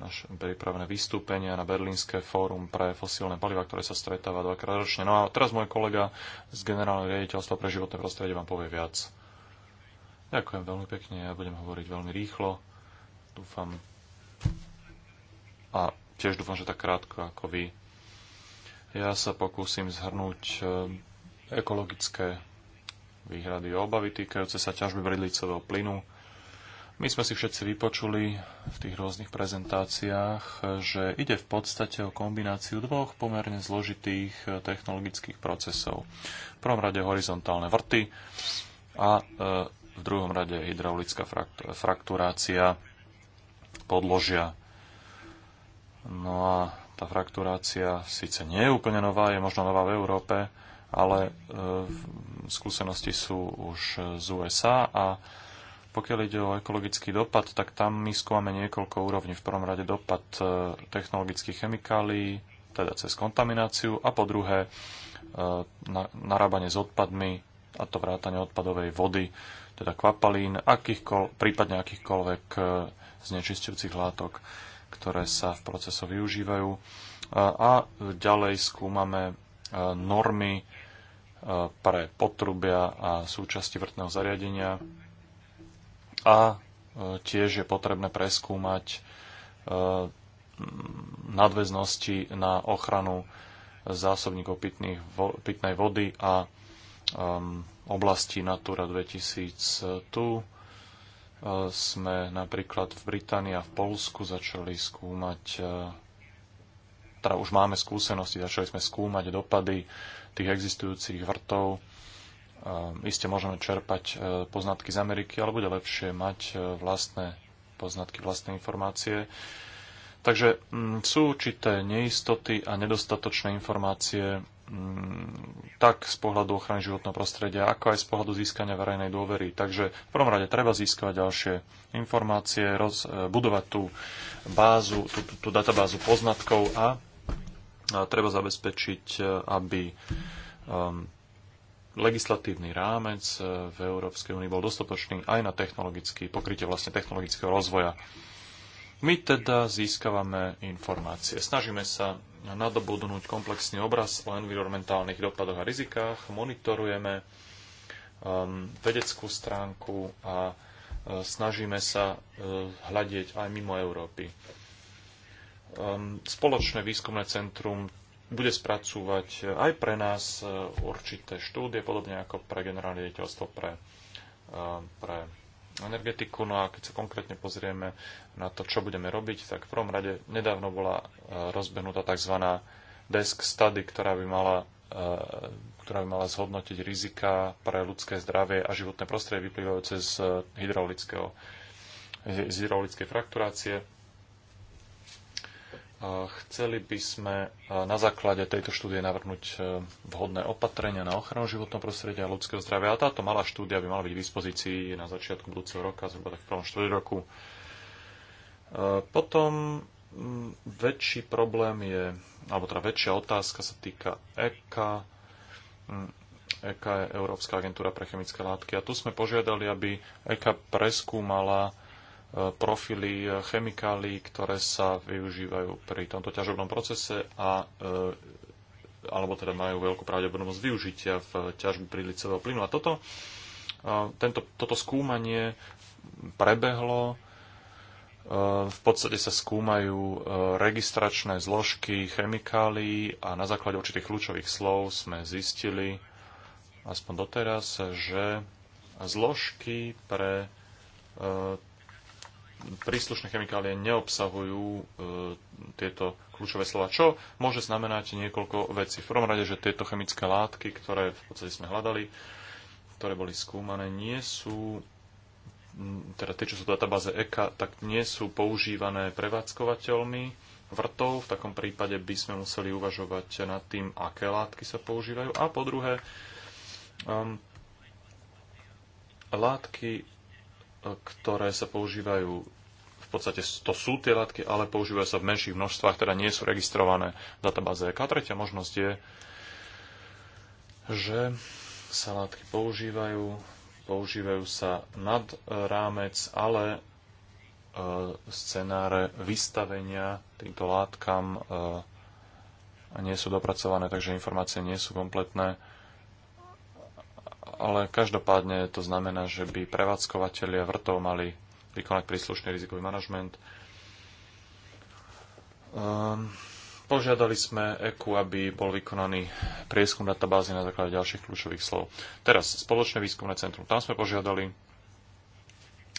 [SPEAKER 3] naše pripravené vystúpenia na Berlínske fórum pre fosílne paliva, ktoré sa stretáva dvakrát ročne. No a teraz môj kolega z Generálneho riaditeľstva pre životné prostredie vám povie viac. Ďakujem veľmi pekne, ja budem hovoriť veľmi rýchlo. Dúfam a tiež dúfam, že tak krátko ako vy. Ja sa pokúsim zhrnúť e, ekologické výhrady a obavy týkajúce sa ťažby bridlicového plynu. My sme si všetci vypočuli v tých rôznych prezentáciách, že ide v podstate o kombináciu dvoch pomerne zložitých e, technologických procesov. V prvom rade horizontálne vrty a e, v druhom rade hydraulická frakturácia podložia. No a tá frakturácia síce nie je úplne nová, je možno nová v Európe, ale e, skúsenosti sú už z USA a pokiaľ ide o ekologický dopad, tak tam my skúmame niekoľko úrovní. V prvom rade dopad e, technologických chemikálií, teda cez kontamináciu a po druhé e, na, narábanie s odpadmi, a to vrátanie odpadovej vody teda kvapalín, akýchkoľ, prípadne akýchkoľvek e, znečistujúcich látok, ktoré sa v procesoch využívajú. E, a ďalej skúmame e, normy pre potrubia a súčasti vrtného zariadenia. A tiež je potrebné preskúmať nadväznosti na ochranu zásobníkov pitnej vody a um, oblasti Natura 2000. Tu uh, sme napríklad v Británii a v Polsku začali skúmať, uh, teda už máme skúsenosti, začali sme skúmať dopady tých existujúcich vrtov. Uh, iste môžeme čerpať uh, poznatky z Ameriky, ale bude lepšie mať uh, vlastné poznatky, vlastné informácie. Takže mm, sú určité neistoty a nedostatočné informácie Mm, tak z pohľadu ochrany životného prostredia, ako aj z pohľadu získania verejnej dôvery. Takže v prvom rade treba získať ďalšie informácie, roz, e, budovať tú bázu, tú, tú, tú databázu poznatkov a, a treba zabezpečiť, e, aby um, legislatívny rámec e, v Európskej únii bol dostatočný aj na technologický, pokrytie vlastne technologického rozvoja. My teda získavame informácie. Snažíme sa nadobudnúť komplexný obraz o environmentálnych dopadoch a rizikách, monitorujeme um, vedeckú stránku a uh, snažíme sa uh, hľadiť aj mimo Európy. Um, spoločné výskumné centrum bude spracúvať aj pre nás uh, určité štúdie, podobne ako pre generálne riaditeľstvo pre, pre energetiku. No a keď sa konkrétne pozrieme na to, čo budeme robiť, tak v prvom rade nedávno bola e, rozbehnutá tzv. desk study, ktorá by mala e, ktorá by mala zhodnotiť rizika pre ľudské zdravie a životné prostredie vyplývajúce z e, z hydraulickej frakturácie. Chceli by sme na základe tejto štúdie navrhnúť e, vhodné opatrenia na ochranu životného prostredia a ľudského zdravia. A táto malá štúdia by mala byť v dispozícii na začiatku budúceho roka, zhruba tak v prvom štvrť roku. E, potom väčší problém je, alebo teda väčšia otázka sa týka EKA. EKA je Európska agentúra pre chemické látky. A tu sme požiadali, aby EKA preskúmala profily eh, chemikálií, ktoré sa využívajú pri tomto ťažobnom procese a eh, alebo teda majú veľkú pravdepodobnosť využitia v ťažbe prílicového plynu. A toto, eh, tento, toto skúmanie prebehlo. V podstate sa skúmajú registračné zložky chemikálií a na základe určitých kľúčových slov sme zistili, aspoň doteraz, že zložky pre príslušné chemikálie neobsahujú e, tieto kľúčové slova, čo môže znamenať niekoľko vecí. V prvom rade, že tieto chemické látky, ktoré v podstate sme hľadali, ktoré boli skúmané, nie sú teda tie, čo sú v databáze ECA, tak nie sú používané prevádzkovateľmi vrtov. V takom prípade by sme museli uvažovať nad tým, aké látky sa používajú. A po druhé, um, látky ktoré sa používajú v podstate to sú tie látky, ale používajú sa v menších množstvách, teda nie sú registrované v databáze EK. Tretia možnosť je, že sa látky používajú, používajú sa nad rámec, ale e, scenáre vystavenia týmto látkam e, nie sú dopracované, takže informácie nie sú kompletné ale každopádne to znamená, že by prevádzkovateľia vrtov mali vykonať príslušný rizikový manažment. Um, požiadali sme EKU, aby bol vykonaný prieskum databázy na základe ďalších kľúčových slov. Teraz, spoločné výskumné centrum. Tam sme požiadali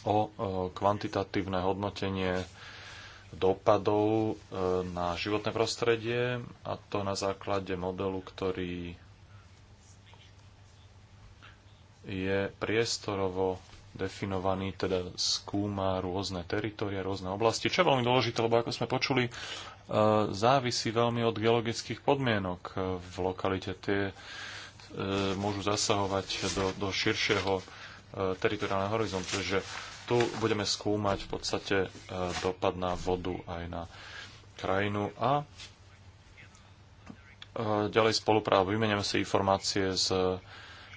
[SPEAKER 3] o e, kvantitatívne hodnotenie dopadov e, na životné prostredie a to na základe modelu, ktorý je priestorovo definovaný, teda skúma rôzne teritoria, rôzne oblasti, čo je veľmi dôležité, lebo ako sme počuli, e, závisí veľmi od geologických podmienok e, v lokalite. Tie e, môžu zasahovať do, do širšieho teritoriálneho horizontu, takže tu budeme skúmať v podstate dopad na vodu aj na krajinu a ďalej spolupráva. Vymeniame si informácie s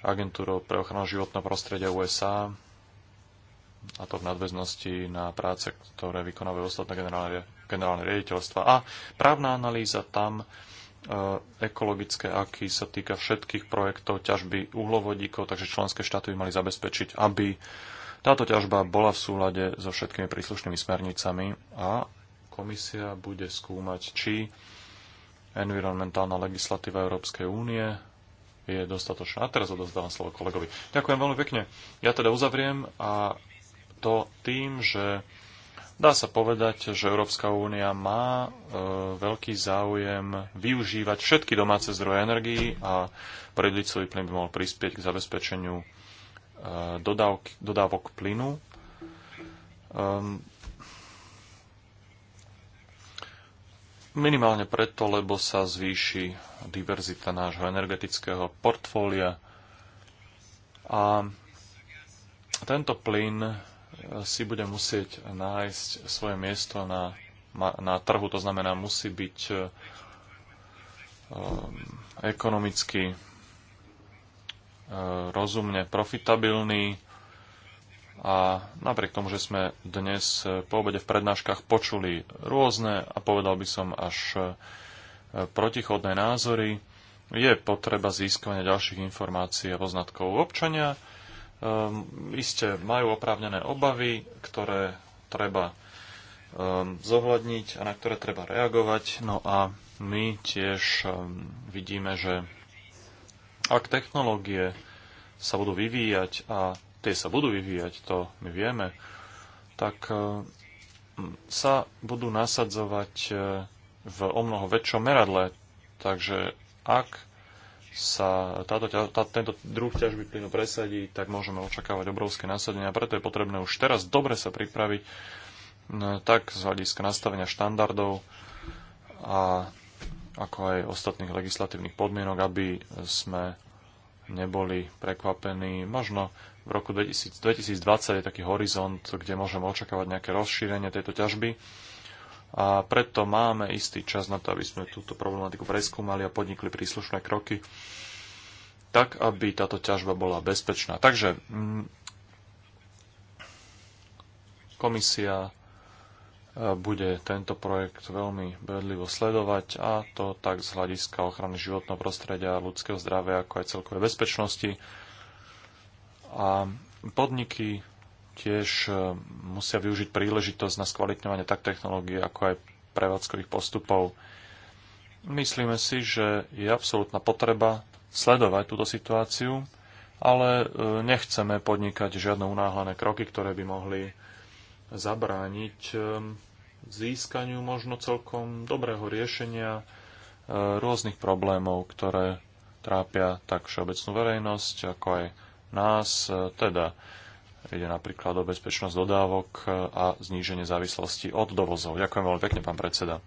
[SPEAKER 3] agentúrou pre ochranu životného prostredia USA, a to v nadväznosti na práce, ktoré vykonávajú ostatné generálne, generálne riaditeľstva. A právna analýza tam e, ekologické aky sa týka všetkých projektov ťažby uhlovodíkov, takže členské štáty by mali zabezpečiť, aby táto ťažba bola v súlade so všetkými príslušnými smernicami a komisia bude skúmať, či environmentálna legislatíva Európskej únie je dostatočná. A teraz odozdávam slovo kolegovi. Ďakujem veľmi pekne. Ja teda uzavriem a to tým, že dá sa povedať, že Európska únia má e, veľký záujem využívať všetky domáce zdroje energií a predlicový plyn by mohol prispieť k zabezpečeniu e, dodávok, dodávok plynu. E, Minimálne preto, lebo sa zvýši diverzita nášho energetického portfólia a tento plyn eh, si bude musieť nájsť svoje miesto na, na trhu, to znamená, musí byť eh, ehm, ekonomicky eh, rozumne profitabilný a napriek tomu, že sme dnes eh, po obede v prednáškach počuli rôzne a povedal by som až eh, protichodné názory, je potreba získania ďalších informácií a poznatkov občania. Um, iste majú oprávnené obavy, ktoré treba um, zohľadniť a na ktoré treba reagovať. No a my tiež um, vidíme, že ak technológie sa budú vyvíjať a tie sa budú vyvíjať, to my vieme, tak e, sa budú nasadzovať e, v o mnoho väčšom meradle. Takže ak sa táto, tá, tento druh ťažby plynu presadí, tak môžeme očakávať obrovské nasadenia. Preto je potrebné už teraz dobre sa pripraviť tak z hľadiska nastavenia štandardov a ako aj ostatných legislatívnych podmienok, aby sme neboli prekvapení možno v roku 2020 je taký horizont, kde môžeme očakávať nejaké rozšírenie tejto ťažby. A preto máme istý čas na to, aby sme túto problematiku preskúmali a podnikli príslušné kroky, tak aby táto ťažba bola bezpečná. Takže mm, komisia e, bude tento projekt veľmi bedlivo sledovať a to tak z hľadiska ochrany životného prostredia, ľudského zdravia, ako aj celkovej bezpečnosti. A podniky tiež e, musia využiť príležitosť na skvalitňovanie tak technológie, ako aj prevádzkových postupov. Myslíme si, že je absolútna potreba sledovať túto situáciu, ale e, nechceme podnikať žiadne unáhlené kroky, ktoré by mohli zabrániť e, získaniu možno celkom dobrého riešenia rôznych problémov, ktoré trápia tak všeobecnú verejnosť, ako aj nás, e, teda ide napríklad o bezpečnosť dodávok e, a zníženie závislosti od dovozov. Ďakujem veľmi pekne, pán predseda.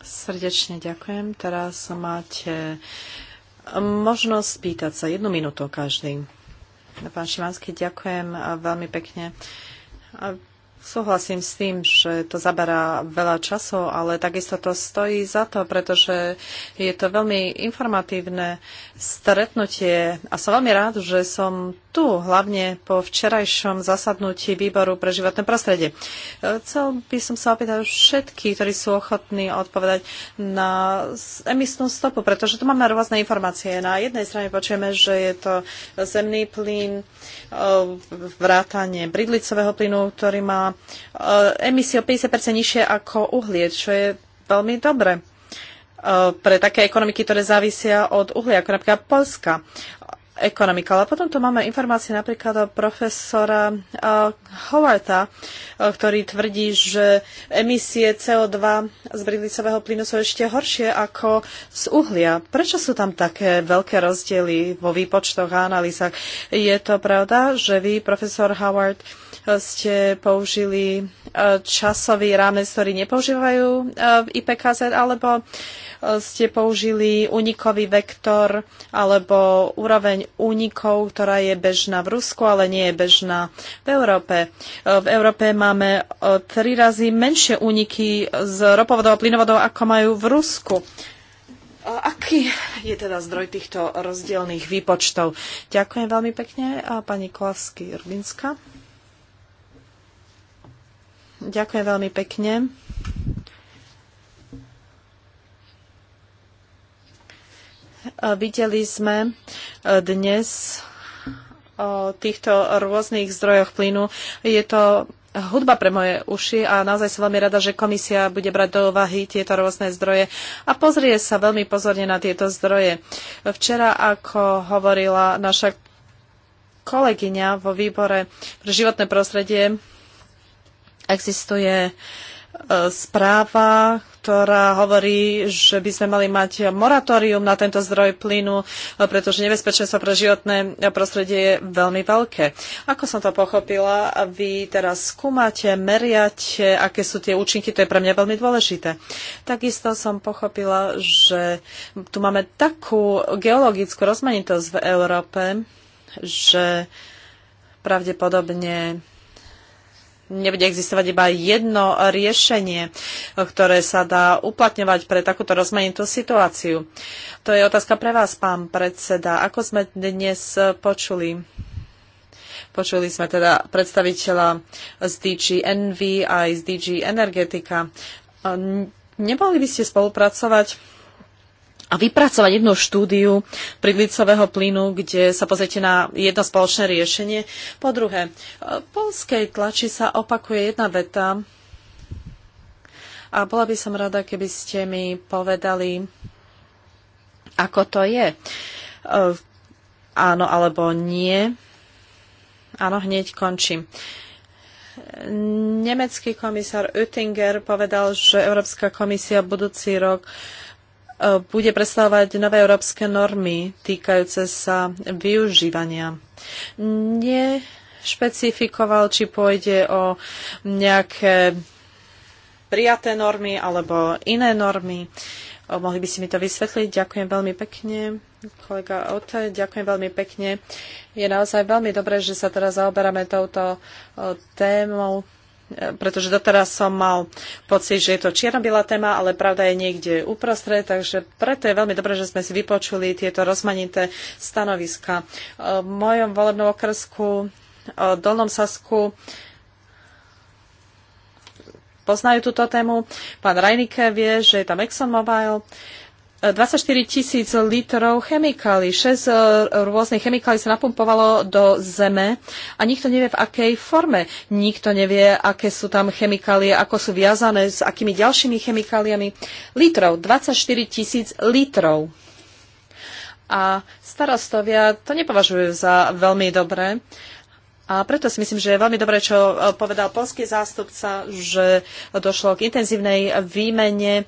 [SPEAKER 1] Srdečne ďakujem. Teraz máte e, možnosť spýtať sa jednu minútu každý. Pán Šimanský, ďakujem veľmi pekne. Súhlasím s tým, že to zaberá veľa času, ale takisto to stojí za to, pretože je to veľmi informatívne stretnutie a som veľmi rád, že som tu, hlavne po včerajšom zasadnutí výboru pre životné prostredie. E, chcel by som sa opýtať všetky, ktorí sú ochotní odpovedať na emisnú stopu, pretože tu máme rôzne informácie. Na jednej strane počujeme, že je to zemný plyn, e, vrátanie bridlicového plynu, ktorý má E, emisie o 50% nižšie ako uhlie, čo je veľmi dobre e, pre také ekonomiky, ktoré závisia od uhlia, ako napríklad Polska ekonomika. Ale potom tu máme informácie napríklad od profesora uh, uh, ktorý tvrdí, že emisie CO2 z bridlicového plynu sú ešte horšie ako z uhlia. Prečo sú tam také veľké rozdiely vo výpočtoch a analýzach? Je to pravda, že vy, profesor Howard, uh, ste použili e, časový rámec, ktorý nepoužívajú e, v IPKZ, alebo e, ste použili unikový vektor alebo úroveň únikov, ktorá je bežná v Rusku, ale nie je bežná v Európe. V Európe máme tri razy menšie úniky z ropovodov a plynovodov, ako majú v Rusku. Aký je teda zdroj týchto rozdielných výpočtov? Ďakujem veľmi pekne, pani Kolasky rubinská Ďakujem veľmi pekne. Videli sme e, dnes o týchto rôznych zdrojoch plynu. Je to hudba pre moje uši a naozaj som veľmi rada, že komisia bude brať do úvahy tieto rôzne zdroje a pozrie sa veľmi pozorne na tieto zdroje. Včera, ako hovorila naša kolegyňa vo výbore pre životné prostredie, Existuje e, správa, ktorá hovorí, že by sme mali mať moratórium na tento zdroj plynu, e, pretože nebezpečenstvo pre životné prostredie je veľmi veľké. Ako som to pochopila, vy teraz skúmate, meriate, aké sú tie účinky, to je pre mňa veľmi dôležité. Takisto som pochopila, že tu máme takú geologickú rozmanitosť v Európe, že pravdepodobne nebude existovať iba jedno riešenie, ktoré sa dá uplatňovať pre takúto rozmanitú situáciu. To je otázka pre vás, pán predseda. Ako sme dnes počuli? Počuli sme teda predstaviteľa z DG Envy aj z DG Energetika. Nemali by ste spolupracovať a vypracovať jednu štúdiu pridlicového plynu, kde sa pozrite na jedno spoločné riešenie. Po druhé, v polskej tlači sa opakuje jedna veta a bola by som rada, keby ste mi povedali, ako to je. Áno alebo nie. Áno, hneď končím nemecký komisár Oettinger povedal, že Európska komisia budúci rok bude predstavovať nové európske normy týkajúce sa využívania. Nešpecifikoval, či pôjde o nejaké prijaté normy alebo iné normy. Mohli by si mi to vysvetliť? Ďakujem veľmi pekne, kolega Ote, ďakujem veľmi pekne. Je naozaj veľmi dobré, že sa teraz zaoberáme touto témou pretože doteraz som mal pocit, že je to čierna-biela téma, ale pravda je niekde uprostred, takže preto je veľmi dobré, že sme si vypočuli tieto rozmanité stanoviska. V mojom volebnom okrsku, v Dolnom Sasku, poznajú túto tému. Pán Rajnike vie, že je tam ExxonMobil. 24 tisíc litrov chemikálií. 6 e, rôznych chemikálií sa napumpovalo do zeme a nikto nevie v akej forme. Nikto nevie, aké sú tam chemikálie, ako sú viazané s akými ďalšími chemikáliami. Litrov, 24 tisíc litrov. A starostovia to nepovažujú za veľmi dobré. A preto si myslím, že je veľmi dobré, čo e, povedal polský zástupca, že došlo k intenzívnej výmene e,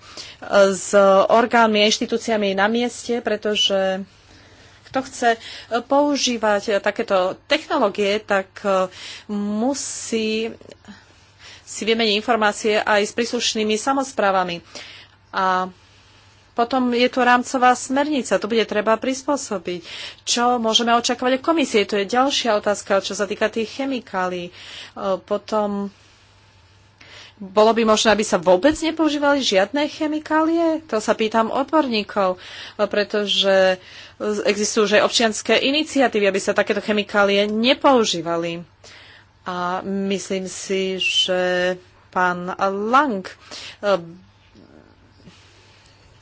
[SPEAKER 1] s orgánmi a inštitúciami na mieste, pretože kto chce e, používať takéto technológie, tak musí si vymeniť informácie aj s príslušnými samozprávami. A potom je tu rámcová smernica, to bude treba prispôsobiť. Čo môžeme očakávať od komisie? To je ďalšia otázka, čo sa týka tých chemikálií. E, potom bolo by možné, aby sa vôbec nepoužívali žiadne chemikálie? To sa pýtam odborníkov, e, pretože existujú že aj občianské iniciatívy, aby sa takéto chemikálie nepoužívali. A myslím si, že pán Lang e,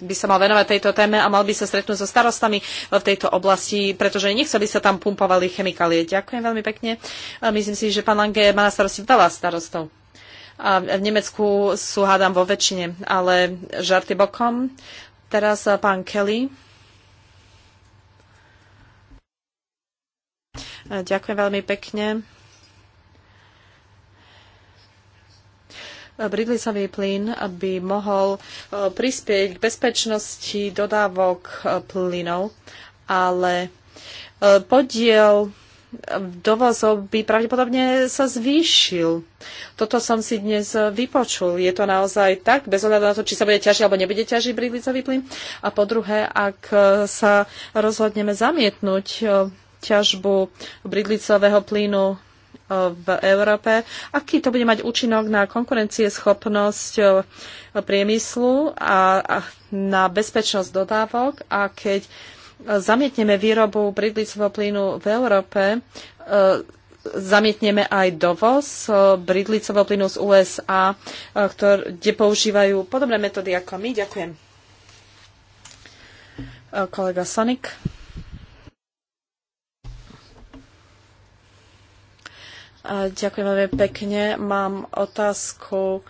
[SPEAKER 1] by sa mal venovať tejto téme a mal by sa stretnúť so starostami v tejto oblasti, pretože nechce, by sa tam pumpovali chemikálie. Ďakujem veľmi pekne. Myslím si, že pán Lange má na starosti veľa starostov. A v Nemecku sú hádam vo väčšine, ale žarty bokom. Teraz eh, pán Kelly. Eh, ďakujem veľmi pekne. bridlicový plyn by mohol e, prispieť k bezpečnosti dodávok e, plynov, ale e, podiel dovozov by pravdepodobne sa zvýšil. Toto som si dnes vypočul. Je to naozaj tak, bez ohľadu na to, či sa bude ťažiť alebo nebude ťažiť bridlicový plyn. A po druhé, ak sa rozhodneme zamietnúť ťažbu bridlicového plynu v Európe, aký to bude mať účinok na konkurencieschopnosť eh, priemyslu a na bezpečnosť dodávok a keď eh, zamietneme výrobu bridlicového plynu v Európe, eh, zamietneme aj dovoz bridlicového plynu z USA, kde používajú podobné metódy ako my. Ďakujem. Kolega Sonik. Ďakujem veľmi pekne. Mám otázku,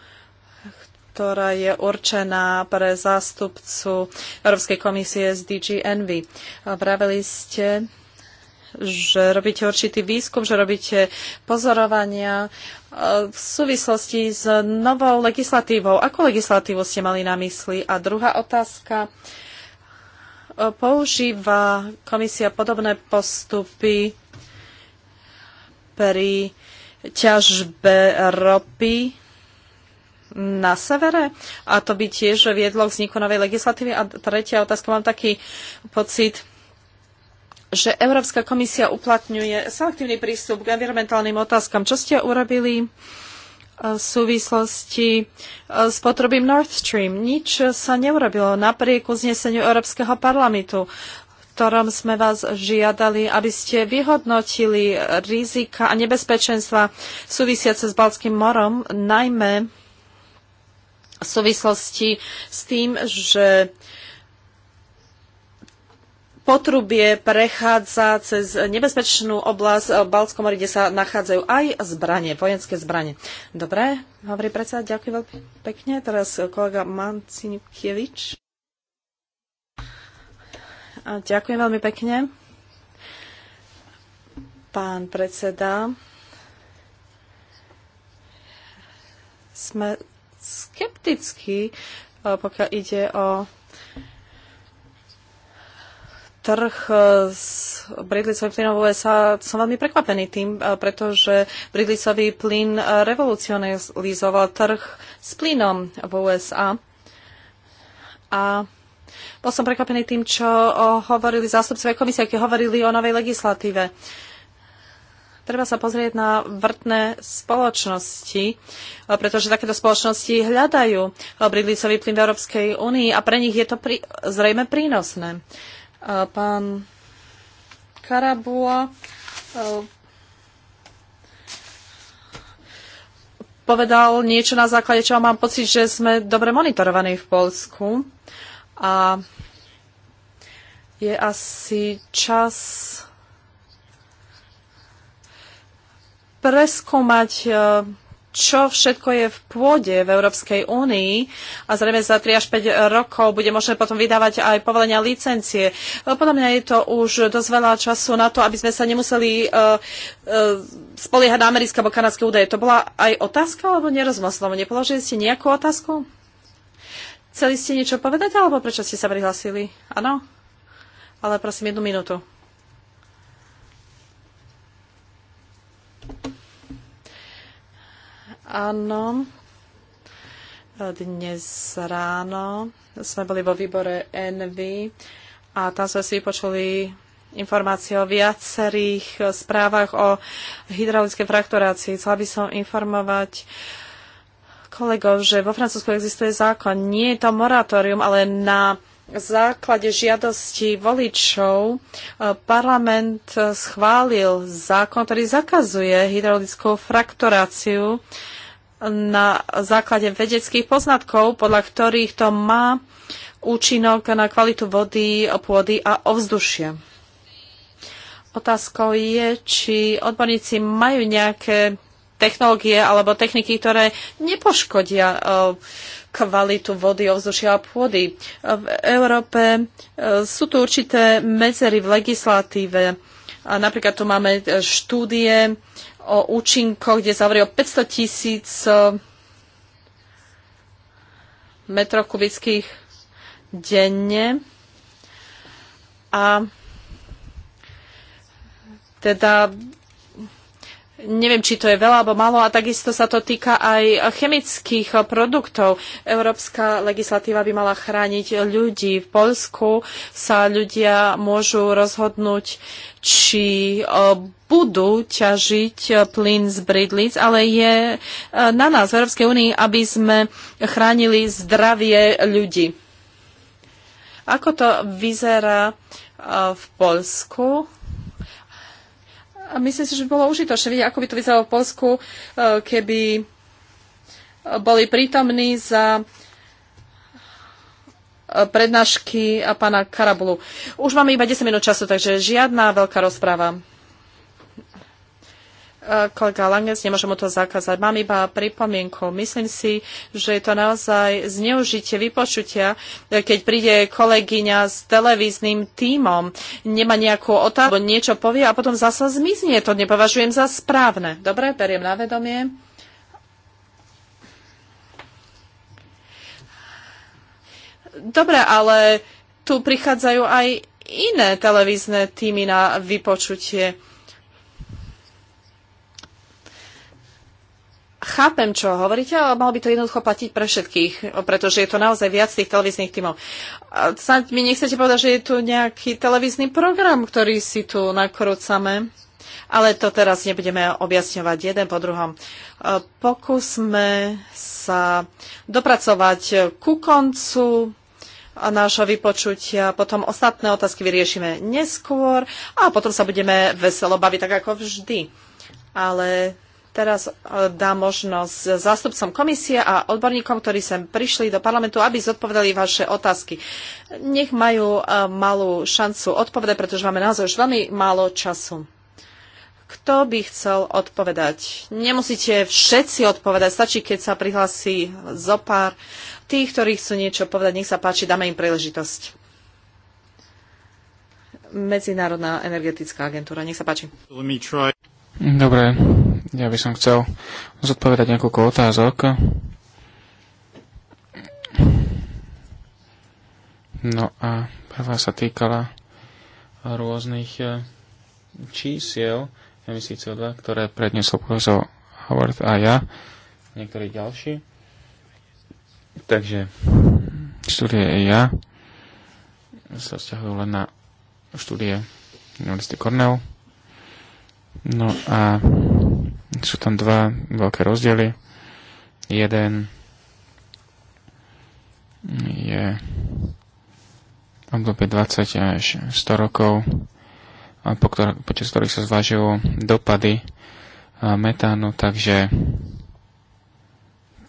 [SPEAKER 1] ktorá je určená pre zástupcu Európskej komisie z DG Envy. Vraveli ste, že robíte určitý výskum, že robíte pozorovania e, v súvislosti s novou legislatívou. Akú legislatívu ste mali na mysli? A druhá otázka. E, používa komisia podobné postupy pri ťažbe ropy na severe a to by tiež viedlo k vzniku novej legislatívy. A tretia otázka, mám taký pocit, že Európska komisia uplatňuje selektívny prístup k environmentálnym otázkam. Čo ste urobili e, v súvislosti e, s potrobím Nord Stream? Nič sa neurobilo napriek uzneseniu Európskeho parlamentu ktorom sme vás žiadali, aby ste vyhodnotili rizika a nebezpečenstva súvisiace s Balským morom, najmä v súvislosti s tým, že potrubie prechádza cez nebezpečnú oblasť v Balskom mori, kde sa nachádzajú aj zbranie, vojenské zbranie. Dobre, hovorí predseda, ďakujem veľmi pekne. Teraz kolega Mancinkievič. Ďakujem veľmi pekne. Pán predseda, sme skeptickí, e, pokiaľ ide o trh e, s bridlicovým plynom v USA, som veľmi prekvapený tým, e, pretože bridlicový plyn revolucionalizoval trh s plynom v USA. A bol som prekvapený tým, čo hovorili zástupcovia komisie, keď hovorili o novej legislatíve. Treba sa pozrieť na vrtné spoločnosti, pretože takéto spoločnosti hľadajú bridlicový plyn v Európskej únii a pre nich je to pri, zrejme prínosné. Pán Karabula povedal niečo na základe čo mám pocit, že sme dobre monitorovaní v Polsku a je asi čas preskúmať, e, čo všetko je v pôde v Európskej únii a zrejme za 3 až 5 rokov bude možné potom vydávať aj povolenia licencie. E, podľa mňa je to už dosť veľa času na to, aby sme sa nemuseli e, spoliehať na americké alebo kanadské údaje. To bola aj otázka, alebo nerozmyslom? Nepoložili ste nejakú otázku? Chceli ste niečo povedať, alebo prečo ste sa prihlasili? Áno? Ale prosím, jednu minútu. Áno. Dnes ráno sme boli vo výbore Envy a tam sme si vypočuli informácie o viacerých správach o hydraulickej frakturácii. Chcela by som informovať kolegov, že vo Francúzsku existuje zákon. Nie je to moratórium, ale na základe žiadosti voličov e, parlament e, schválil zákon, ktorý zakazuje hydraulickú frakturáciu na základe vedeckých poznatkov, podľa ktorých to má účinok na kvalitu vody, pôdy a ovzdušia. Otázkou je, či odborníci majú nejaké technológie alebo techniky, ktoré nepoškodia eh, kvalitu vody, ovzdušia a pôdy. V Európe eh, sú tu určité medzery v legislatíve. A napríklad tu máme eh, štúdie o účinkoch, kde zavrie o 500 tisíc metrov kubických denne. A teda Neviem, či to je veľa alebo málo a takisto sa to týka aj chemických produktov. Európska legislatíva by mala chrániť ľudí. V Polsku sa ľudia môžu rozhodnúť, či e, budú ťažiť e, plyn z bridlic, ale je e, na nás v Európskej únii, aby sme chránili zdravie ľudí. Ako to vyzerá v Polsku? A myslím si, že by bolo užitočné vidieť, ako by to vyzeralo v Polsku, e, keby e, boli prítomní za e, prednášky pána Karabulu. Už máme iba 10 minút času, takže žiadna veľká rozpráva kolega Langes, nemôžem mu to zakázať. Mám iba pripomienku. Myslím si, že je to naozaj zneužitie vypočutia, keď príde kolegyňa s televíznym tímom, nemá nejakú otázku, niečo povie a potom zasa zmizne. To nepovažujem za správne. Dobre, beriem na vedomie. Dobre, ale tu prichádzajú aj iné televízne týmy na vypočutie chápem, čo hovoríte, ale malo by to jednoducho platiť pre všetkých, pretože je to naozaj viac tých televíznych tímov. A snáď mi nechcete povedať, že je tu nejaký televízny program, ktorý si tu nakrúcame, ale to teraz nebudeme objasňovať jeden po druhom. E, pokúsme sa dopracovať ku koncu nášho vypočutia, potom ostatné otázky vyriešime neskôr a potom sa budeme veselo baviť tak ako vždy. Ale teraz e, dá možnosť zástupcom komisie a odborníkom, ktorí sem prišli do parlamentu, aby zodpovedali vaše otázky. Nech majú e, malú šancu odpovedať, pretože máme naozaj už veľmi málo času. Kto by chcel odpovedať? Nemusíte všetci odpovedať, stačí, keď sa prihlási zo pár. tých, ktorí chcú niečo povedať, nech sa páči, dáme im príležitosť. Medzinárodná energetická agentúra, nech sa páči.
[SPEAKER 2] Dobre, ja by som chcel zodpovedať niekoľko otázok. No a prvá sa týkala rôznych eh, čísiel emisí CO2, ktoré predniesol profesor Howard a ja, niektorí ďalší. Takže štúdie ja sa vzťahujú len na štúdie Univerzity Cornell. No a sú tam dva veľké rozdiely. Jeden je obdobie 20 až 100 rokov, po ktor- počas ktorých sa zvážujú dopady metánu, takže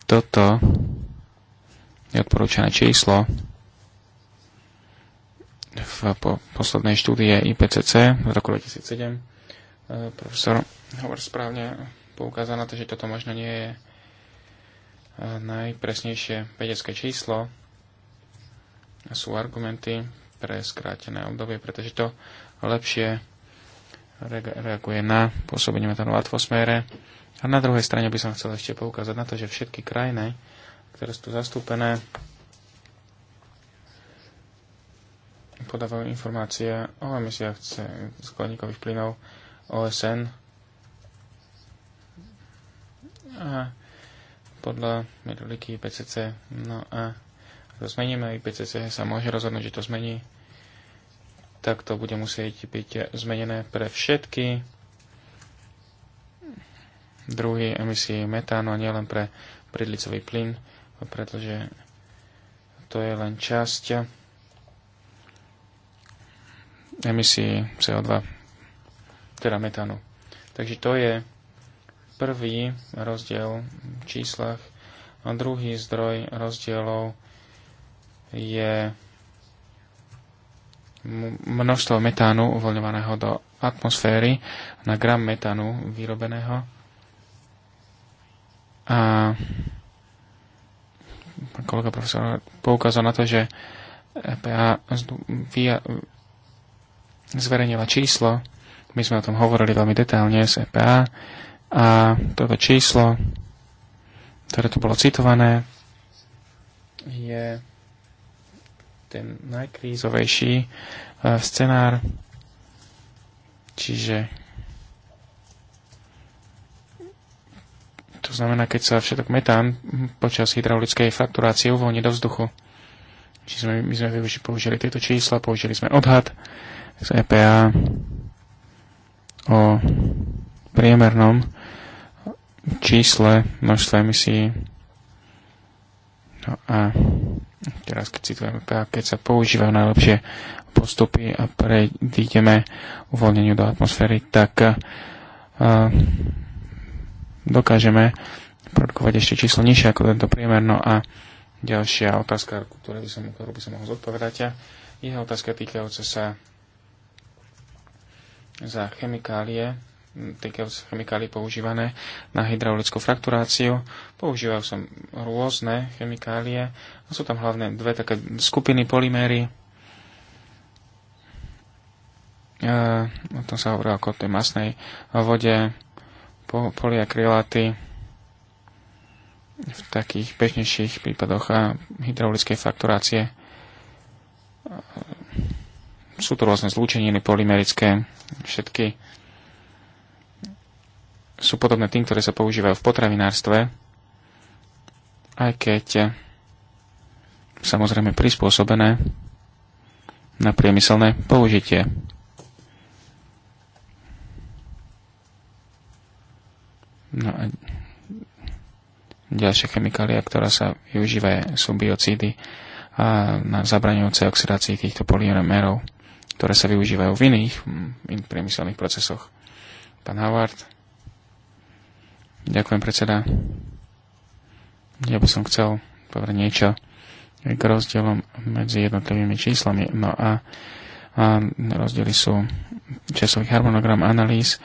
[SPEAKER 2] toto je odporúčané číslo v po poslednej štúdie IPCC z roku 2007 profesor hovor správne poukázal na to, že toto možno nie je e, najpresnejšie vedecké číslo. Sú argumenty pre skrátené obdobie, pretože to lepšie reaguje na pôsobenie metánu v atmosfére. A na druhej strane by som chcel ešte poukázať na to, že všetky krajiny, ktoré sú tu zastúpené, podávajú informácie o emisiách skleníkových plynov OSN a podľa metodiky PCC. No a to zmeníme, aj PCC sa môže rozhodnúť, že to zmení, tak to bude musieť byť zmenené pre všetky druhy emisí metánu a nielen pre prídlicový plyn, pretože to je len časť emisí CO2 teda metánu. Takže to je prvý rozdiel v číslach a druhý zdroj rozdielov je množstvo metánu uvoľňovaného do atmosféry na gram metánu vyrobeného. A kolega profesor poukázal na to, že EPA zverejnila číslo my sme o tom hovorili veľmi detailne z EPA a toto číslo, ktoré tu bolo citované, je ten najkrízovejší e, scenár, čiže to znamená, keď sa všetok metán počas hydraulickej frakturácie uvoľní do vzduchu. Čiže sme, my sme využi, použili tieto čísla, použili sme odhad z EPA, o priemernom čísle množstva emisí. No a teraz, keď to keď sa používajú najlepšie postupy a prejdeme uvoľneniu do atmosféry, tak eh, dokážeme produkovať ešte číslo nižšie ako tento priemer. No a ďalšia otázka, ktorú by som, ktorú by som mohol zodpovedať, je otázka týkajúca sa za chemikálie, týkajú sa chemikálie používané na hydraulickú frakturáciu. Používajú som rôzne chemikálie a sú tam hlavne dve také skupiny poliméry. E, o tom sa hovorilo ako o tej masnej vode, po, poliakryláty v takých bežnejších prípadoch hydraulickej frakturácie sú to rôzne zlúčeniny polymerické, všetky sú podobné tým, ktoré sa používajú v potravinárstve, aj keď samozrejme prispôsobené na priemyselné použitie. No a ďalšia chemikália, ktorá sa využíva, sú biocídy a na zabraňujúce oxidácii týchto polyomerov ktoré sa využívajú v iných, mm, in priemyselných procesoch. Pán Howard. Ďakujem, predseda. Ja by som chcel povedať niečo k rozdielom medzi jednotlivými číslami. No a, a rozdiely sú časový harmonogram analýz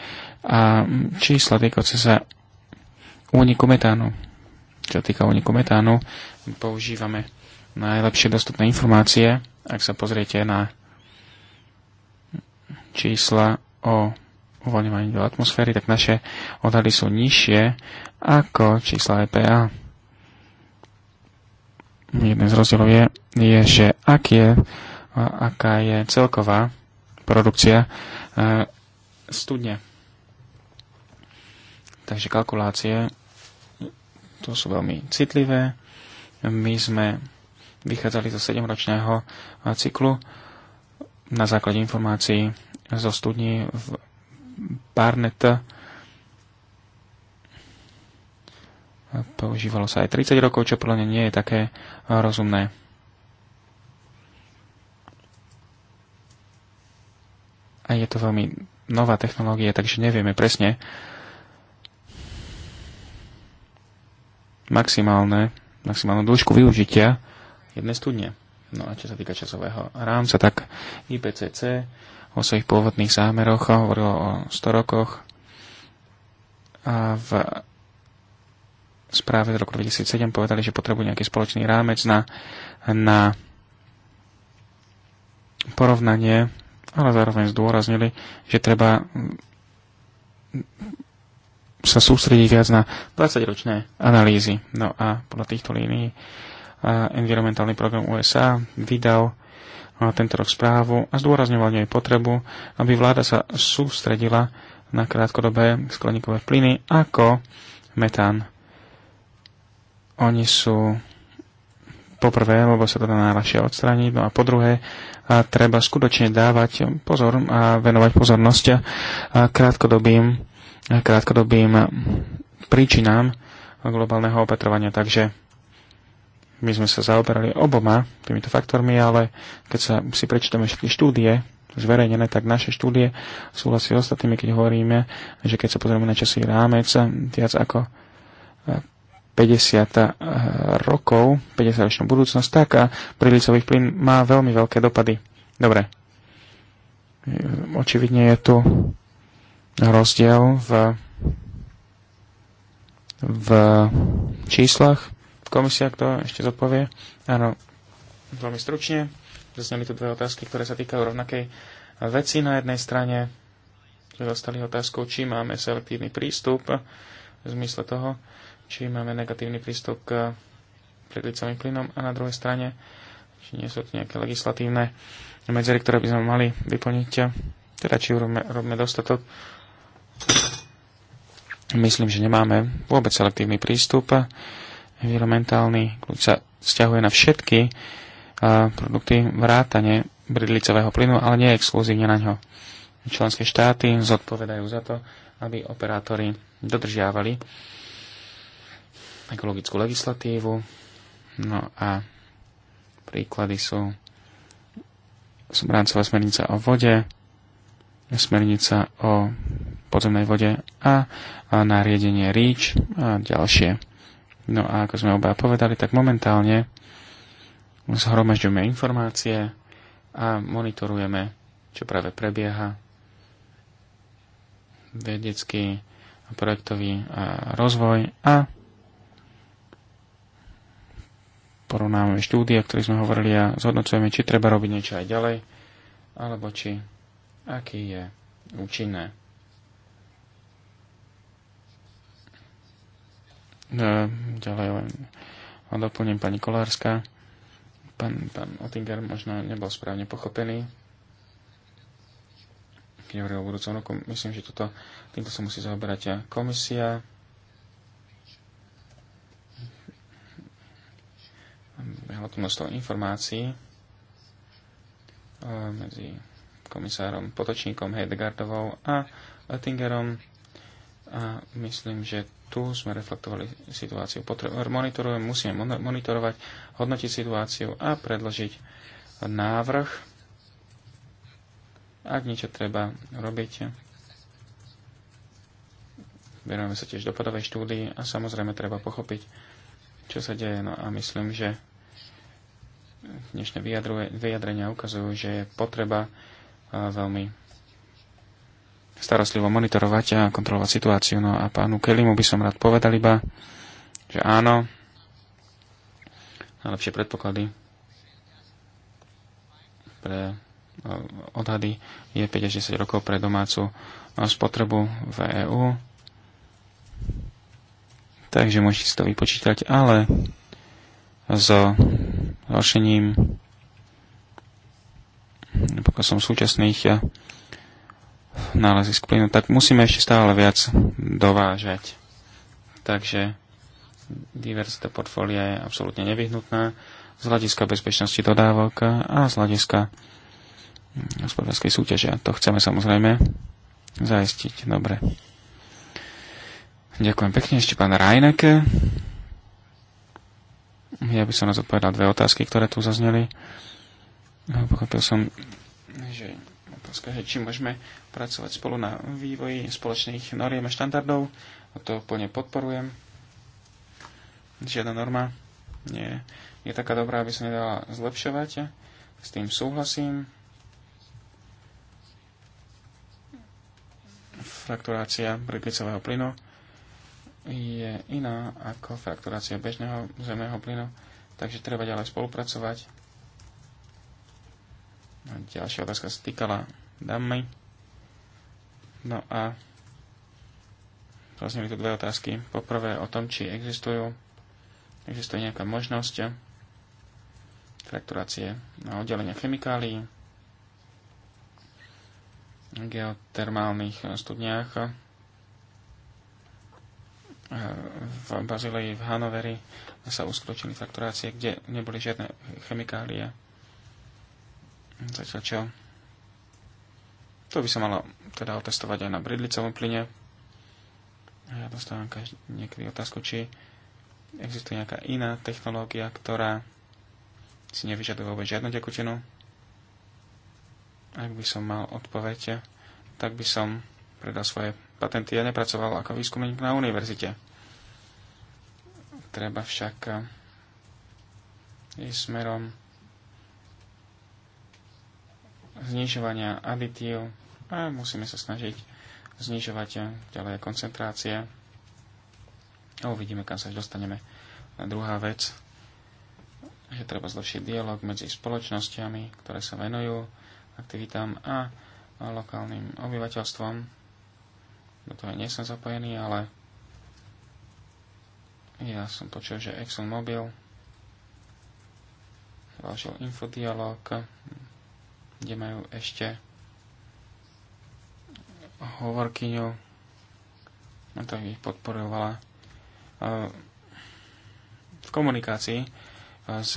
[SPEAKER 2] a čísla týkajúce sa úniku metánu. Čo týka úniku metánu, používame najlepšie dostupné informácie. Ak sa pozriete na čísla o uvoľňovaní do atmosféry, tak naše odhady sú nižšie ako čísla EPA. Jeden z rozdielov je, je že ak je, aká je celková produkcia e, studne. Takže kalkulácie tu sú veľmi citlivé. My sme vychádzali zo 7-ročného cyklu na základe informácií zo studní v Barnet. Používalo sa aj 30 rokov, čo podľa mňa nie je také rozumné. A je to veľmi nová technológia, takže nevieme presne maximálne, maximálnu dĺžku využitia jednej studne. No a čo sa týka časového rámca, tak IPCC o svojich pôvodných zámeroch, hovorilo o 100 rokoch a v správe z roku 2007 povedali, že potrebujú nejaký spoločný rámec na, na porovnanie, ale zároveň zdôraznili, že treba sa sústrediť viac na 20-ročné analýzy. No a podľa týchto línií environmentálny program USA vydal tento rok správu a zdôrazňoval jej potrebu, aby vláda sa sústredila na krátkodobé skleníkové plyny ako metán. Oni sú poprvé, lebo sa to dá najľahšie odstrániť, no a po druhé, a treba skutočne dávať pozor a venovať pozornosť krátkodobým, krátkodobým príčinám globálneho opetrovania. Takže my sme sa zaoberali oboma týmito faktormi, ale keď sa si prečítame všetky štúdie zverejnené, tak naše štúdie súhlasí s ostatnými, keď hovoríme, že keď sa pozrieme na časový rámec, viac ako 50 eh, eh, rokov, 50 ročnú budúcnosť, tak a prílicových plyn má veľmi veľké dopady. Dobre. Očividne je tu rozdiel v, v číslach Komisia, kto ešte zodpovie? Áno, veľmi stručne. Zazneli tu dve otázky, ktoré sa týkajú rovnakej veci. Na jednej strane sme dostali otázku, či máme selektívny prístup v zmysle toho, či máme negatívny prístup k predlicovým plynom a na druhej strane, či nie sú tu nejaké legislatívne medzery, ktoré by sme mali vyplniť. Teda či urobme, robíme dostatok. Myslím, že nemáme vôbec selektívny prístup environmentálny kľúč sa vzťahuje na všetky produkty vrátane bridlicového plynu, ale nie exkluzívne na ňo. Členské štáty zodpovedajú za to, aby operátori dodržiavali ekologickú legislatívu. No a príklady sú, sú rámcová smernica o vode, smernica o podzemnej vode a, a nariadenie REACH a ďalšie. No a ako sme oba povedali, tak momentálne zhromažďujeme informácie a monitorujeme, čo práve prebieha vedecký a projektový rozvoj a porovnávame štúdie, o ktorých sme hovorili a zhodnocujeme, či treba robiť niečo aj ďalej, alebo či aký je účinné. E, ďalej len doplním pani Kolárska. Pán, pán Ottinger možno nebol správne pochopený. Keď hovoril o budúcom roku, myslím, že toto, týmto sa musí zaoberať komisia. Behlo tu množstvo informácií e, medzi komisárom Potočníkom Hedegardovou a Oettingerom a myslím, že tu sme reflektovali situáciu. Potre- monitorujem, musíme monitorovať, hodnotiť situáciu a predložiť návrh, ak niečo treba robiť. Venujeme sa tiež dopadovej štúdii a samozrejme treba pochopiť, čo sa deje. No a myslím, že dnešné vyjadrenia ukazujú, že je potreba veľmi starostlivo monitorovať a kontrolovať situáciu. No a pánu Kelimu by som rád povedal iba, že áno, najlepšie predpoklady pre e, odhady je 5 až 10 rokov pre domácu e, spotrebu v EÚ. Takže môžete si to vypočítať, ale s pokiaľ pokosom súčasných e, nálezisk plynu, no tak musíme ešte stále viac dovážať. Takže diverzita portfólia je absolútne nevyhnutná z hľadiska bezpečnosti dodávok a z hľadiska hospodárskej súťaže. A to chceme samozrejme zaistiť. Dobre. Ďakujem pekne. Ešte pán Rajneke. Ja by som nás odpovedal dve otázky, ktoré tu zazneli. Pochopil som, že otázka, že či môžeme pracovať spolu na vývoji spoločných noriem a štandardov. O to plne podporujem. Žiadna norma nie je taká dobrá, aby sa nedala zlepšovať. S tým súhlasím. Frakturácia bridlicového plynu je iná ako frakturácia bežného zemného plynu, takže treba ďalej spolupracovať a ďalšia otázka sa týkala dámy. No a vlastne mi tu dve otázky. Poprvé o tom, či existujú, existuje nejaká možnosť frakturácie na oddelenie chemikálií, geotermálnych studniach eh, v Bazilei, v Hanoveri sa uskutočnili frakturácie, kde neboli žiadne chemikálie Hm, zatiaľ čo? To by sa malo teda otestovať aj na bridlicovom plyne. Ja dostávam každý, niekedy otázku, či existuje nejaká iná technológia, ktorá si nevyžaduje vôbec žiadnu tekutinu. Ak by som mal odpoveď, tak by som predal svoje patenty a ja nepracoval ako výskumník na univerzite. Treba však eh, ísť smerom znižovania aditív a musíme sa snažiť znižovať ďalej koncentrácie a uvidíme, kam sa dostaneme. A druhá vec, že treba zlepšiť dialog medzi spoločnosťami, ktoré sa venujú aktivitám a lokálnym obyvateľstvom. Do toho nie som zapojený, ale ja som počul, že ExxonMobil založil infodialog kde majú ešte hovorkyňu, a to ich podporovala e, v komunikácii e, s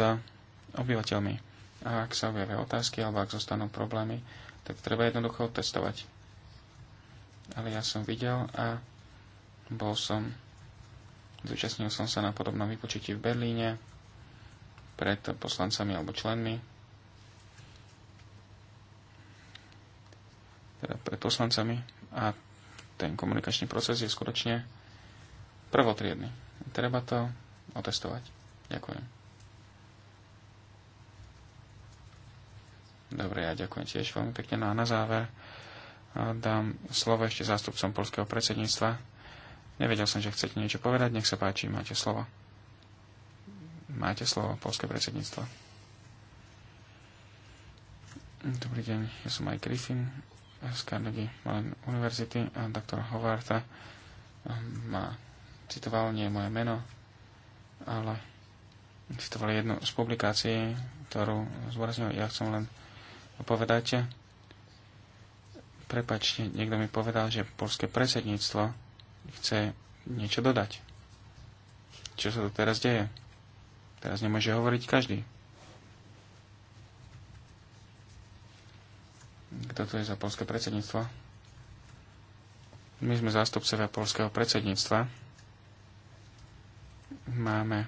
[SPEAKER 2] obyvateľmi. A ak sa objavia otázky alebo ak zostanú problémy, tak treba jednoducho testovať. Ale ja som videl a bol som, zúčastnil som sa na podobnom vypočutí v Berlíne pred poslancami alebo členmi teda pred poslancami a ten komunikačný proces je skutočne prvotriedny. Treba to otestovať. Ďakujem. Dobre, ja ďakujem tiež veľmi pekne. No a na záver dám slovo ešte zástupcom polského predsedníctva. Nevedel som, že chcete niečo povedať. Nech sa páči, máte slovo. Máte slovo, polské predsedníctvo. Dobrý deň, ja som Mike Griffin z Carnegie Mellon univerzity, a doktor Hovarta um, ma citoval, nie je moje meno, ale citovali jednu z publikácií, ktorú zvorazňujem, ja chcem len povedať, prepačte, niekto mi povedal, že polské predsedníctvo chce niečo dodať. Čo sa tu teraz deje? Teraz nemôže hovoriť každý. Kto to je za polské predsedníctvo? My sme zástupcovia polského predsedníctva. Máme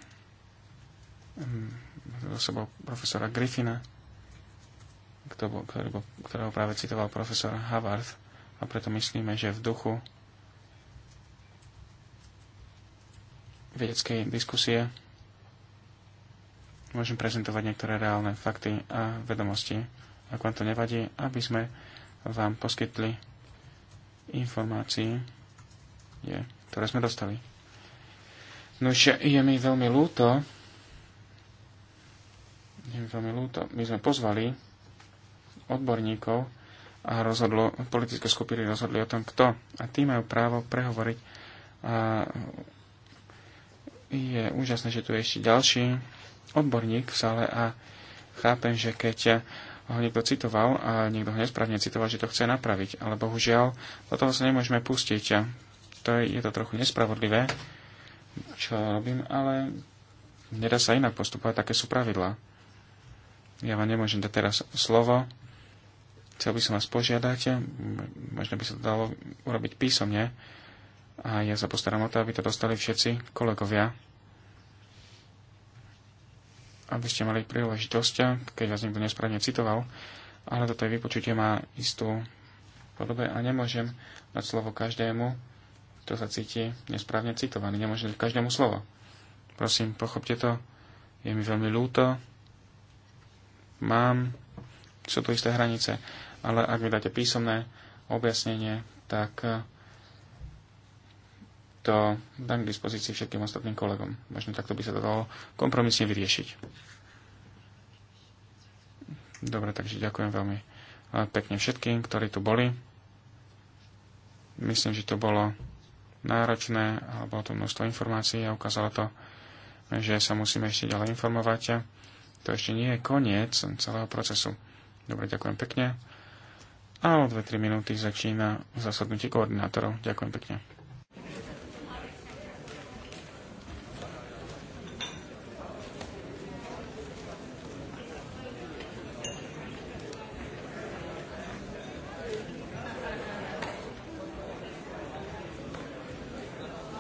[SPEAKER 2] so mm, sebou profesora Griffina, ktorého práve citoval profesor Havard a preto myslíme, že v duchu vedeckej diskusie môžem prezentovať niektoré reálne fakty a vedomosti ak vám to nevadí, aby sme vám poskytli informácie, ktoré sme dostali. No je mi veľmi ľúto, je mi veľmi ľúto, my sme pozvali odborníkov a rozhodlo, politické skupiny rozhodli o tom, kto. A tí majú právo prehovoriť. A je úžasné, že tu je ešte ďalší odborník v sále a chápem, že keď ho niekto citoval a niekto ho nesprávne citoval, že to chce napraviť. Ale bohužiaľ, do toho sa nemôžeme pustiť. A to je, je to trochu nespravodlivé, čo robím, ale nedá sa inak postupovať, také sú pravidlá. Ja vám nemôžem dať teraz slovo. Chcel by som vás požiadať, možno by sa to dalo urobiť písomne. A ja sa postaram o to, aby to dostali všetci kolegovia aby ste mali príležitosť, keď vás niekto nesprávne citoval, ale toto vypočutie má istú podobe a nemôžem dať slovo každému, kto sa cíti nesprávne citovaný. Nemôžem dať každému slovo. Prosím, pochopte to. Je mi veľmi ľúto. Mám. Sú to isté hranice. Ale ak mi dáte písomné objasnenie, tak to dám k dispozícii všetkým ostatným kolegom. Možno takto by sa to dalo kompromisne vyriešiť. Dobre, takže ďakujem veľmi e, pekne všetkým, ktorí tu boli. Myslím, že to bolo náročné, alebo bolo to množstvo informácií a ukázalo to, že sa musíme ešte ďalej informovať. To ešte nie je koniec celého procesu. Dobre, ďakujem pekne. A o 2-3 minúty začína zasadnutie koordinátorov. Ďakujem pekne.